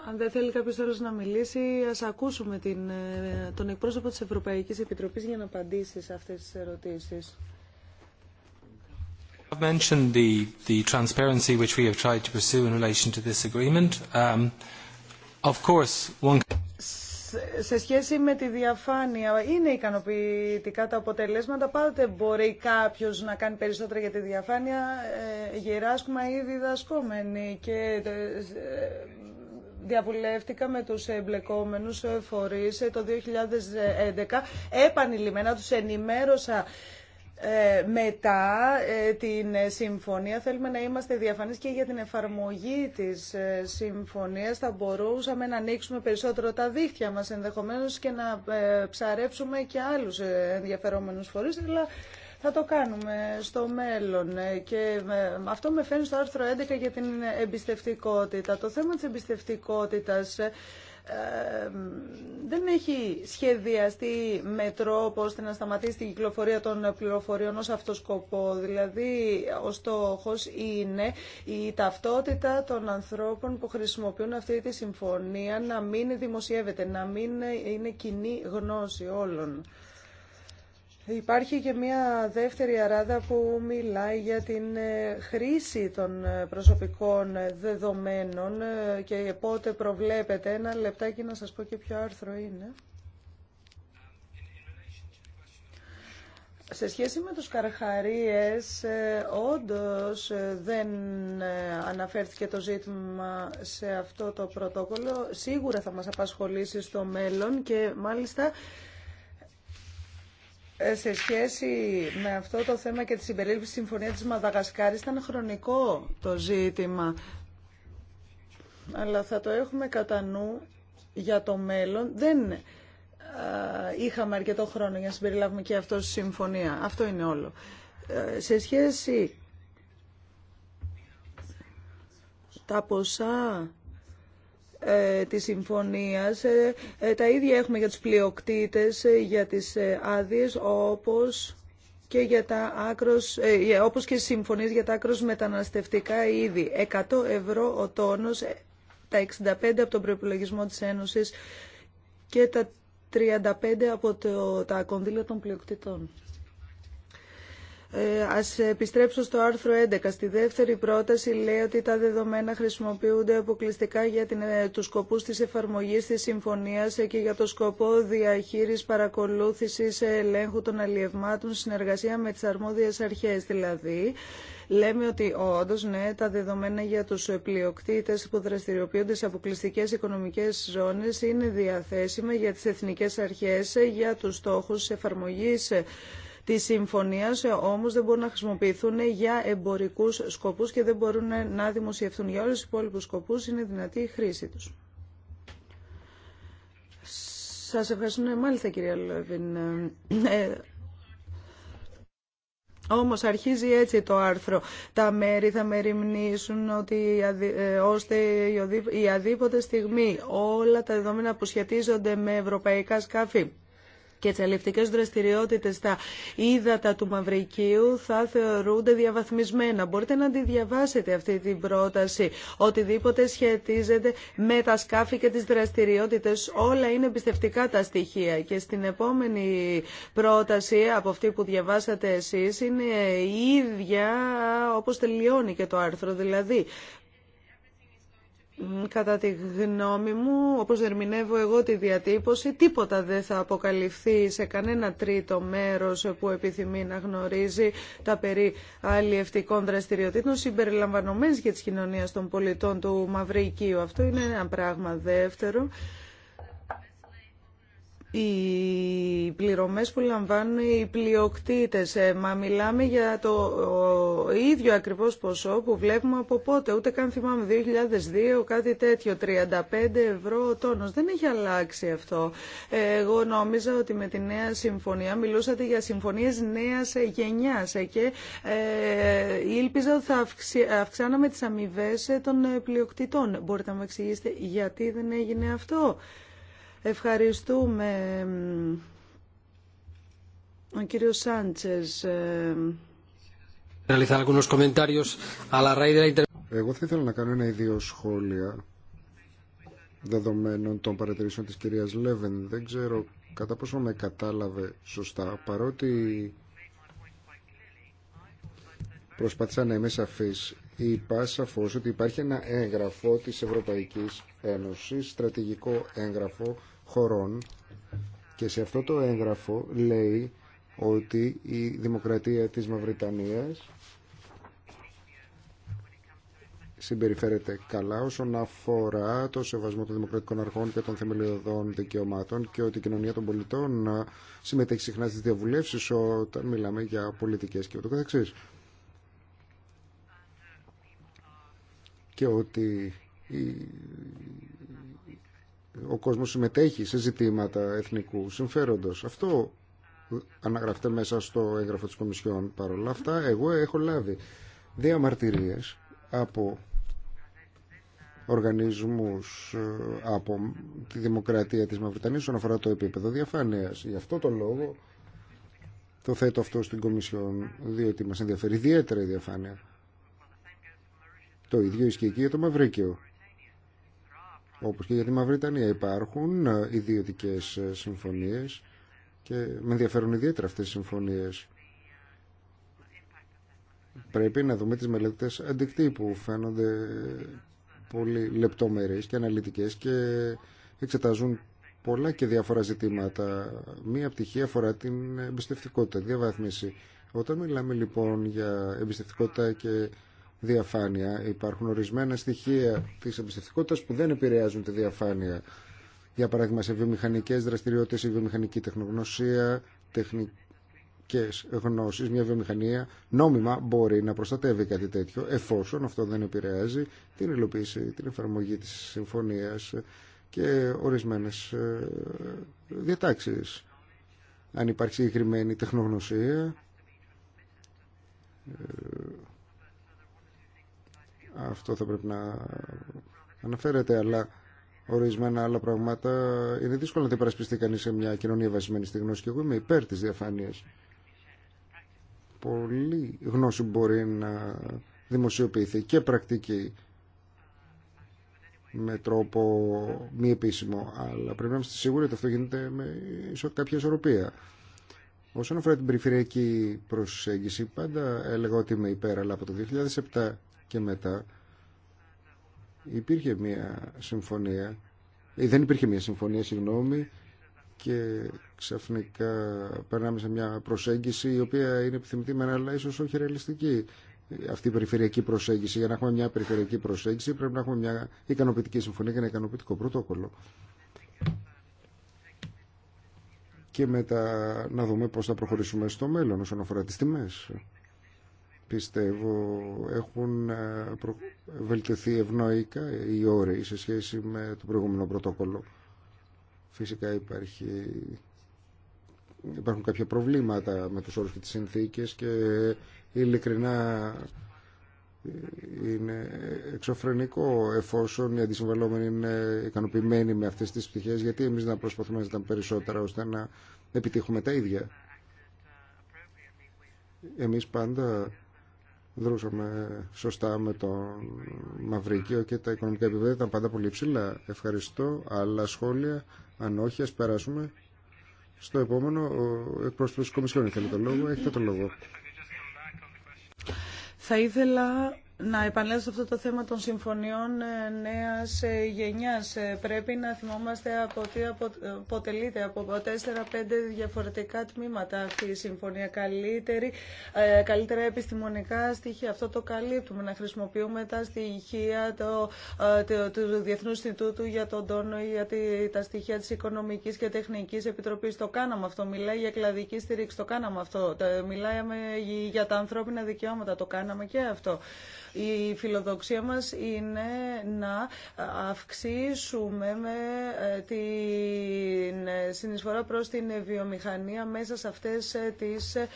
Αν δεν θέλει κάποιος άλλος να μιλήσει, ας ακούσουμε την, ε, τον εκπρόσωπο της Ευρωπαϊκής Επιτροπής για να απαντήσει σε αυτές τις ερωτήσεις mentioned the, the transparency which we have tried to pursue in relation to this agreement. Um, of course, one σε σχέση με τη διαφάνεια, είναι ικανοποιητικά τα αποτελέσματα. Πάντοτε μπορεί κάποιο να κάνει περισσότερα για τη διαφάνεια. Ε, γυράσκουμε ή διδασκόμενοι και ε, διαβουλεύτηκα με τους εμπλεκόμενους φορείς ε, το 2011. Επανειλημμένα τους ενημέρωσα ε, μετά ε, την συμφωνία θέλουμε να είμαστε διαφανείς και για την εφαρμογή της ε, συμφωνίας θα μπορούσαμε να ανοίξουμε περισσότερο τα δίχτυα μας ενδεχομένως και να ψαρέψουμε και άλλους ενδιαφερόμενους φορείς αλλά θα το κάνουμε στο μέλλον και αυτό με φαίνει στο άρθρο 11 για την εμπιστευτικότητα. Το θέμα της εμπιστευτικότητας ε, δεν έχει σχεδιαστεί με τρόπο ώστε να σταματήσει την κυκλοφορία των πληροφοριών ως αυτό σκοπό. Δηλαδή, ο στόχος είναι η ταυτότητα των ανθρώπων που χρησιμοποιούν αυτή τη συμφωνία να μην δημοσιεύεται, να μην είναι κοινή γνώση όλων. Υπάρχει και μια δεύτερη αράδα που μιλάει για την ε, χρήση των ε, προσωπικών δεδομένων ε, και πότε προβλέπετε. Ένα λεπτάκι να σας πω και ποιο άρθρο είναι. Σε σχέση με τους καρχαρίες, όντως δεν αναφέρθηκε το ζήτημα σε αυτό το πρωτόκολλο. Σίγουρα θα μας απασχολήσει στο μέλλον και μάλιστα ε, σε σχέση με αυτό το θέμα και τη συμπερίληψη Συμφωνία της Μαδαγασκάρης ήταν χρονικό το ζήτημα. Αλλά θα το έχουμε κατά νου για το μέλλον. Δεν ε, είχαμε αρκετό χρόνο για να συμπεριλάβουμε και αυτό στη Συμφωνία. Αυτό είναι όλο. Ε, σε σχέση τα ποσά ε, της συμφωνίας. Ε, ε, τα ίδια έχουμε για τους πλειοκτήτες, για τις άδειε, όπως και για τα άκρος, όπως και συμφωνίες για τα άκρος μεταναστευτικά είδη. 100 ευρώ ο τόνος, τα 65 από τον προπολογισμό της Ένωσης και τα 35 από το, τα κονδύλια των πλειοκτητών. Ε, ας επιστρέψω στο άρθρο 11. Στη δεύτερη πρόταση λέει ότι τα δεδομένα χρησιμοποιούνται αποκλειστικά για την, ε, τους σκοπούς της εφαρμογής της συμφωνίας ε, και για το σκοπό διαχείρισης παρακολούθησης ε, ελέγχου των αλλιευμάτων συνεργασία με τις αρμόδιες αρχές δηλαδή. Λέμε ότι όντω ναι, τα δεδομένα για τους πλειοκτήτε που δραστηριοποιούνται σε αποκλειστικέ οικονομικέ ζώνες είναι διαθέσιμα για τις εθνικές αρχές για του στόχου εφαρμογή. Τη συμφωνία όμως δεν μπορούν να χρησιμοποιηθούν για εμπορικούς σκοπούς και δεν μπορούν να δημοσιευθούν. Για όλους τους υπόλοιπου σκοπούς είναι δυνατή η χρήση τους. Σα ευχαριστούμε μάλιστα κυρία Λεβίν. Ε, όμως αρχίζει έτσι το άρθρο. Τα μέρη θα μεριμνήσουν ότι ε, ώστε η αδίποτε στιγμή όλα τα δεδομένα που σχετίζονται με ευρωπαϊκά σκάφη και τι αλληλευτικέ δραστηριότητε στα ύδατα του Μαυρικίου θα θεωρούνται διαβαθμισμένα. Μπορείτε να τη διαβάσετε αυτή την πρόταση. Οτιδήποτε σχετίζεται με τα σκάφη και τι δραστηριότητε, όλα είναι εμπιστευτικά τα στοιχεία. Και στην επόμενη πρόταση από αυτή που διαβάσατε εσεί είναι η ίδια όπω τελειώνει και το άρθρο. Δηλαδή, Κατά τη γνώμη μου, όπως δερμηνεύω εγώ τη διατύπωση, τίποτα δεν θα αποκαλυφθεί σε κανένα τρίτο μέρος που επιθυμεί να γνωρίζει τα περί αλλιευτικών δραστηριοτήτων συμπεριλαμβανομένες και της κοινωνίας των πολιτών του Μαυρικίου. Αυτό είναι ένα πράγμα δεύτερο οι πληρωμές που λαμβάνουν οι πλειοκτήτες. Ε, μα μιλάμε για το ίδιο ακριβώς ποσό που βλέπουμε από πότε, ούτε καν θυμάμαι, 2002, κάτι τέτοιο, 35 ευρώ ο τόνος. Δεν έχει αλλάξει αυτό. Ε, εγώ νόμιζα ότι με τη νέα συμφωνία μιλούσατε για συμφωνίες νέας γενιάς ε, και ήλπιζα ότι θα αυξάναμε τις αμοιβέ των πλειοκτητών. Μπορείτε να μου εξηγήσετε γιατί δεν έγινε αυτό. Ευχαριστούμε ο κύριος Σάντσες. Ε, Εγώ θα ήθελα να κάνω ένα ή δύο σχόλια δεδομένων των παρατηρήσεων της κυρίας Λέβεν. Δεν ξέρω κατά πόσο με κατάλαβε σωστά, παρότι προσπάθησα να είμαι σαφής. Είπα σαφώ ότι υπάρχει ένα έγγραφο της Ευρωπαϊκής Ένωσης, στρατηγικό έγγραφο, χωρών και σε αυτό το έγγραφο λέει ότι η δημοκρατία της Μαυριτανίας συμπεριφέρεται καλά όσον αφορά το σεβασμό των δημοκρατικών αρχών και των θεμελιωδών δικαιωμάτων και ότι η κοινωνία των πολιτών συμμετέχει συχνά στις διαβουλεύσεις όταν μιλάμε για πολιτικές και ούτω καθεξής. Και ότι η ο κόσμος συμμετέχει σε ζητήματα εθνικού συμφέροντος. Αυτό αναγράφεται μέσα στο έγγραφο της Κομισιόν. Παρ' όλα αυτά, εγώ έχω λάβει διαμαρτυρίες από οργανισμούς ε, από τη δημοκρατία της Μαυριτανία όσον αφορά το επίπεδο διαφάνειας. Γι' αυτό το λόγο το θέτω αυτό στην Κομισιόν, διότι μας ενδιαφέρει ιδιαίτερα η διαφάνεια. Το ίδιο ισχύει και για το Μαυρίκαιο όπως και για τη Μαυρίτανία υπάρχουν ε, ιδιωτικέ ε, συμφωνίες και με ενδιαφέρουν ιδιαίτερα αυτές οι συμφωνίες. Πρέπει να δούμε τις μελέτες αντικτύπου φαίνονται πολύ λεπτομερείς και αναλυτικές και εξετάζουν πολλά και διάφορα ζητήματα. Μία πτυχή αφορά την εμπιστευτικότητα, διαβάθμιση. Όταν μιλάμε λοιπόν για εμπιστευτικότητα και διαφάνεια. Υπάρχουν ορισμένα στοιχεία της εμπιστευτικότητας που δεν επηρεάζουν τη διαφάνεια. Για παράδειγμα σε βιομηχανικές δραστηριότητες, η βιομηχανική τεχνογνωσία, τεχνικές γνώσεις, μια βιομηχανία νόμιμα μπορεί να προστατεύει κάτι τέτοιο εφόσον αυτό δεν επηρεάζει την υλοποίηση, την εφαρμογή της συμφωνίας και ορισμένες ε, διατάξεις. Αν υπάρχει συγκεκριμένη τεχνογνωσία ε, αυτό θα πρέπει να αναφέρεται, αλλά ορισμένα άλλα πράγματα είναι δύσκολο να τα κανεί σε μια κοινωνία βασισμένη στη γνώση. Και εγώ είμαι υπέρ τη διαφάνεια. Πολύ γνώση μπορεί να δημοσιοποιηθεί και πρακτική με τρόπο μη επίσημο, αλλά πρέπει να είμαστε σίγουροι ότι αυτό γίνεται με κάποια ισορροπία. Όσον αφορά την περιφερειακή προσέγγιση, πάντα έλεγα ότι είμαι υπέρ, αλλά από το 2007 και μετά υπήρχε μια συμφωνία, ε, δεν υπήρχε μια συμφωνία, συγγνώμη, και ξαφνικά περνάμε σε μια προσέγγιση η οποία είναι επιθυμητή αλλά ίσως όχι ρεαλιστική αυτή η περιφερειακή προσέγγιση. Για να έχουμε μια περιφερειακή προσέγγιση πρέπει να έχουμε μια ικανοποιητική συμφωνία και ένα ικανοποιητικό πρωτόκολλο. Και μετά να δούμε πώς θα προχωρήσουμε στο μέλλον όσον αφορά τις τιμές πιστεύω έχουν ε, βελτιωθεί ευνοϊκά οι όροι σε σχέση με το προηγούμενο πρωτόκολλο. Φυσικά υπάρχει, υπάρχουν κάποια προβλήματα με τους όρους και τις συνθήκες και ειλικρινά ε, είναι εξωφρενικό εφόσον οι αντισυμβαλόμενοι είναι ικανοποιημένοι με αυτές τις πτυχές γιατί εμείς να προσπαθούμε να ζητάμε περισσότερα ώστε να επιτύχουμε τα ίδια. Εμείς πάντα δρούσαμε σωστά με τον Μαυρίκιο και τα οικονομικά επίπεδα ήταν πάντα πολύ ψηλά. Ευχαριστώ. Άλλα σχόλια, αν όχι, ας περάσουμε. Στο επόμενο, ο εκπρόσωπος της θέλει το λόγο. Έχετε το λόγο. Θα ήθελα να επανέλθω σε αυτό το θέμα των συμφωνιών ε, νέας ε, γενιάς. Ε, πρέπει να θυμόμαστε από τι αποτελείται από 4-5 διαφορετικά τμήματα αυτή η συμφωνία. Καλύτερη, καλύτερα επιστημονικά στοιχεία. Αυτό το καλύπτουμε. Να χρησιμοποιούμε τα στοιχεία το, του Διεθνού Ινστιτούτου για τον τόνο ή για τα στοιχεία της Οικονομικής και Τεχνικής Επιτροπής. Το κάναμε αυτό. Μιλάει για κλαδική στήριξη. Το κάναμε αυτό. Μιλάμε για τα ανθρώπινα δικαιώματα. Το κάναμε και αυτό. Η φιλοδοξία μας είναι να αυξήσουμε με ε, την συνεισφορά προς την βιομηχανία μέσα σε αυτές ε, τις ε,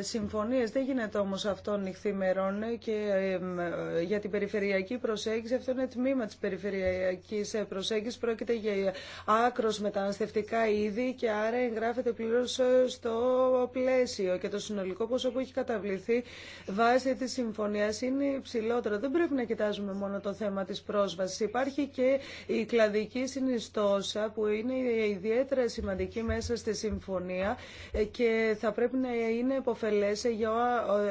συμφωνίες. Δεν γίνεται όμως αυτό νυχθημερών και για την περιφερειακή προσέγγιση αυτό είναι τμήμα της περιφερειακής προσέγγισης. Πρόκειται για άκρος μεταναστευτικά είδη και άρα εγγράφεται πλήρως στο πλαίσιο και το συνολικό ποσό που έχει καταβληθεί βάσει της συμφωνίας δεν πρέπει να κοιτάζουμε μόνο το θέμα της πρόσβασης. Υπάρχει και η κλαδική συνιστόσα που είναι ιδιαίτερα σημαντική μέσα στη συμφωνία και θα πρέπει να είναι υποφελές για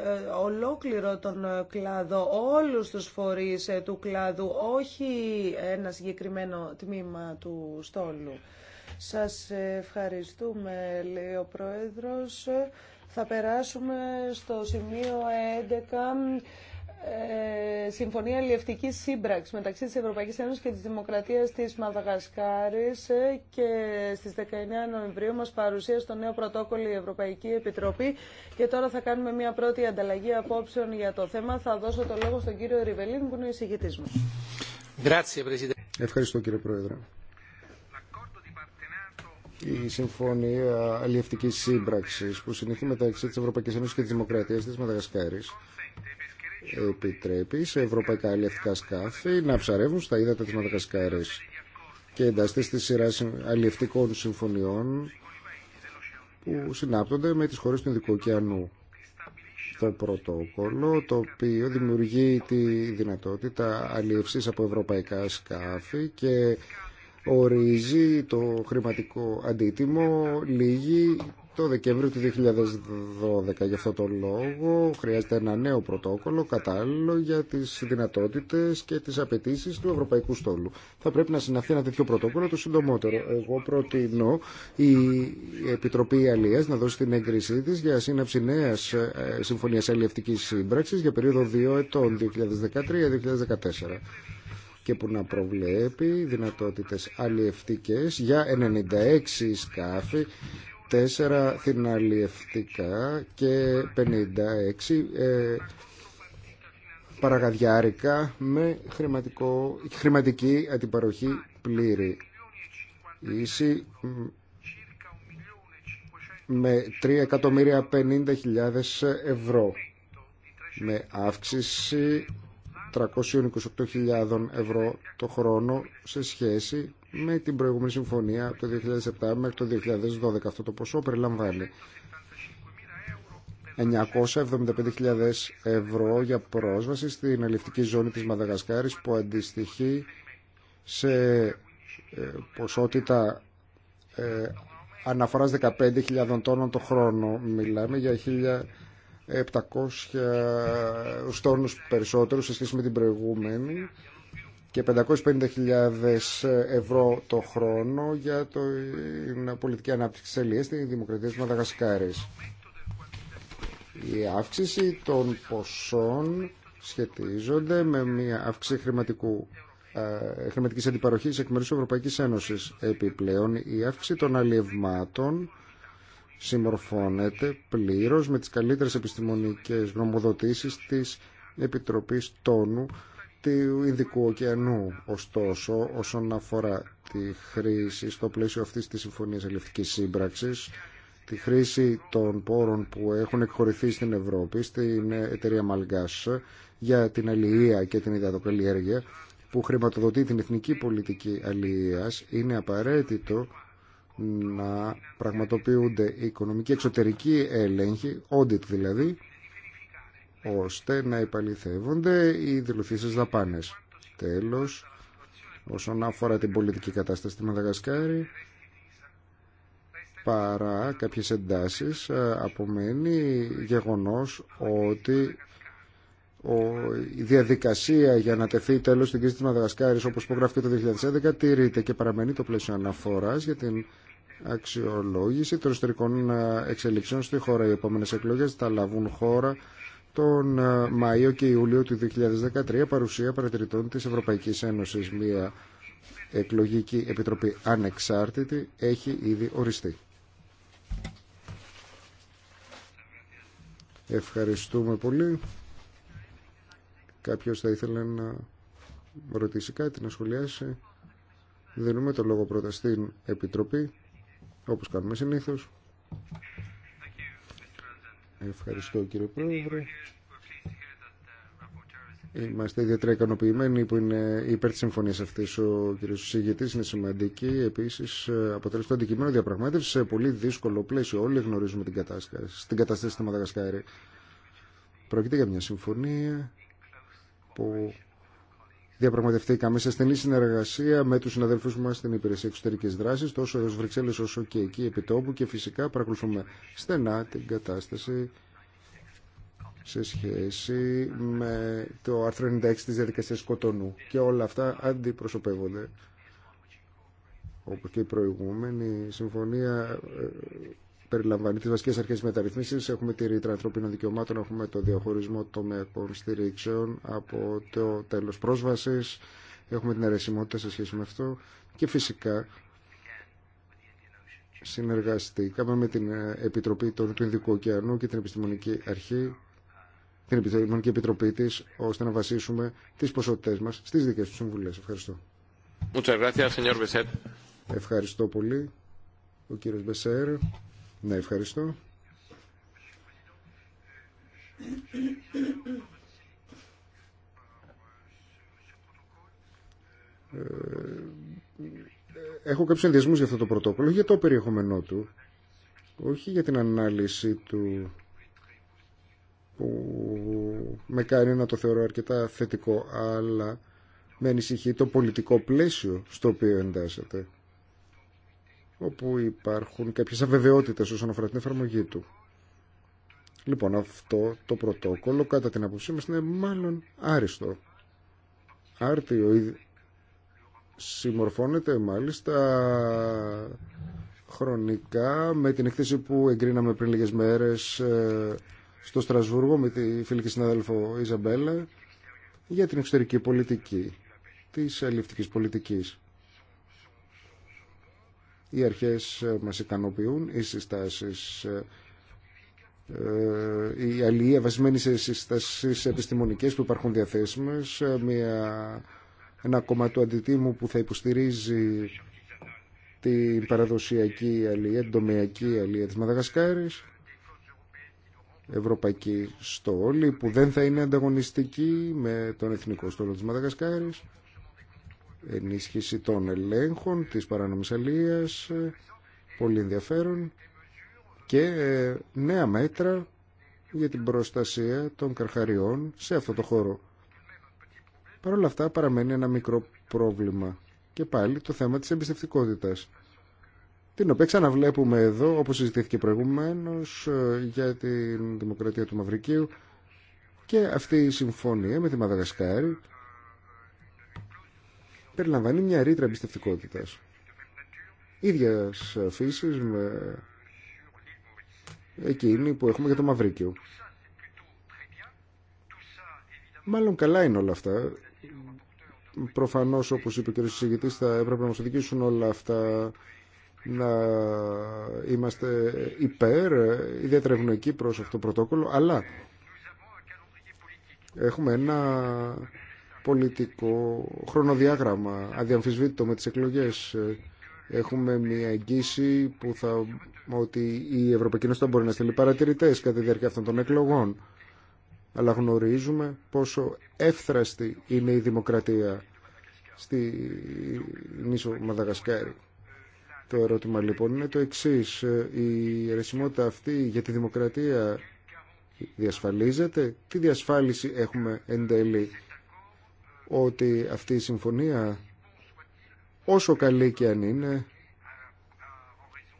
ε, ε, ολόκληρο τον κλάδο, όλους τους φορείς ε, του κλάδου, όχι ένα συγκεκριμένο τμήμα του στόλου. Σας ευχαριστούμε, λέει ο Πρόεδρος. Θα περάσουμε στο σημείο 11 ε, συμφωνία αλλιευτική σύμπραξη μεταξύ της Ευρωπαϊκής Ένωσης και της Δημοκρατίας της Μαδαγασκάρης ε, και στις 19 Νοεμβρίου μας παρουσίασε το νέο πρωτόκολλο η Ευρωπαϊκή Επιτροπή και τώρα θα κάνουμε μια πρώτη ανταλλαγή απόψεων για το θέμα. Θα δώσω το λόγο στον κύριο Ριβελίν που είναι ο εισηγητής μου. Ευχαριστώ κύριε Πρόεδρε. Η Συμφωνία Αλλιευτικής Σύμπραξη που συνήθει μεταξύ τη Ευρωπαϊκή Ένωση και τη Δημοκρατία τη Μαδαγασκάρη επιτρέπει σε ευρωπαϊκά αλλιευτικά σκάφη να ψαρεύουν στα ύδατα της Μαδαγασκάρης και ενταστεί στη σειρά αλλιευτικών συμφωνιών που συνάπτονται με τις χώρες του Ινδικού ωκεανού. Το πρωτόκολλο το οποίο δημιουργεί τη δυνατότητα αλλιευσής από ευρωπαϊκά σκάφη και ορίζει το χρηματικό αντίτιμο λίγη το Δεκέμβριο του 2012. για αυτό το λόγο χρειάζεται ένα νέο πρωτόκολλο κατάλληλο για τις δυνατότητες και τις απαιτήσει του Ευρωπαϊκού Στόλου. Θα πρέπει να συναφθεί ένα τέτοιο πρωτόκολλο το συντομότερο. Εγώ προτείνω η Επιτροπή Αλίας να δώσει την έγκρισή της για σύναψη νέα ε, συμφωνίας αλληλευτικής σύμπραξης για περίοδο 2 ετών 2013-2014 και που να προβλέπει δυνατότητες αλλιευτικές για 96 σκάφη 54 θυναλιευτικά και 56 ε, παραγαδιάρικα με χρηματικό, χρηματική αντιπαροχή πλήρη. Ίση με 3.050.000 ευρώ με αύξηση 328.000 ευρώ το χρόνο σε σχέση με την προηγούμενη συμφωνία από το 2007 μέχρι το 2012. Αυτό το ποσό περιλαμβάνει 975.000 ευρώ για πρόσβαση στην αλληλευτική ζώνη της Μαδαγασκάρης που αντιστοιχεί σε ε, ποσότητα ε, αναφοράς 15.000 τόνων το χρόνο. Μιλάμε για 1.700 τόνους περισσότερους σε σχέση με την προηγούμενη και 550.000 ευρώ το χρόνο για την πολιτική ανάπτυξη της Ελίας στη Δημοκρατία της Μαδαγασκάρης. Η αύξηση των ποσών σχετίζονται με μια αύξηση χρηματικού ε, χρηματικής αντιπαροχής εκ μέρου τη Ευρωπαϊκής Ένωσης. Επιπλέον, η αύξηση των αλλιευμάτων συμμορφώνεται πλήρως με τις καλύτερες επιστημονικέ γνωμοδοτήσει τη επιτροπή Τόνου του Ινδικού ωκεανού. Ωστόσο, όσον αφορά τη χρήση στο πλαίσιο αυτής της Συμφωνίας Ελευτικής Σύμπραξης, τη χρήση των πόρων που έχουν εκχωρηθεί στην Ευρώπη, στην εταιρεία Μαλγκάς, για την αλληλεία και την υδατοκαλλιέργεια, που χρηματοδοτεί την εθνική πολιτική αλληλείας, είναι απαραίτητο να πραγματοποιούνται οι οικονομικοί εξωτερικοί έλεγχοι, audit δηλαδή, ώστε να υπαλληθεύονται οι δηλωθήσεις δαπάνες. Τέλος, όσον αφορά την πολιτική κατάσταση στη Μαδαγασκάρη, παρά κάποιες εντάσεις ε, απομένει γεγονός ότι η διαδικασία για να τεθεί τέλος στην κρίση της Μαδαγασκάρης όπως υπογράφηκε το 2011 τηρείται και παραμένει το πλαίσιο αναφοράς για την αξιολόγηση των ιστορικών ε, εξελίξεων στη χώρα. Οι επόμενες εκλογές θα λάβουν χώρα τον ε, Μαΐο και Ιούλιο του 2013 παρουσία παρατηρητών της Ευρωπαϊκής Ένωσης. Μια εκλογική επιτροπή ανεξάρτητη έχει ήδη οριστεί. Ευχαριστούμε πολύ. Κάποιος θα ήθελε να ρωτήσει κάτι, να σχολιάσει. Δίνουμε το λόγο πρώτα στην Επιτροπή, όπως κάνουμε συνήθως. Ευχαριστώ κύριε Πρόεδρε. Είμαστε ιδιαίτερα ικανοποιημένοι που είναι υπέρ τη συμφωνία αυτή. Ο κύριο Συγητή είναι σημαντική. Επίση, αποτελεί το αντικείμενο διαπραγμάτευση σε πολύ δύσκολο πλαίσιο. Όλοι γνωρίζουμε την κατάσταση, την κατάσταση στη Μαδαγασκάρη. Πρόκειται για μια συμφωνία που διαπραγματευτήκαμε σε στενή συνεργασία με του συναδελφού μα στην Υπηρεσία Εξωτερική Δράση, τόσο ω Βρυξέλλε όσο και εκεί επιτόπου και φυσικά παρακολουθούμε στενά την κατάσταση σε σχέση με το άρθρο 96 της διαδικασίας Κοτονού και όλα αυτά αντιπροσωπεύονται όπως και η προηγούμενη συμφωνία ε, περιλαμβάνει τι βασικέ αρχέ μεταρρυθμίσει. Έχουμε τη ρήτρα ανθρωπίνων δικαιωμάτων, έχουμε το διαχωρισμό τομέακων στηρίξεων από το τέλο πρόσβαση. Έχουμε την αιρεσιμότητα σε σχέση με αυτό. Και φυσικά συνεργαστήκαμε με την Επιτροπή του Ινδικού Ωκεανού και την Επιστημονική Αρχή την Επιστημονική Επιτροπή τη, ώστε να βασίσουμε τι ποσότητέ μα στι δικέ του συμβουλέ. Ευχαριστώ. Ευχαριστώ πολύ. Ο κύριος Μπεσέρ. Ναι, ευχαριστώ. Ε, έχω κάποιους ενδιασμούς για αυτό το πρωτόκολλο, για το περιεχόμενό του, όχι για την ανάλυση του που με κάνει να το θεωρώ αρκετά θετικό, αλλά με ανησυχεί το πολιτικό πλαίσιο στο οποίο εντάσσεται όπου υπάρχουν κάποιες αβεβαιότητες όσον αφορά την εφαρμογή του. Λοιπόν, αυτό το πρωτόκολλο κατά την άποψή μας είναι μάλλον άριστο. Άρτιο συμμορφώνεται μάλιστα χρονικά με την εκθέση που εγκρίναμε πριν λίγες μέρες ε, στο Στρασβούργο με τη φίλη και συνάδελφο Ιζαμπέλα για την εξωτερική πολιτική της αλληλευτικής πολιτικής. Οι αρχές ε, μας ικανοποιούν, οι συστάσεις ε, ε, η αλληλεία βασισμένη σε συστάσεις επιστημονικές που υπάρχουν διαθέσιμες μια, ένα κομμάτι του αντιτίμου που θα υποστηρίζει την παραδοσιακή αλληλεία, την τομεακή αλληλεία της Μαδαγασκάρης ευρωπαϊκή στόλη που δεν θα είναι ανταγωνιστική με τον εθνικό στόλο της Μαδαγασκάρης ενίσχυση των ελέγχων της παράνομης αλίας, ε, πολύ ενδιαφέρον και ε, νέα μέτρα για την προστασία των καρχαριών σε αυτό το χώρο. Παρ' όλα αυτά παραμένει ένα μικρό πρόβλημα και πάλι το θέμα της εμπιστευτικότητας την οποία ξαναβλέπουμε εδώ όπως συζητήθηκε προηγουμένως ε, για την δημοκρατία του Μαυρικίου και αυτή η συμφωνία με τη Μαδαγασκάρη περιλαμβάνει μια ρήτρα εμπιστευτικότητα. ίδια φύση με εκείνη που έχουμε για το Μαυρίκιο. Μάλλον καλά είναι όλα αυτά. Προφανώ, όπω είπε και ο συζητητή, θα έπρεπε να μα οδηγήσουν όλα αυτά να είμαστε υπέρ, ιδιαίτερα ευνοϊκοί προ αυτό το πρωτόκολλο, αλλά έχουμε ένα πολιτικό χρονοδιάγραμμα, αδιαμφισβήτητο με τις εκλογές. Έχουμε μια εγγύηση που θα, ότι η Ευρωπαϊκή Ένωση μπορεί να στείλει παρατηρητές κατά τη διάρκεια αυτών των εκλογών. Αλλά γνωρίζουμε πόσο εύθραστη είναι η δημοκρατία στη νήσο Μαδαγασκάρη. Το ερώτημα λοιπόν είναι το εξής. Η αιρεσιμότητα αυτή για τη δημοκρατία διασφαλίζεται. Τι διασφάλιση έχουμε εν τέλει ότι αυτή η συμφωνία όσο καλή και αν είναι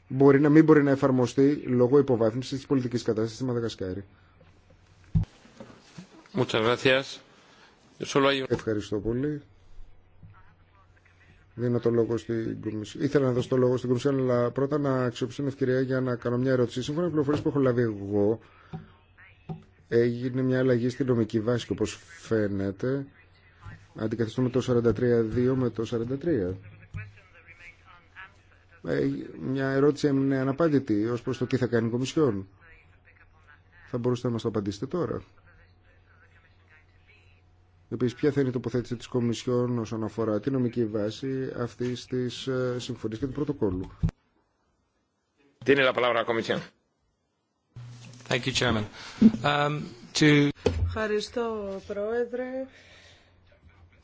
μπορεί να μην μπορεί να εφαρμοστεί λόγω υποβάθμισης της πολιτικής κατάστασης στη Μαδαγασκάρη. Ευχαριστώ πολύ. Δίνω το λόγο στην Ήθελα να δώσω το λόγο στην Κομισιόν, αλλά πρώτα να αξιοποιήσω την ευκαιρία για να κάνω μια ερώτηση. Σύμφωνα με πληροφορίε που έχω λάβει εγώ, έγινε μια αλλαγή στην νομική βάση όπω φαίνεται Αντικαθιστούμε το 43-2 με το 43. Ε, μια ερώτηση είναι αναπάντητη ως προς το τι θα κάνει η Κομισιόν. Θα μπορούσατε να μας το απαντήσετε τώρα. Επίσης, ποια θα είναι η τοποθέτηση της Κομισιόν όσον αφορά τη νομική βάση αυτής της ε, συμφωνίας και του πρωτοκόλλου. Um, Ευχαριστώ, Πρόεδρε.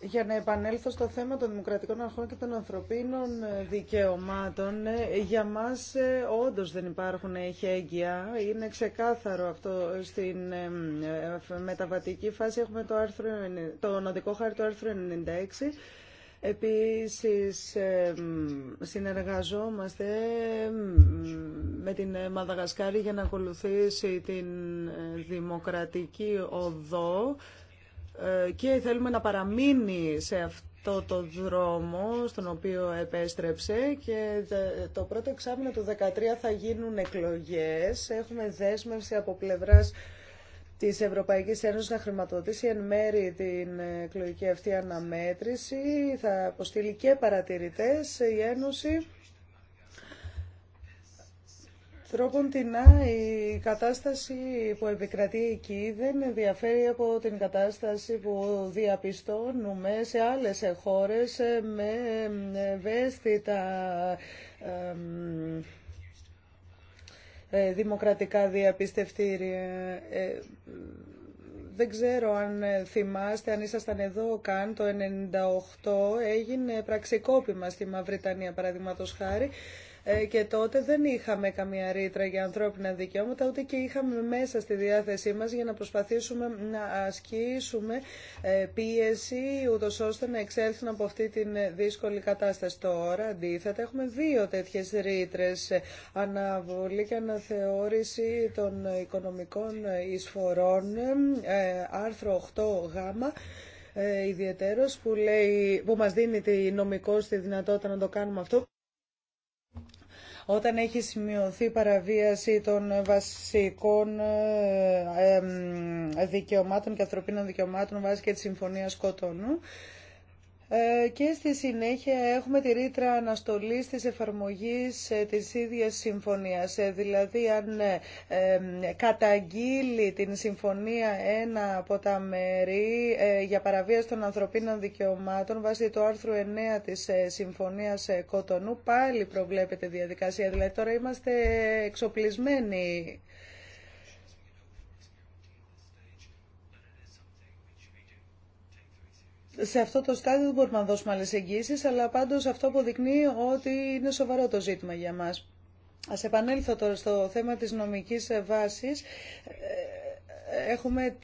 Για να επανέλθω στο θέμα των δημοκρατικών αρχών και των ανθρωπίνων δικαιωμάτων, ε, για μας ε, όντως δεν υπάρχουν εχέγγυα. Είναι ξεκάθαρο αυτό στην ε, μεταβατική φάση. Έχουμε το, άρθρο, το νοδικό χάρη του άρθρου 96. Επίσης συνεργαζόμαστε με την Μαδαγασκάρη για να ακολουθήσει την δημοκρατική οδό ε, και θέλουμε να παραμείνει σε αυτό το δρόμο στον οποίο επέστρεψε και το πρώτο εξάμεινο του 2013 θα γίνουν εκλογές. Έχουμε δέσμευση από πλευράς της Ευρωπαϊκής ένωση να χρηματοδοτήσει εν μέρη την εκλογική αυτή αναμέτρηση. Θα αποστείλει και παρατηρητές η Ένωση. Τρόπον την η κατάσταση που επικρατεί εκεί δεν διαφέρει από την κατάσταση που διαπιστώνουμε σε άλλες χώρες με ευαίσθητα ε, δημοκρατικά διαπιστευτήρια. Ε, δεν ξέρω αν θυμάστε, αν ήσασταν εδώ καν, το 1998 έγινε πραξικόπημα στη Μαυριτανία, παραδείγματος χάρη, ε, και τότε δεν είχαμε καμία ρήτρα για ανθρώπινα δικαιώματα, ούτε και είχαμε μέσα στη διάθεσή μας για να προσπαθήσουμε να ασκήσουμε ε, πίεση, ούτως ώστε να εξέλθουν από αυτή την δύσκολη κατάσταση. Τώρα, αντίθετα, έχουμε δύο τέτοιες ρήτρε ε, αναβολή και αναθεώρηση των οικονομικών εισφορών, άρθρο 8 γάμα, ιδιαίτερος που, λέει, που μας δίνει τη νομικό στη δυνατότητα να το κάνουμε αυτό όταν έχει σημειωθεί παραβίαση των βασικών ε, ε, δικαιωμάτων και ανθρωπίνων δικαιωμάτων βάσει και τη Συμφωνία Κοτονού. Ε, και στη συνέχεια έχουμε τη ρήτρα αναστολής της εφαρμογής ε, της ίδιας συμφωνίας. Ε, δηλαδή αν καταγγείλει την συμφωνία ένα από τα μέρη για παραβίαση των ανθρωπίνων δικαιωμάτων βάσει του άρθρου 9 της Συμφωνίας Κοτονού πάλι προβλέπεται διαδικασία. Δηλαδή τώρα είμαστε εξοπλισμένοι σε αυτό το στάδιο δεν μπορούμε να δώσουμε άλλε εγγύσει, αλλά πάντως αυτό αποδεικνύει ότι είναι σοβαρό το ζήτημα για μας. Ας επανέλθω τώρα στο θέμα της νομικής βάση ε, ε, Έχουμε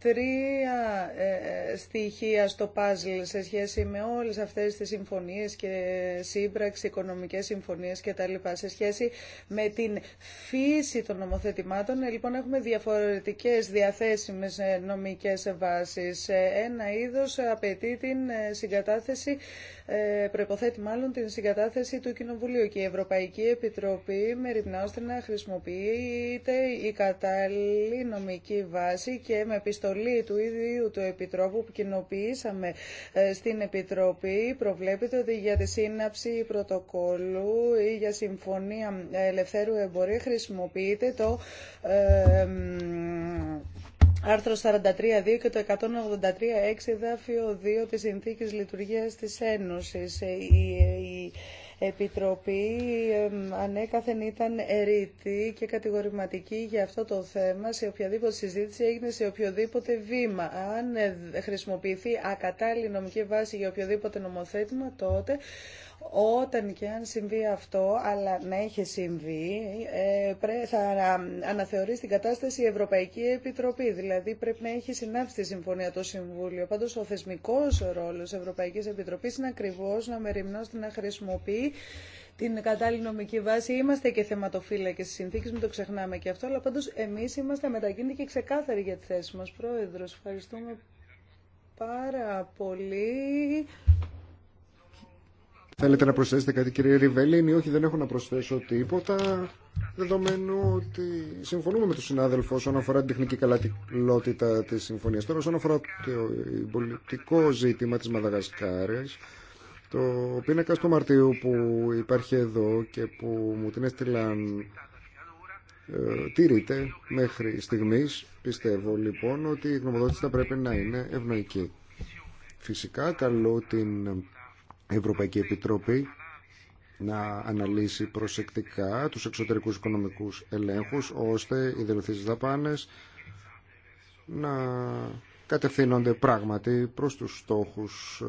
τρία ε, ε, στοιχεία στο παζλ σε σχέση με όλες αυτές τις συμφωνίες και σύμπραξη, οικονομικές συμφωνίες και τα λοιπά. Σε σχέση με την φύση των νομοθετημάτων, ε, λοιπόν, έχουμε διαφορετικές διαθέσιμες νομικές βάσεις. Ένα είδος απαιτεί την συγκατάθεση ε, προποθέτει μάλλον την συγκατάθεση του Κοινοβουλίου και η Ευρωπαϊκή Επιτροπή με ώστε να χρησιμοποιείται η κατάλληλη νομική βάση και με επιστολή του ίδιου του Επιτρόπου που κοινοποιήσαμε ε, στην Επιτροπή προβλέπεται ότι για τη σύναψη πρωτοκόλλου ή για συμφωνία ελευθέρου εμπορία χρησιμοποιείται το ε, Άρθρο 43.2 και το 183.6 εδάφιο 2 της Συνθήκης Λειτουργίας της Ένωσης. Ε, η, Επιτροπή ανέκαθεν ήταν ερήτη και κατηγορηματική για αυτό το θέμα σε οποιαδήποτε συζήτηση έγινε σε οποιοδήποτε βήμα. Αν ε, χρησιμοποιηθεί ακατάλληλη νομική βάση για οποιοδήποτε νομοθέτημα τότε όταν και αν συμβεί αυτό, αλλά να έχει συμβεί, ε, θα αναθεωρεί στην κατάσταση η Ευρωπαϊκή Επιτροπή. Δηλαδή πρέπει να έχει συνάψει τη συμφωνία το Συμβούλιο. Πάντως ο θεσμικός ρόλος της Ευρωπαϊκής Επιτροπής είναι ακριβώς να μεριμνώσει να χρησιμοποιεί την κατάλληλη νομική βάση. Είμαστε και θεματοφύλακε τη συνθήκη, μην το ξεχνάμε και αυτό. Αλλά πάντω εμεί είμαστε μετακίνητοι και ξεκάθαροι για τη θέση μα. Πρόεδρο, ευχαριστούμε πάρα πολύ. Θέλετε να προσθέσετε κάτι κύριε ή όχι δεν έχω να προσθέσω τίποτα, δεδομένου ότι συμφωνούμε με τον συνάδελφο όσον αφορά την τεχνική καλατιλότητα της συμφωνίας. Τώρα όσον αφορά το πολιτικό ζήτημα της Μαδαγασκάρης, το πίνακα του Μαρτίου που υπάρχει εδώ και που μου την έστειλαν ε, τήρηται μέχρι στιγμής. Πιστεύω λοιπόν ότι η γνωμοδότηση θα πρέπει να είναι ευνοϊκή. Φυσικά καλώ την Ευρωπαϊκή Επιτροπή να αναλύσει προσεκτικά τους εξωτερικούς οικονομικούς ελέγχους ώστε οι δελωθείς δαπάνες να κατευθύνονται πράγματι προς τους στόχους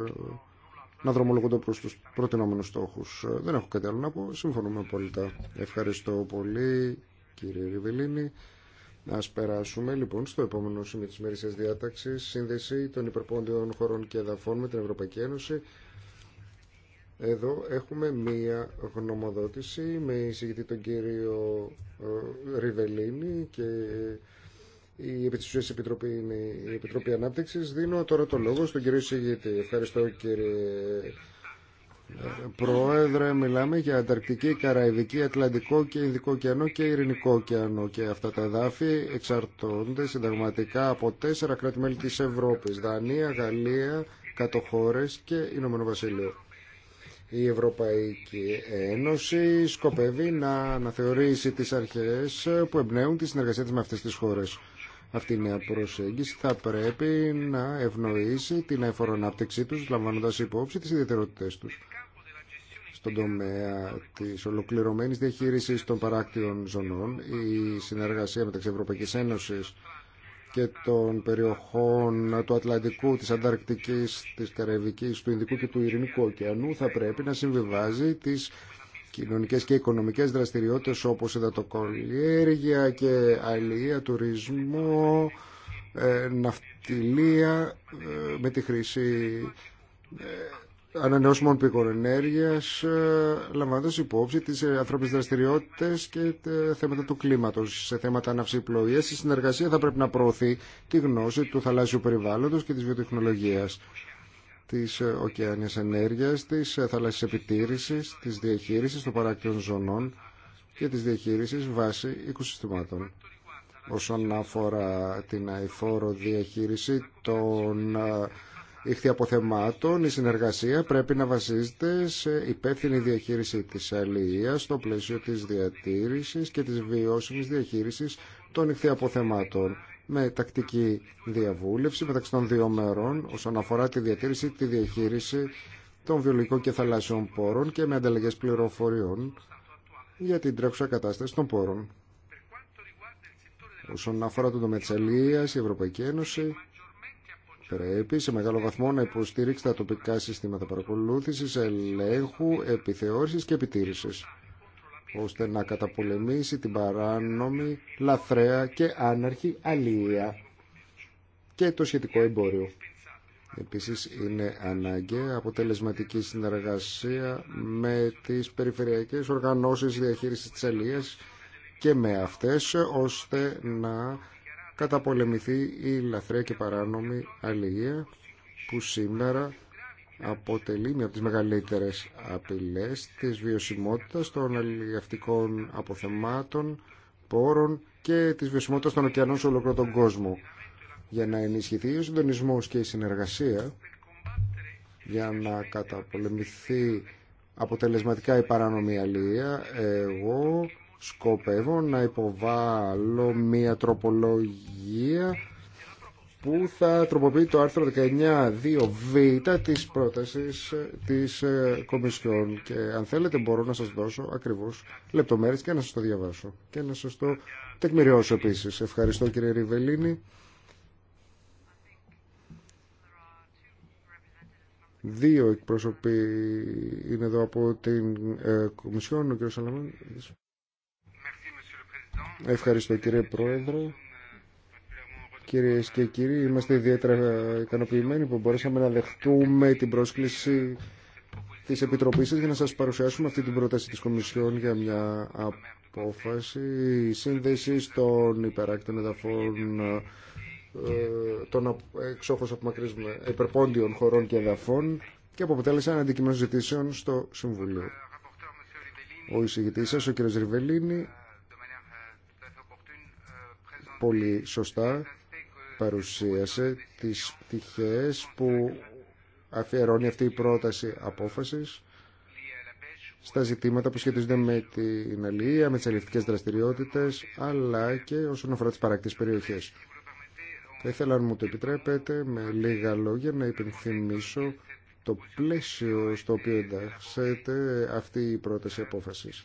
να δρομολογούνται προς τους προτινόμενους στόχους. Δεν έχω κάτι άλλο να πω. Συμφωνούμε απόλυτα. Ευχαριστώ πολύ κύριε Ριβελίνη. να περάσουμε λοιπόν στο επόμενο σημείο τη της διάταξη, σύνδεση των υπερπόντιων χωρών και εδαφών με την Ευρωπαϊκή Ένωση εδώ έχουμε μία γνωμοδότηση με εισηγητή τον κύριο ε, Ριβελίνη και η Επιτροπή είναι η Επιτροπή Ανάπτυξης. Δίνω τώρα το λόγο στον κύριο εισηγητή. Ευχαριστώ κύριε ε, Πρόεδρε, μιλάμε για Ανταρκτική, Καραϊβική, Ατλαντικό και Ινδικό ωκεανό και Ειρηνικό ωκεανό. Και αυτά τα εδάφη εξαρτώνται συνταγματικά από τέσσερα κράτη-μέλη της Ευρώπης. Δανία, Γαλλία, Κατοχώρες και Ηνωμένο Βασίλειο. Η Ευρωπαϊκή Ένωση σκοπεύει να αναθεωρήσει τις αρχές που εμπνέουν τη συνεργασία της με αυτές τις χώρες. Αυτή η νέα προσέγγιση θα πρέπει να ευνοήσει την αεφορονάπτυξή τους, λαμβάνοντας υπόψη τις ιδιαιτερότητές τους. Στον τομέα της ολοκληρωμένης διαχείρισης των παράκτιων ζωνών, η συνεργασία μεταξύ Ευρωπαϊκής Ένωσης και των περιοχών του Ατλαντικού, της Ανταρκτικής, της Καραϊβικής, του Ινδικού και του Ειρηνικού ωκεανού θα πρέπει να συμβιβάζει τις κοινωνικές και οικονομικές δραστηριότητες όπως δατοκολίεργεια και αλληλεία, τουρισμό, ε, ναυτιλία ε, με τη χρήση ε, ανανεώσιμων πηγών ενέργειας, ε, λαμβάνοντα υπόψη τις ε, ανθρώπινες δραστηριότητες και τα ε, θέματα του κλίματος. Σε θέματα αναυσιπλοείας, η συνεργασία θα πρέπει να προωθεί τη γνώση του θαλάσσιου περιβάλλοντος και της βιοτεχνολογίας, της ωκεάνιας ενέργειας, της θαλάσσιας επιτήρηση, τη διαχείρισης των παράκτιων ζωνών και τη διαχείριση βάση οικοσυστημάτων όσον αφορά την αηφόρο διαχείριση των η αποθεμάτων, η συνεργασία πρέπει να βασίζεται σε υπεύθυνη διαχείριση της αλληλείας στο πλαίσιο της διατήρησης και της βιώσιμης διαχείρισης των ηχθή αποθεμάτων με τακτική διαβούλευση μεταξύ των δύο μέρων όσον αφορά τη διατήρηση, τη διαχείριση των βιολογικών και θαλάσσιων πόρων και με ανταλλαγές πληροφοριών για την τρέχουσα κατάσταση των πόρων. Όσον αφορά το τομέα της η Ευρωπαϊκή Ένωση Πρέπει σε μεγάλο βαθμό να υποστηρίξει τα τοπικά συστήματα παρακολούθησης, ελέγχου, επιθεώρησης και επιτήρησης, ώστε να καταπολεμήσει την παράνομη, λαθρέα και άναρχη αλληλεία και το σχετικό εμπόριο. Επίσης είναι αναγκαία αποτελεσματική συνεργασία με τις περιφερειακές οργανώσεις διαχείρισης τη αλληλείας και με αυτές ώστε να καταπολεμηθεί η λαθρέα και παράνομη αλληλεία που σήμερα αποτελεί μια από τις μεγαλύτερες απειλές της βιωσιμότητας των αλληλευτικών αποθεμάτων, πόρων και της βιωσιμότητας των ωκεανών σε ολόκληρο τον κόσμο. Για να ενισχυθεί ο συντονισμός και η συνεργασία, για να καταπολεμηθεί αποτελεσματικά η παράνομη αλληλεία, εγώ σκοπεύω να υποβάλω μια τροπολογία που θα τροποποιεί το άρθρο 19.2β της πρότασης της ε, Κομισιόν και αν θέλετε μπορώ να σας δώσω ακριβώς λεπτομέρειες και να σας το διαβάσω και να σας το τεκμηριώσω επίσης. Ευχαριστώ κύριε Ριβελίνη. Δύο εκπρόσωποι είναι εδώ από την ε, Κομισιόν, ο κύριος Σαλαμάν. Ευχαριστώ κύριε Πρόεδρε. Κυρίε και κύριοι, είμαστε ιδιαίτερα ικανοποιημένοι που μπορέσαμε να δεχτούμε την πρόσκληση της Επιτροπής σα για να σας παρουσιάσουμε αυτή την πρόταση της Κομισιόν για μια απόφαση σύνδεση των υπεράκτων εδαφών ε, των εξόχως υπερπόντιων χωρών και εδαφών και αποτέλεσαν αντικείμενο ζητήσεων στο Συμβουλίο. Ο εισηγητής σας, ο κ. Ριβελίνη, πολύ σωστά παρουσίασε τις πτυχές που αφιερώνει αυτή η πρόταση απόφασης στα ζητήματα που σχετίζονται με την αλληλεία, με τις αλληλευτικές δραστηριότητες, αλλά και όσον αφορά τις παρακτές περιοχές. Θα ήθελα, αν μου το επιτρέπετε, με λίγα λόγια να υπενθυμίσω το πλαίσιο στο οποίο εντάξεται αυτή η πρόταση απόφασης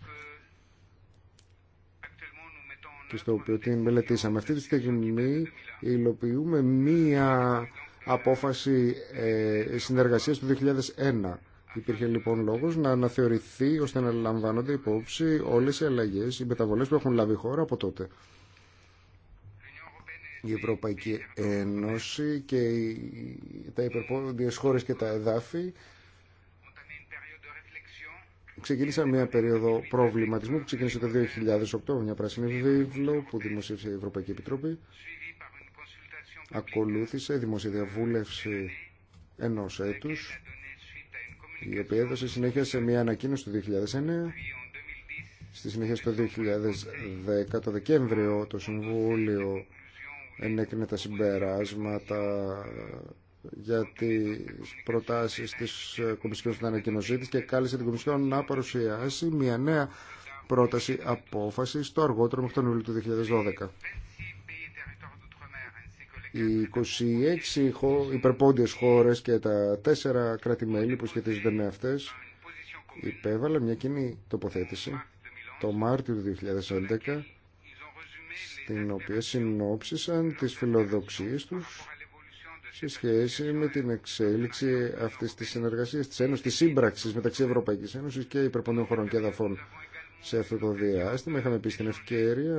και στο οποίο την μελετήσαμε. Αυτή τη στιγμή υλοποιούμε μία απόφαση ε, συνεργασίας του 2001. Υπήρχε λοιπόν λόγος να αναθεωρηθεί ώστε να λαμβάνονται υπόψη όλες οι αλλαγές, οι μεταβολές που έχουν λάβει η χώρα από τότε. Η Ευρωπαϊκή Ένωση και τα υπερπόδιες χώρες και τα εδάφη Ξεκίνησα μια περίοδο προβληματισμού που ξεκίνησε το 2008 μια πράσινη βίβλο που δημοσίευσε η Ευρωπαϊκή Επιτροπή. Ακολούθησε δημοσία διαβούλευση ενός έτους η οποία έδωσε συνέχεια σε μια ανακοίνωση το 2009 Στη συνέχεια στο 2010, το Δεκέμβριο, το Συμβούλιο ενέκρινε τα συμπεράσματα για τις προτάσεις της Κομισιόν στην ανακοινωσή και κάλεσε την Κομισιόν να παρουσιάσει μια νέα πρόταση απόφασης το αργότερο μέχρι τον Ιούλιο του 2012. Οι 26 υπερπόντιες χώρες και τα τέσσερα κράτη-μέλη που σχετίζονται με αυτές υπέβαλαν μια κοινή τοποθέτηση το Μάρτιο του 2011 στην οποία συνόψησαν τις φιλοδοξίες τους σε σχέση με την εξέλιξη αυτή τη συνεργασία τη Ένωση, τη σύμπραξη μεταξύ Ευρωπαϊκή Ένωση και υπερπονίων χωρών και εδαφών. Σε αυτό το διάστημα είχαμε επίση την ευκαιρία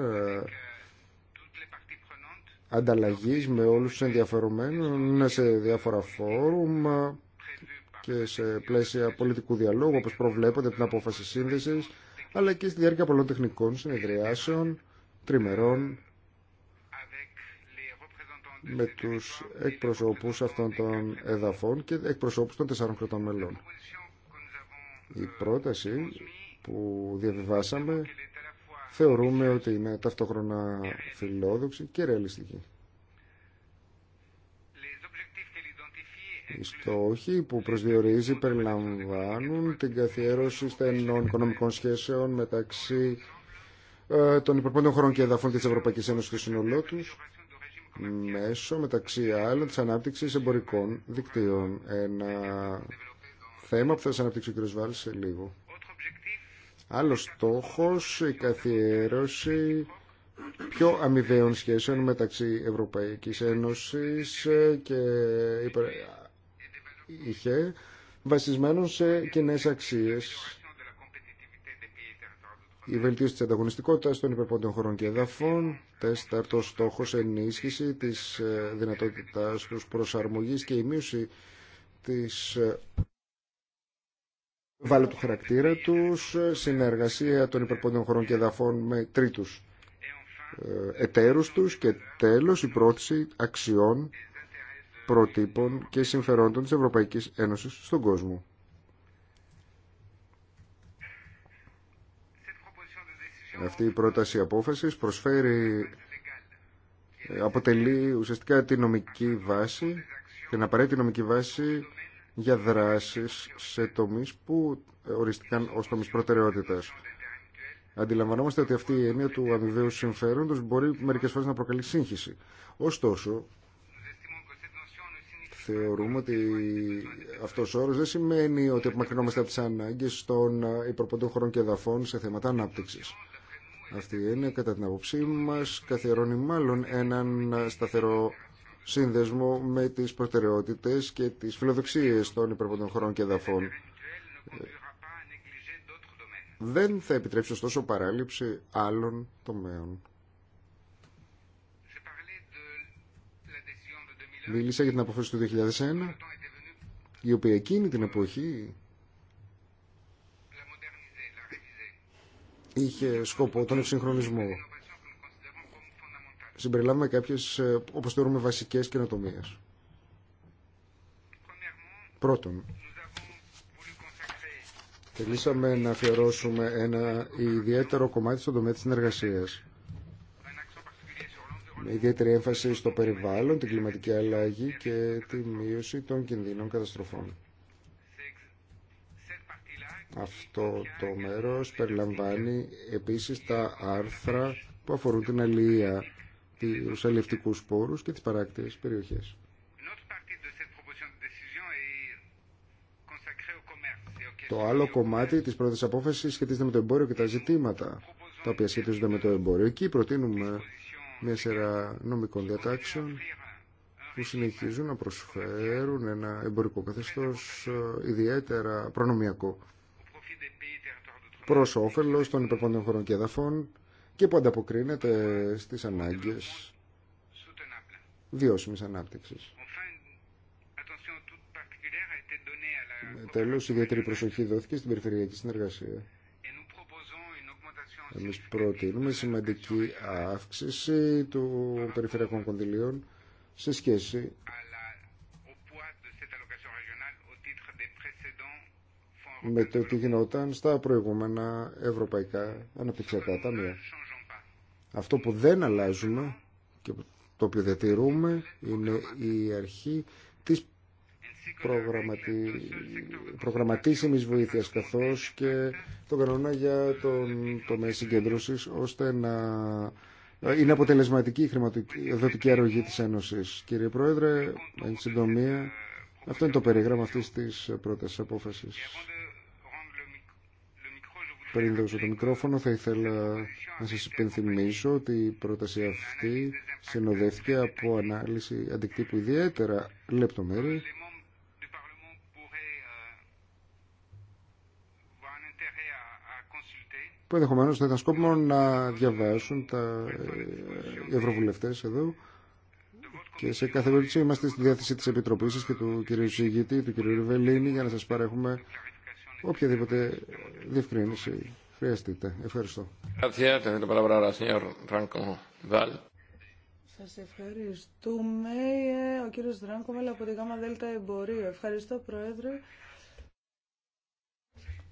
ανταλλαγή με όλους τους ενδιαφερομένους σε διάφορα φόρουμ και σε πλαίσια πολιτικού διαλόγου όπω προβλέπονται από την απόφαση σύνδεση, αλλά και στη διάρκεια πολλών τεχνικών συνεδριάσεων, τριμερών με τους εκπροσώπους αυτών των εδαφών και εκπροσώπους των τεσσάρων κρατών μελών. Η πρόταση που διαβιβάσαμε θεωρούμε ότι είναι ταυτόχρονα φιλόδοξη και ρεαλιστική. Οι στόχοι που προσδιορίζει περιλαμβάνουν την καθιέρωση στενών οικονομικών σχέσεων μεταξύ ε, των υπερπόντων χωρών και εδαφών της Ευρωπαϊκής Ένωσης και συνολό τους, μέσω μεταξύ άλλων της ανάπτυξης εμπορικών δικτύων. Ένα θέμα που θα σας αναπτύξει ο κ. Βάλς σε λίγο. Άλλος στόχος, η καθιέρωση πιο αμοιβαίων σχέσεων μεταξύ Ευρωπαϊκής Ένωσης και είχε βασισμένων σε κοινέ αξίες η βελτίωση τη ανταγωνιστικότητα των υπερπόντων χωρών και εδαφών. Τέταρτο στόχο, ενίσχυση τη ε, δυνατότητα του προσαρμογή και η μείωση τη ε, βάλω του χαρακτήρα του ε, συνεργασία των υπερπόντων χωρών και εδαφών με τρίτους εταίρους τους και τέλος η πρόθεση αξιών, προτύπων και συμφερόντων της Ευρωπαϊκής Ένωσης στον κόσμο. Αυτή η πρόταση απόφασης προσφέρει, αποτελεί ουσιαστικά τη νομική βάση, την απαραίτητη νομική βάση για δράσεις σε τομείς που οριστήκαν ως τομείς προτεραιότητας. Αντιλαμβανόμαστε ότι αυτή η έννοια του αμοιβαίου συμφέροντος μπορεί μερικές φορές να προκαλεί σύγχυση. Ωστόσο, θεωρούμε ότι αυτός ο όρος δεν σημαίνει ότι απομακρυνόμαστε από τις ανάγκες των υπερποντών χωρών και εδαφών σε θέματα ανάπτυξης. Αυτή είναι, κατά την άποψή μας, καθιερώνει μάλλον έναν σταθερό σύνδεσμο με τις προτεραιότητες και τις φιλοδοξίες των υπερποντων χωρών και εδαφών. Δεν θα επιτρέψει ωστόσο παράληψη άλλων τομέων. Μίλησα για την αποφάση του 2001, η οποία εκείνη την εποχή είχε σκοπό τον εξυγχρονισμό. Συμπεριλάβουμε κάποιες, ε, όπως θεωρούμε, βασικές καινοτομίες. Πρώτον, θελήσαμε να αφιερώσουμε ένα ιδιαίτερο κομμάτι στον τομέα της συνεργασίας. Με ιδιαίτερη έμφαση στο περιβάλλον, την κλιματική αλλαγή και τη μείωση των κινδύνων καταστροφών. Αυτό το μέρος περιλαμβάνει επίσης τα άρθρα που αφορούν την αλληλεία, τους αλληλευτικούς σπόρους και τις παράκτιες περιοχές. Το άλλο κομμάτι της πρώτης απόφασης σχετίζεται με το εμπόριο και τα ζητήματα τα οποία σχετίζονται με το εμπόριο. Εκεί προτείνουμε μια σειρά νομικών διατάξεων που συνεχίζουν να προσφέρουν ένα εμπορικό καθεστώς ε, ιδιαίτερα προνομιακό προ όφελο των υπερποντών χωρών και εδαφών και που ανταποκρίνεται στι ανάγκε βιώσιμη ανάπτυξη. Ε, Τέλο, ιδιαίτερη προσοχή δόθηκε στην περιφερειακή συνεργασία. Εμεί προτείνουμε σημαντική αύξηση του περιφερειακών κονδυλίων σε σχέση με το τι γινόταν στα προηγούμενα ευρωπαϊκά αναπτυξιακά ταμεία. Αυτό που δεν αλλάζουμε και το οποίο διατηρούμε είναι η αρχή της προγραμματι... προγραμματίσιμης βοήθειας καθώς και τον κανόνα για τον τομέα συγκέντρωσης ώστε να είναι αποτελεσματική η χρηματοδοτική αρρωγή της Ένωσης. Κύριε Πρόεδρε, εν συντομία, αυτό είναι το περίγραμμα αυτής της πρώτης απόφασης δώσω το μικρόφωνο θα ήθελα να σας υπενθυμίσω ότι η πρόταση αυτή συνοδεύτηκε από ανάλυση αντικτύπου ιδιαίτερα λεπτομέρη που ενδεχομένως θα ήταν σκόπιμο να διαβάσουν τα... Ε, οι εδώ και σε κάθε είμαστε στη διάθεση της Επιτροπής και του κ. Ζηγητή, του κ. Ριβελίνη για να σας παρέχουμε οποιαδήποτε διευκρίνηση χρειαστείτε. Ευχαριστώ. Σα ευχαριστούμε. Ο κύριος Δράνκοβελ από τη ΓΑΜΑ ΔΕΛΤΑ Εμπορίου. Ευχαριστώ, Πρόεδρε.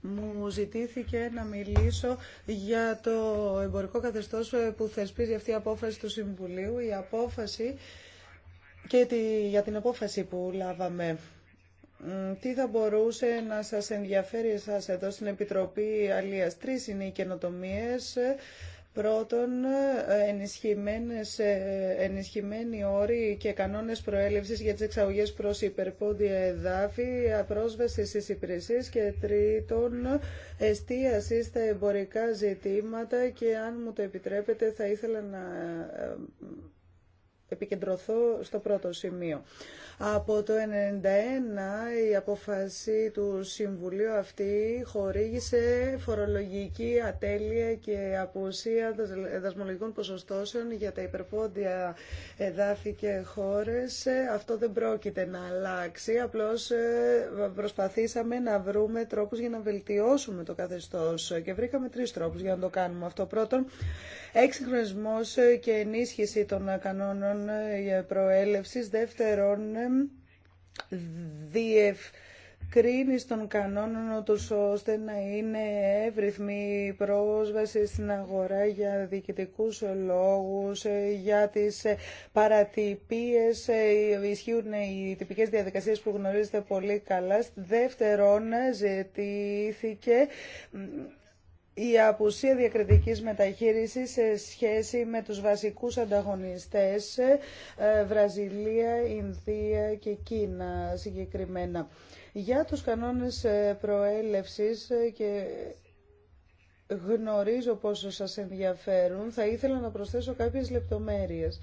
Μου ζητήθηκε να μιλήσω για το εμπορικό καθεστώς που θεσπίζει αυτή η απόφαση του Συμβουλίου, η απόφαση και για την απόφαση που λάβαμε τι θα μπορούσε να σας ενδιαφέρει εσάς εδώ στην Επιτροπή Αλίας. Τρεις είναι οι καινοτομίες. Πρώτον, ενισχυμένες, ε, ενισχυμένοι όροι και κανόνες προέλευσης για τις εξαγωγές προς υπερπόδια εδάφη, απρόσβαση στις υπηρεσίες και τρίτον, εστίαση στα εμπορικά ζητήματα και αν μου το επιτρέπετε θα ήθελα να ε, επικεντρωθώ στο πρώτο σημείο. Από το 1991 η απόφαση του Συμβουλίου αυτή χορήγησε φορολογική ατέλεια και απουσία δασμολογικών ποσοστώσεων για τα υπερπόντια εδάφη και χώρες. Αυτό δεν πρόκειται να αλλάξει, απλώς ε, προσπαθήσαμε να βρούμε τρόπους για να βελτιώσουμε το καθεστώς και βρήκαμε τρεις τρόπους για να το κάνουμε αυτό. Πρώτον, εξυγχρονισμός και ενίσχυση των κανόνων ε, προέλευσης. Δεύτερον, ε, διευκρίνηση των κανόνων τους ώστε να είναι εύρυθμη πρόσβαση στην αγορά για διοικητικούς λόγους, ε, για τις παρατυπίες, ισχύουν οι τυπικές διαδικασίες που γνωρίζετε πολύ καλά. Δεύτερον, ζητήθηκε η απουσία διακριτικής μεταχείρισης σε σχέση με τους βασικούς ανταγωνιστές ε, Βραζιλία, Ινδία και Κίνα συγκεκριμένα. Για τους κανόνες ε, προέλευσης ε, και γνωρίζω πόσο σας ενδιαφέρουν, θα ήθελα να προσθέσω κάποιες λεπτομέρειες.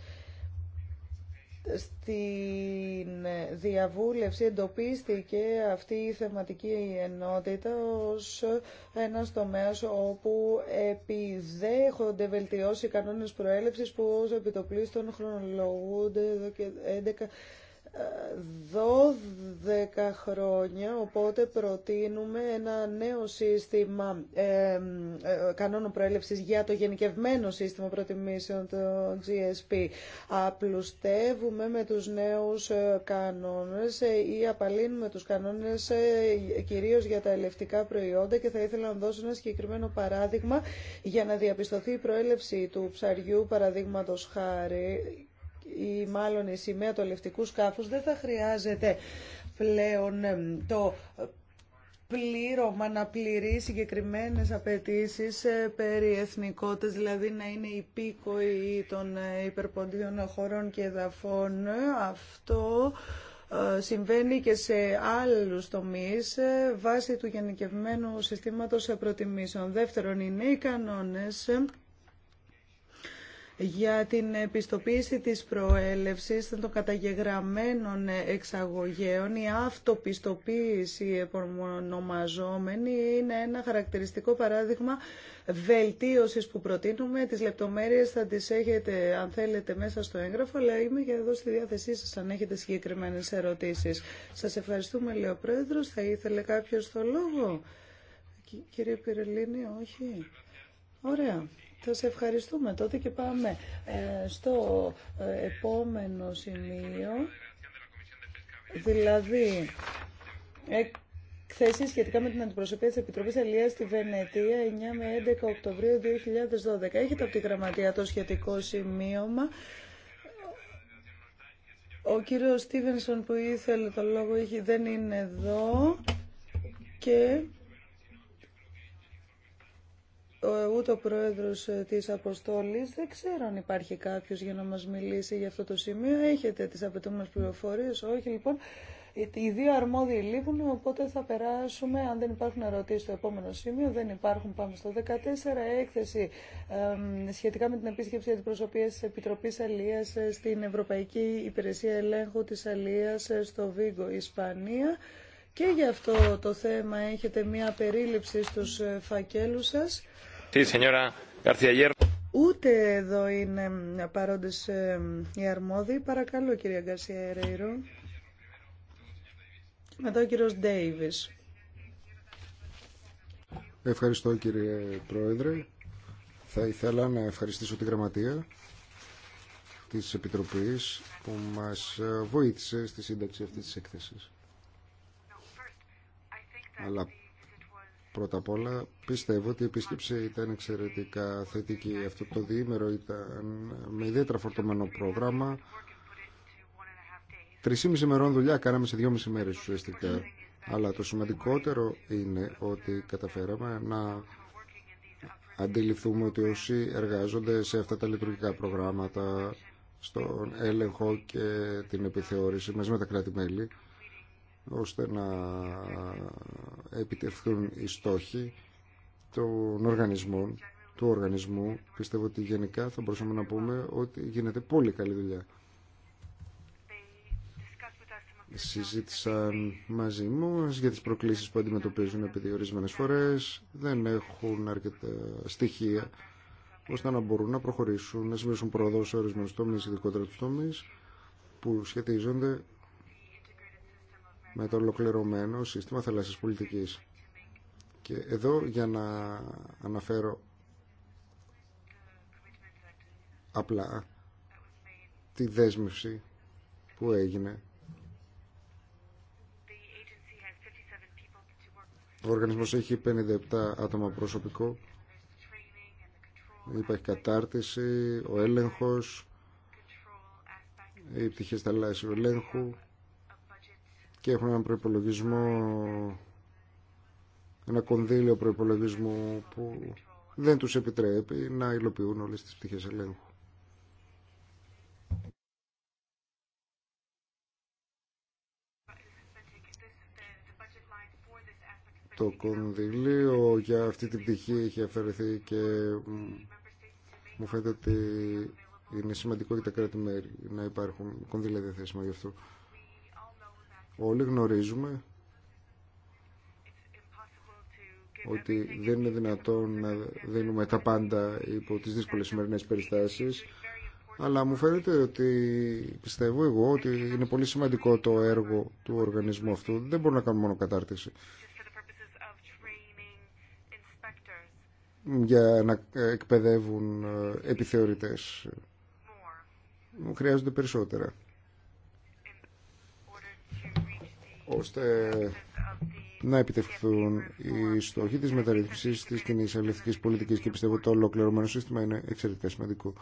Στην διαβούλευση εντοπίστηκε αυτή η θεματική ενότητα ως ένας τομέας όπου επιδέχονται βελτιώσει κανόνες προέλευσης που ως επιτοπλίστων χρονολογούνται εδώ και 11 12 χρόνια, οπότε προτείνουμε ένα νέο σύστημα ε, κανόνων προέλευσης για το γενικευμένο σύστημα προτιμήσεων, το GSP. Απλουστεύουμε με τους νέους ε, κανόνες ε, ή απαλύνουμε τους κανόνες κυρίως για τα ελευτικά προϊόντα και θα ήθελα να δώσω ένα συγκεκριμένο παράδειγμα για να διαπιστωθεί η προέλευση του ψαριού, παραδείγματος χάρη, ή μάλλον η σημαία του αλευτικού σκάφους δεν θα χρειάζεται πλέον ε, το πλήρωμα να πληρεί συγκεκριμένε απαιτήσει ε, περί εθνικότητας, δηλαδή να είναι υπήκοοι των ε, υπερποντίων χωρών και εδαφών. Αυτό συμβαίνει και σε άλλους τομείς βάσει του γενικευμένου συστήματος προτιμήσεων. Δεύτερον, οι νέοι κανόνες για την επιστοποίηση της προέλευσης των καταγεγραμμένων εξαγωγέων. Η αυτοπιστοποίηση επωνομαζόμενη είναι ένα χαρακτηριστικό παράδειγμα βελτίωσης που προτείνουμε. Τις λεπτομέρειες θα τις έχετε αν θέλετε μέσα στο έγγραφο, αλλά είμαι και εδώ στη διάθεσή σας αν έχετε συγκεκριμένες ερωτήσεις. Σας ευχαριστούμε, λέει ο Πρόεδρος. Θα ήθελε κάποιος το λόγο. Κύριε Πυρελίνη, όχι. Ωραία. Θα σε ευχαριστούμε τότε και πάμε ε, στο ε, επόμενο σημείο, δηλαδή εκθέσεις σχετικά με την αντιπροσωπεία τη επιτροπή Αλίας στη Βενετία 9 με 11 Οκτωβρίου 2012. Έχετε από τη γραμματεία το σχετικό σημείωμα. Ο κύριος Στίβενσον που ήθελε το λόγο δεν είναι εδώ και ούτε ο πρόεδρος ε, της αποστόλης. Δεν ξέρω αν υπάρχει κάποιος για να μας μιλήσει για αυτό το σημείο. Έχετε τις απαιτούμενες πληροφορίες, όχι λοιπόν. Οι δύο αρμόδιοι λείπουν, οπότε θα περάσουμε, αν δεν υπάρχουν ερωτήσεις στο επόμενο σημείο, δεν υπάρχουν, πάμε στο 14, έκθεση σχετικά με την επίσκεψη αντιπροσωπείας της Επιτροπής Αλίας ε, στην Ευρωπαϊκή Υπηρεσία Ελέγχου της Αλίας ε, στο Βίγκο, Ισπανία. Και γι' αυτό το θέμα έχετε μία περίληψη στους ε, φακέλους σας. Sí, señora García Ούτε εδώ είναι ε, παρόντες ε, οι αρμόδιοι. Παρακαλώ, κυρία Γκαρσία Ερέιρο. Μετά ο κύριος Ντέιβις. Ευχαριστώ κύριε Πρόεδρε. Θα ήθελα να ευχαριστήσω τη Γραμματεία της Επιτροπής που μας βοήθησε στη σύνταξη αυτής της έκθεσης. Αλλά πρώτα απ' όλα πιστεύω ότι η επίσκεψη ήταν εξαιρετικά θετική. Αυτό το διήμερο ήταν με ιδιαίτερα φορτωμένο πρόγραμμα. μισή ημερών δουλειά κάναμε σε δυόμιση μέρες ουσιαστικά. Αλλά το σημαντικότερο είναι ότι καταφέραμε να αντιληφθούμε ότι όσοι εργάζονται σε αυτά τα λειτουργικά προγράμματα, στον έλεγχο και την επιθεώρηση μαζί με τα κράτη-μέλη, ώστε να επιτευχθούν οι στόχοι των οργανισμών, του οργανισμού. Πιστεύω ότι γενικά θα μπορούσαμε να πούμε ότι γίνεται πολύ καλή δουλειά. Συζήτησαν μαζί μου, για τις προκλήσεις που αντιμετωπίζουν επειδή ορισμένες φορές δεν έχουν αρκετά στοιχεία ώστε να μπορούν να προχωρήσουν, να σημειώσουν πρόοδο σε ορισμένου τομεί, ειδικότερα τους τομείς που σχετίζονται με το ολοκληρωμένο σύστημα θαλάσσιας πολιτικής. Και εδώ για να αναφέρω απλά τη δέσμευση που έγινε. Ο οργανισμός έχει 57 άτομα προσωπικό. Υπάρχει κατάρτιση, ο έλεγχος, οι πτυχές θαλάσσιου ελέγχου και έχουν ένα προπολογισμό, ένα κονδύλιο προπολογισμού που δεν τους επιτρέπει να υλοποιούν όλες τις πτυχές ελέγχου. Το κονδυλίο για αυτή την πτυχή έχει αφαιρεθεί και μου φαίνεται ότι είναι σημαντικό για τα κράτη-μέρη να υπάρχουν κονδύλια διαθέσιμα γι' αυτό. Όλοι γνωρίζουμε ότι δεν είναι δυνατόν να δίνουμε τα πάντα υπό τις δύσκολες σημερινές περιστάσεις αλλά μου φαίνεται ότι πιστεύω εγώ ότι είναι πολύ σημαντικό το έργο του οργανισμού αυτού. Δεν μπορούμε να κάνουμε μόνο κατάρτιση. για να εκπαιδεύουν επιθεωρητές. χρειάζονται περισσότερα. ώστε να επιτευχθούν οι στόχοι της μεταρρύθμισης της κοινή αλληλευτικής πολιτικής και πιστεύω το ολοκληρωμένο σύστημα είναι εξαιρετικά σημαντικό.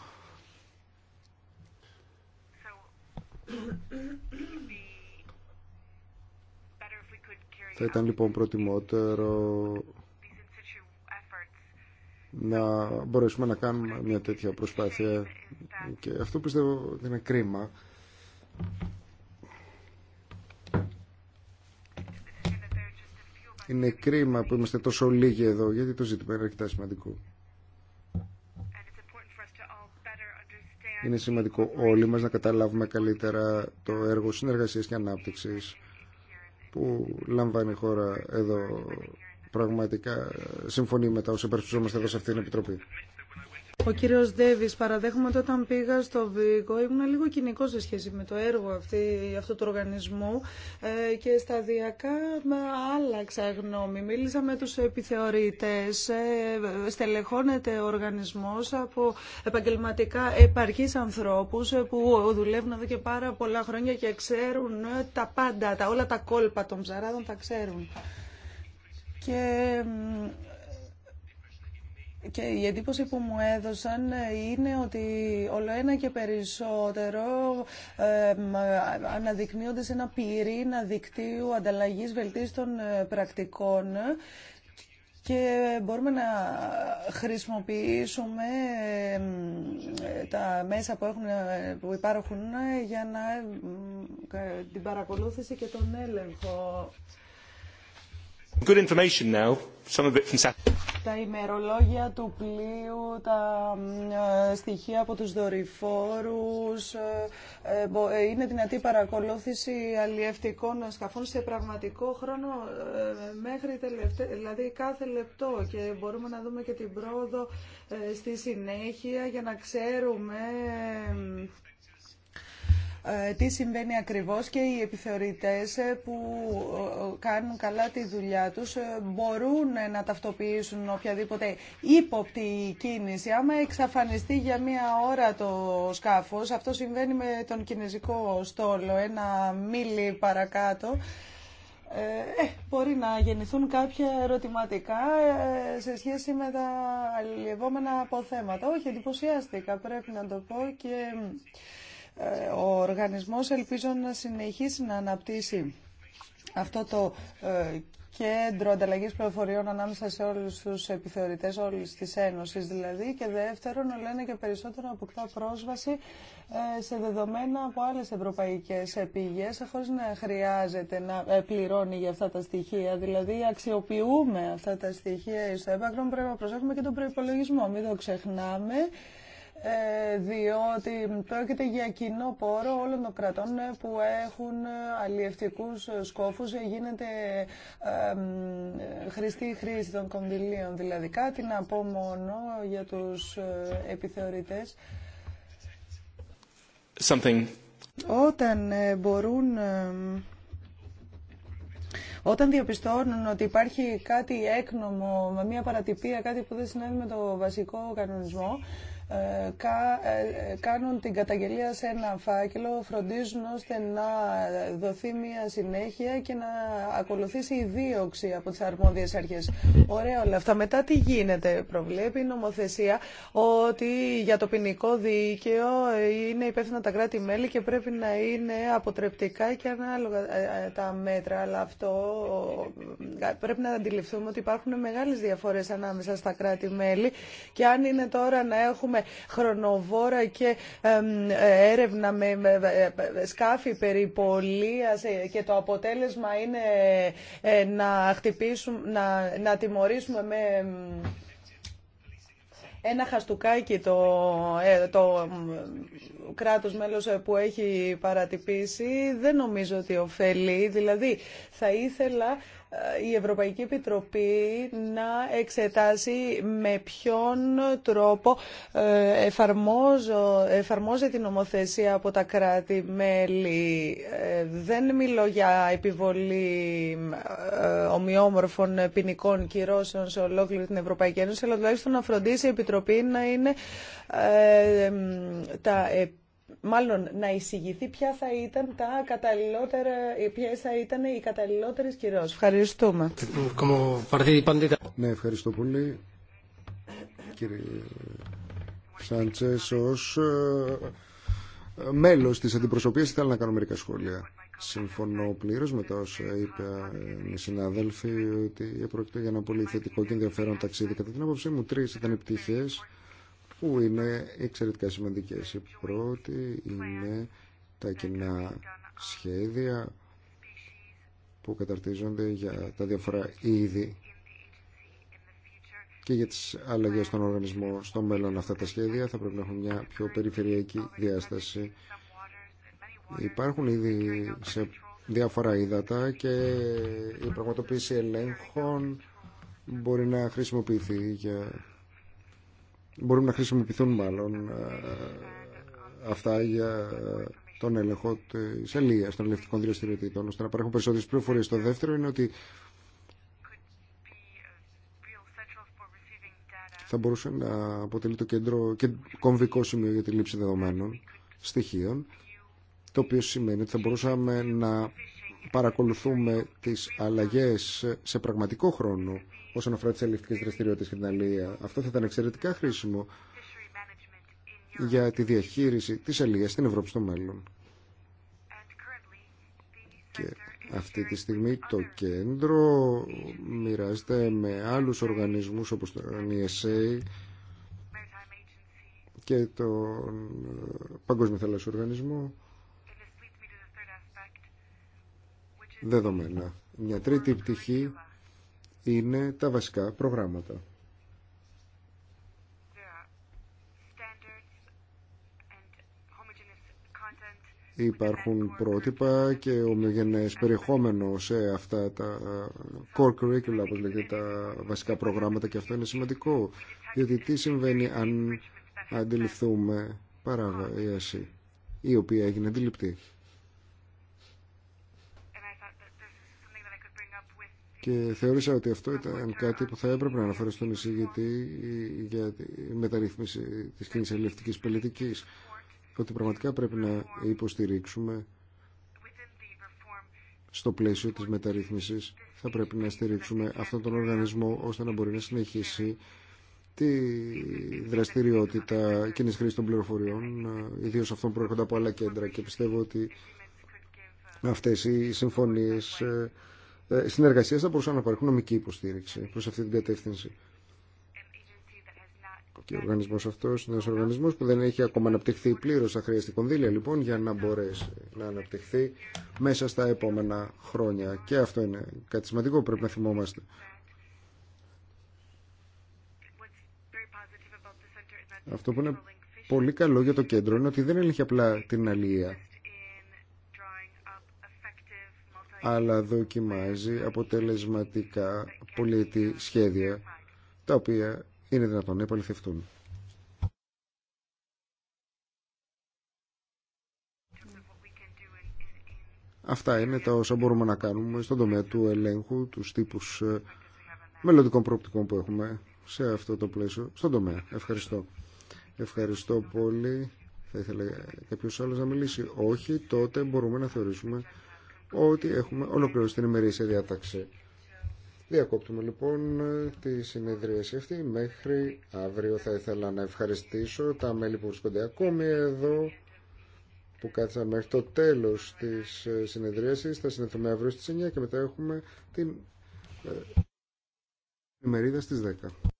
Θα ήταν λοιπόν προτιμότερο να μπορέσουμε να κάνουμε μια τέτοια προσπάθεια και αυτό πιστεύω ότι είναι κρίμα Είναι κρίμα που είμαστε τόσο λίγοι εδώ, γιατί το ζήτημα είναι αρκετά σημαντικό. Είναι σημαντικό όλοι μας να καταλάβουμε καλύτερα το έργο συνεργασίας και ανάπτυξης που λαμβάνει η χώρα εδώ. Πραγματικά συμφωνεί τα όσα παρουσιάζουμε εδώ σε αυτήν την Επιτροπή. Ο κύριος Ντέβις, παραδέχομαι ότι όταν πήγα στο Βίγκο ήμουν λίγο κοινικό σε σχέση με το έργο αυτή, αυτού του οργανισμού ε, και σταδιακά άλλαξα γνώμη. Μίλησα με τους επιθεωρητές, ε, στελεχώνεται ο οργανισμός από επαγγελματικά επαρκείς ανθρώπους ε, που δουλεύουν εδώ και πάρα πολλά χρόνια και ξέρουν τα πάντα, τα, όλα τα κόλπα των ψαράδων τα ξέρουν. Και και η εντύπωση που μου έδωσαν είναι ότι όλο ένα και περισσότερο αναδεικνύονται σε ένα πυρήνα δικτύου ανταλλαγής βελτίστων ε, πρακτικών και μπορούμε να χρησιμοποιήσουμε τα μέσα που, έχουν, ε, που υπάρχουν για να, την παρακολούθηση και τον έλεγχο. Good information now, τα ημερολόγια του πλοίου, τα ε, στοιχεία από τους δορυφόρους, ε, ε, είναι δυνατή παρακολούθηση αλλιευτικών σκαφών σε πραγματικό χρόνο μέχρι τελευτα... δηλαδή κάθε λεπτό και μπορούμε να δούμε και την πρόοδο στη συνέχεια για να ξέρουμε ε, τι συμβαίνει ακριβώς και οι επιθεωρητές ε, που ε, κάνουν καλά τη δουλειά τους μπορούν να ταυτοποιήσουν οποιαδήποτε ύποπτη κίνηση. Άμα εξαφανιστεί για μία ώρα το σκάφος, αυτό συμβαίνει με τον κινέζικο στόλο, ένα μίλι παρακάτω, ε, μπορεί να γεννηθούν κάποια ερωτηματικά σε σχέση με τα αλληλευόμενα αποθέματα. Όχι, εντυπωσιάστηκα πρέπει να το πω και ε, ο οργανισμός ελπίζω να συνεχίσει να αναπτύσσει αυτό το ε, κέντρο ανταλλαγής πληροφοριών ανάμεσα σε όλους τους επιθεωρητές όλης της Ένωσης δηλαδή και δεύτερον λένε και περισσότερο αποκτά πρόσβαση ε, σε δεδομένα από άλλες ευρωπαϊκές πηγές χωρίς να χρειάζεται να πληρώνει για αυτά τα στοιχεία. Δηλαδή αξιοποιούμε αυτά τα στοιχεία στο έπακρο, πρέπει να προσέχουμε και τον προπολογισμό, μην το ξεχνάμε. Ε, διότι πρόκειται για κοινό πόρο όλων των κρατών ε, που έχουν ε, αλλιευτικούς σκόφους. Γίνεται χρηστή χρήση των κονδυλίων. Δηλαδή κάτι να πω μόνο για τους επιθεωρητές. Όταν μπορούν όταν διαπιστώνουν ότι υπάρχει κάτι έκνομο, μια παρατυπία, κάτι που δεν συνέβη με το βασικό κανονισμό, ε, ε, κάνουν την καταγγελία σε ένα φάκελο, φροντίζουν ώστε να δοθεί μια συνέχεια και να ακολουθήσει η δίωξη από τις αρμόδιες αρχές. Ωραία όλα αυτά. Μετά τι γίνεται, προβλέπει η νομοθεσία ότι για το ποινικό δίκαιο ε, είναι υπεύθυνα τα κράτη-μέλη και πρέπει να είναι αποτρεπτικά και ανάλογα τα μέτρα. Αλλά αυτό πρέπει να αντιληφθούμε ότι υπάρχουν μεγάλες διαφορές ανάμεσα στα κράτη-μέλη και αν είναι τώρα να έχουμε χρονοβόρα και έρευνα με σκάφη περιπολίας ε, και το αποτέλεσμα είναι ε, να χτυπήσουμε, να, να τιμωρήσουμε με ένα χαστούκάκι το, ε, το κράτος μέλος που έχει παρατυπήσει δεν νομίζω ότι ωφελεί. Δηλαδή θα ήθελα η Ευρωπαϊκή Επιτροπή να εξετάσει με ποιον τρόπο ε, εφαρμόζω, την νομοθεσία από τα κράτη-μέλη. Ε, δεν μιλώ για επιβολή ε, ομοιόμορφων ποινικών κυρώσεων σε ολόκληρη την Ευρωπαϊκή Ένωση, αλλά τουλάχιστον να φροντίσει η Επιτροπή να είναι τα επίπεδα, μάλλον να εισηγηθεί ποια θα ήταν τα καταλληλότερα, ποιε θα ήταν οι καταλληλότερε κυρώσεις. Ευχαριστούμε. Ναι, ευχαριστώ πολύ κύριε Σάντσες ως ε, μέλος της αντιπροσωπείας ήθελα να κάνω μερικά σχόλια. Συμφωνώ πλήρω με τα όσα είπαν οι συνάδελφοι ότι πρόκειται για ένα πολύ θετικό και ενδιαφέρον ταξίδι. Κατά την άποψή μου τρει ήταν πτυχέ που είναι εξαιρετικά σημαντικές. Η πρώτη είναι τα κοινά σχέδια που καταρτίζονται για τα διάφορα είδη και για τις αλλαγές στον οργανισμό στο μέλλον αυτά τα σχέδια θα πρέπει να έχουν μια πιο περιφερειακή διάσταση. Υπάρχουν ήδη σε διάφορα ύδατα και η πραγματοποίηση ελέγχων μπορεί να χρησιμοποιηθεί για μπορούμε να χρησιμοποιηθούν μάλλον ε, αυτά για τον έλεγχο τη αλληλεία των ελευθερικών δραστηριοτήτων, ώστε να παρέχουν περισσότερε πληροφορίε. Το δεύτερο είναι ότι θα μπορούσε να αποτελεί το κέντρο και κομβικό σημείο για τη λήψη δεδομένων, στοιχείων, το οποίο σημαίνει ότι θα μπορούσαμε να παρακολουθούμε τις αλλαγές σε πραγματικό χρόνο όσον αφορά τι αλληλευτικέ δραστηριότητε και την αλληλεία. Αυτό θα ήταν εξαιρετικά χρήσιμο για τη διαχείριση τη αλληλεία στην Ευρώπη στο μέλλον. Και αυτή τη στιγμή το κέντρο μοιράζεται με άλλους οργανισμούς όπως το NSA e και τον ε, Παγκόσμιο Θαλάσσιο Οργανισμό δεδομένα. Μια τρίτη πτυχή είναι τα βασικά προγράμματα. Υπάρχουν πρότυπα και ομοιογενές περιεχόμενο σε αυτά τα core curricula, όπως λέγεται, τα βασικά προγράμματα και αυτό είναι σημαντικό. Γιατί τι συμβαίνει αν αντιληφθούμε παράβαση η οποία έγινε αντιληπτή. και θεώρησα ότι αυτό ήταν κάτι που θα έπρεπε να αναφέρω στον εισηγητή για τη μεταρρύθμιση της κοινής ελληνική πολιτικής ότι πραγματικά πρέπει να υποστηρίξουμε στο πλαίσιο της μεταρρύθμισης θα πρέπει να στηρίξουμε αυτόν τον οργανισμό ώστε να μπορεί να συνεχίσει τη δραστηριότητα κοινή χρήση των πληροφοριών, ιδίω αυτών που έρχονται από άλλα κέντρα και πιστεύω ότι αυτές οι συμφωνίες ε, ε, συνεργασίας θα μπορούσαν να παρέχουν νομική υποστήριξη προς αυτή την κατεύθυνση. Και ο οργανισμός αυτός είναι ένας οργανισμός που δεν έχει ακόμα αναπτυχθεί πλήρως. Θα χρειαστεί κονδύλια λοιπόν για να μπορέσει να αναπτυχθεί μέσα στα επόμενα χρόνια. Και αυτό είναι κάτι σημαντικό που πρέπει να θυμόμαστε. Αυτό που είναι πολύ καλό για το κέντρο είναι ότι δεν έχει απλά την αλληλεία. αλλά δοκιμάζει αποτελεσματικά πολίτη σχέδια τα οποία είναι δυνατόν να επαληθευτούν. Αυτά είναι τα όσα μπορούμε να κάνουμε στον τομέα του ελέγχου, του τύπου ε, μελλοντικών προοπτικών που έχουμε σε αυτό το πλαίσιο, στον τομέα. Ευχαριστώ. Ευχαριστώ πολύ. Θα ήθελα κάποιο άλλο να μιλήσει. Όχι, τότε μπορούμε να θεωρήσουμε ότι έχουμε ολοκληρώσει την ημερήσια διάταξη. Διακόπτουμε λοιπόν τη συνεδρίαση αυτή μέχρι αύριο. Θα ήθελα να ευχαριστήσω τα μέλη που βρίσκονται ακόμη εδώ που κάτσαν μέχρι το τέλος της ε, συνεδρίασης. Θα συνεχίσουμε αύριο στις 9 και μετά έχουμε την ε, ημερίδα στις 10.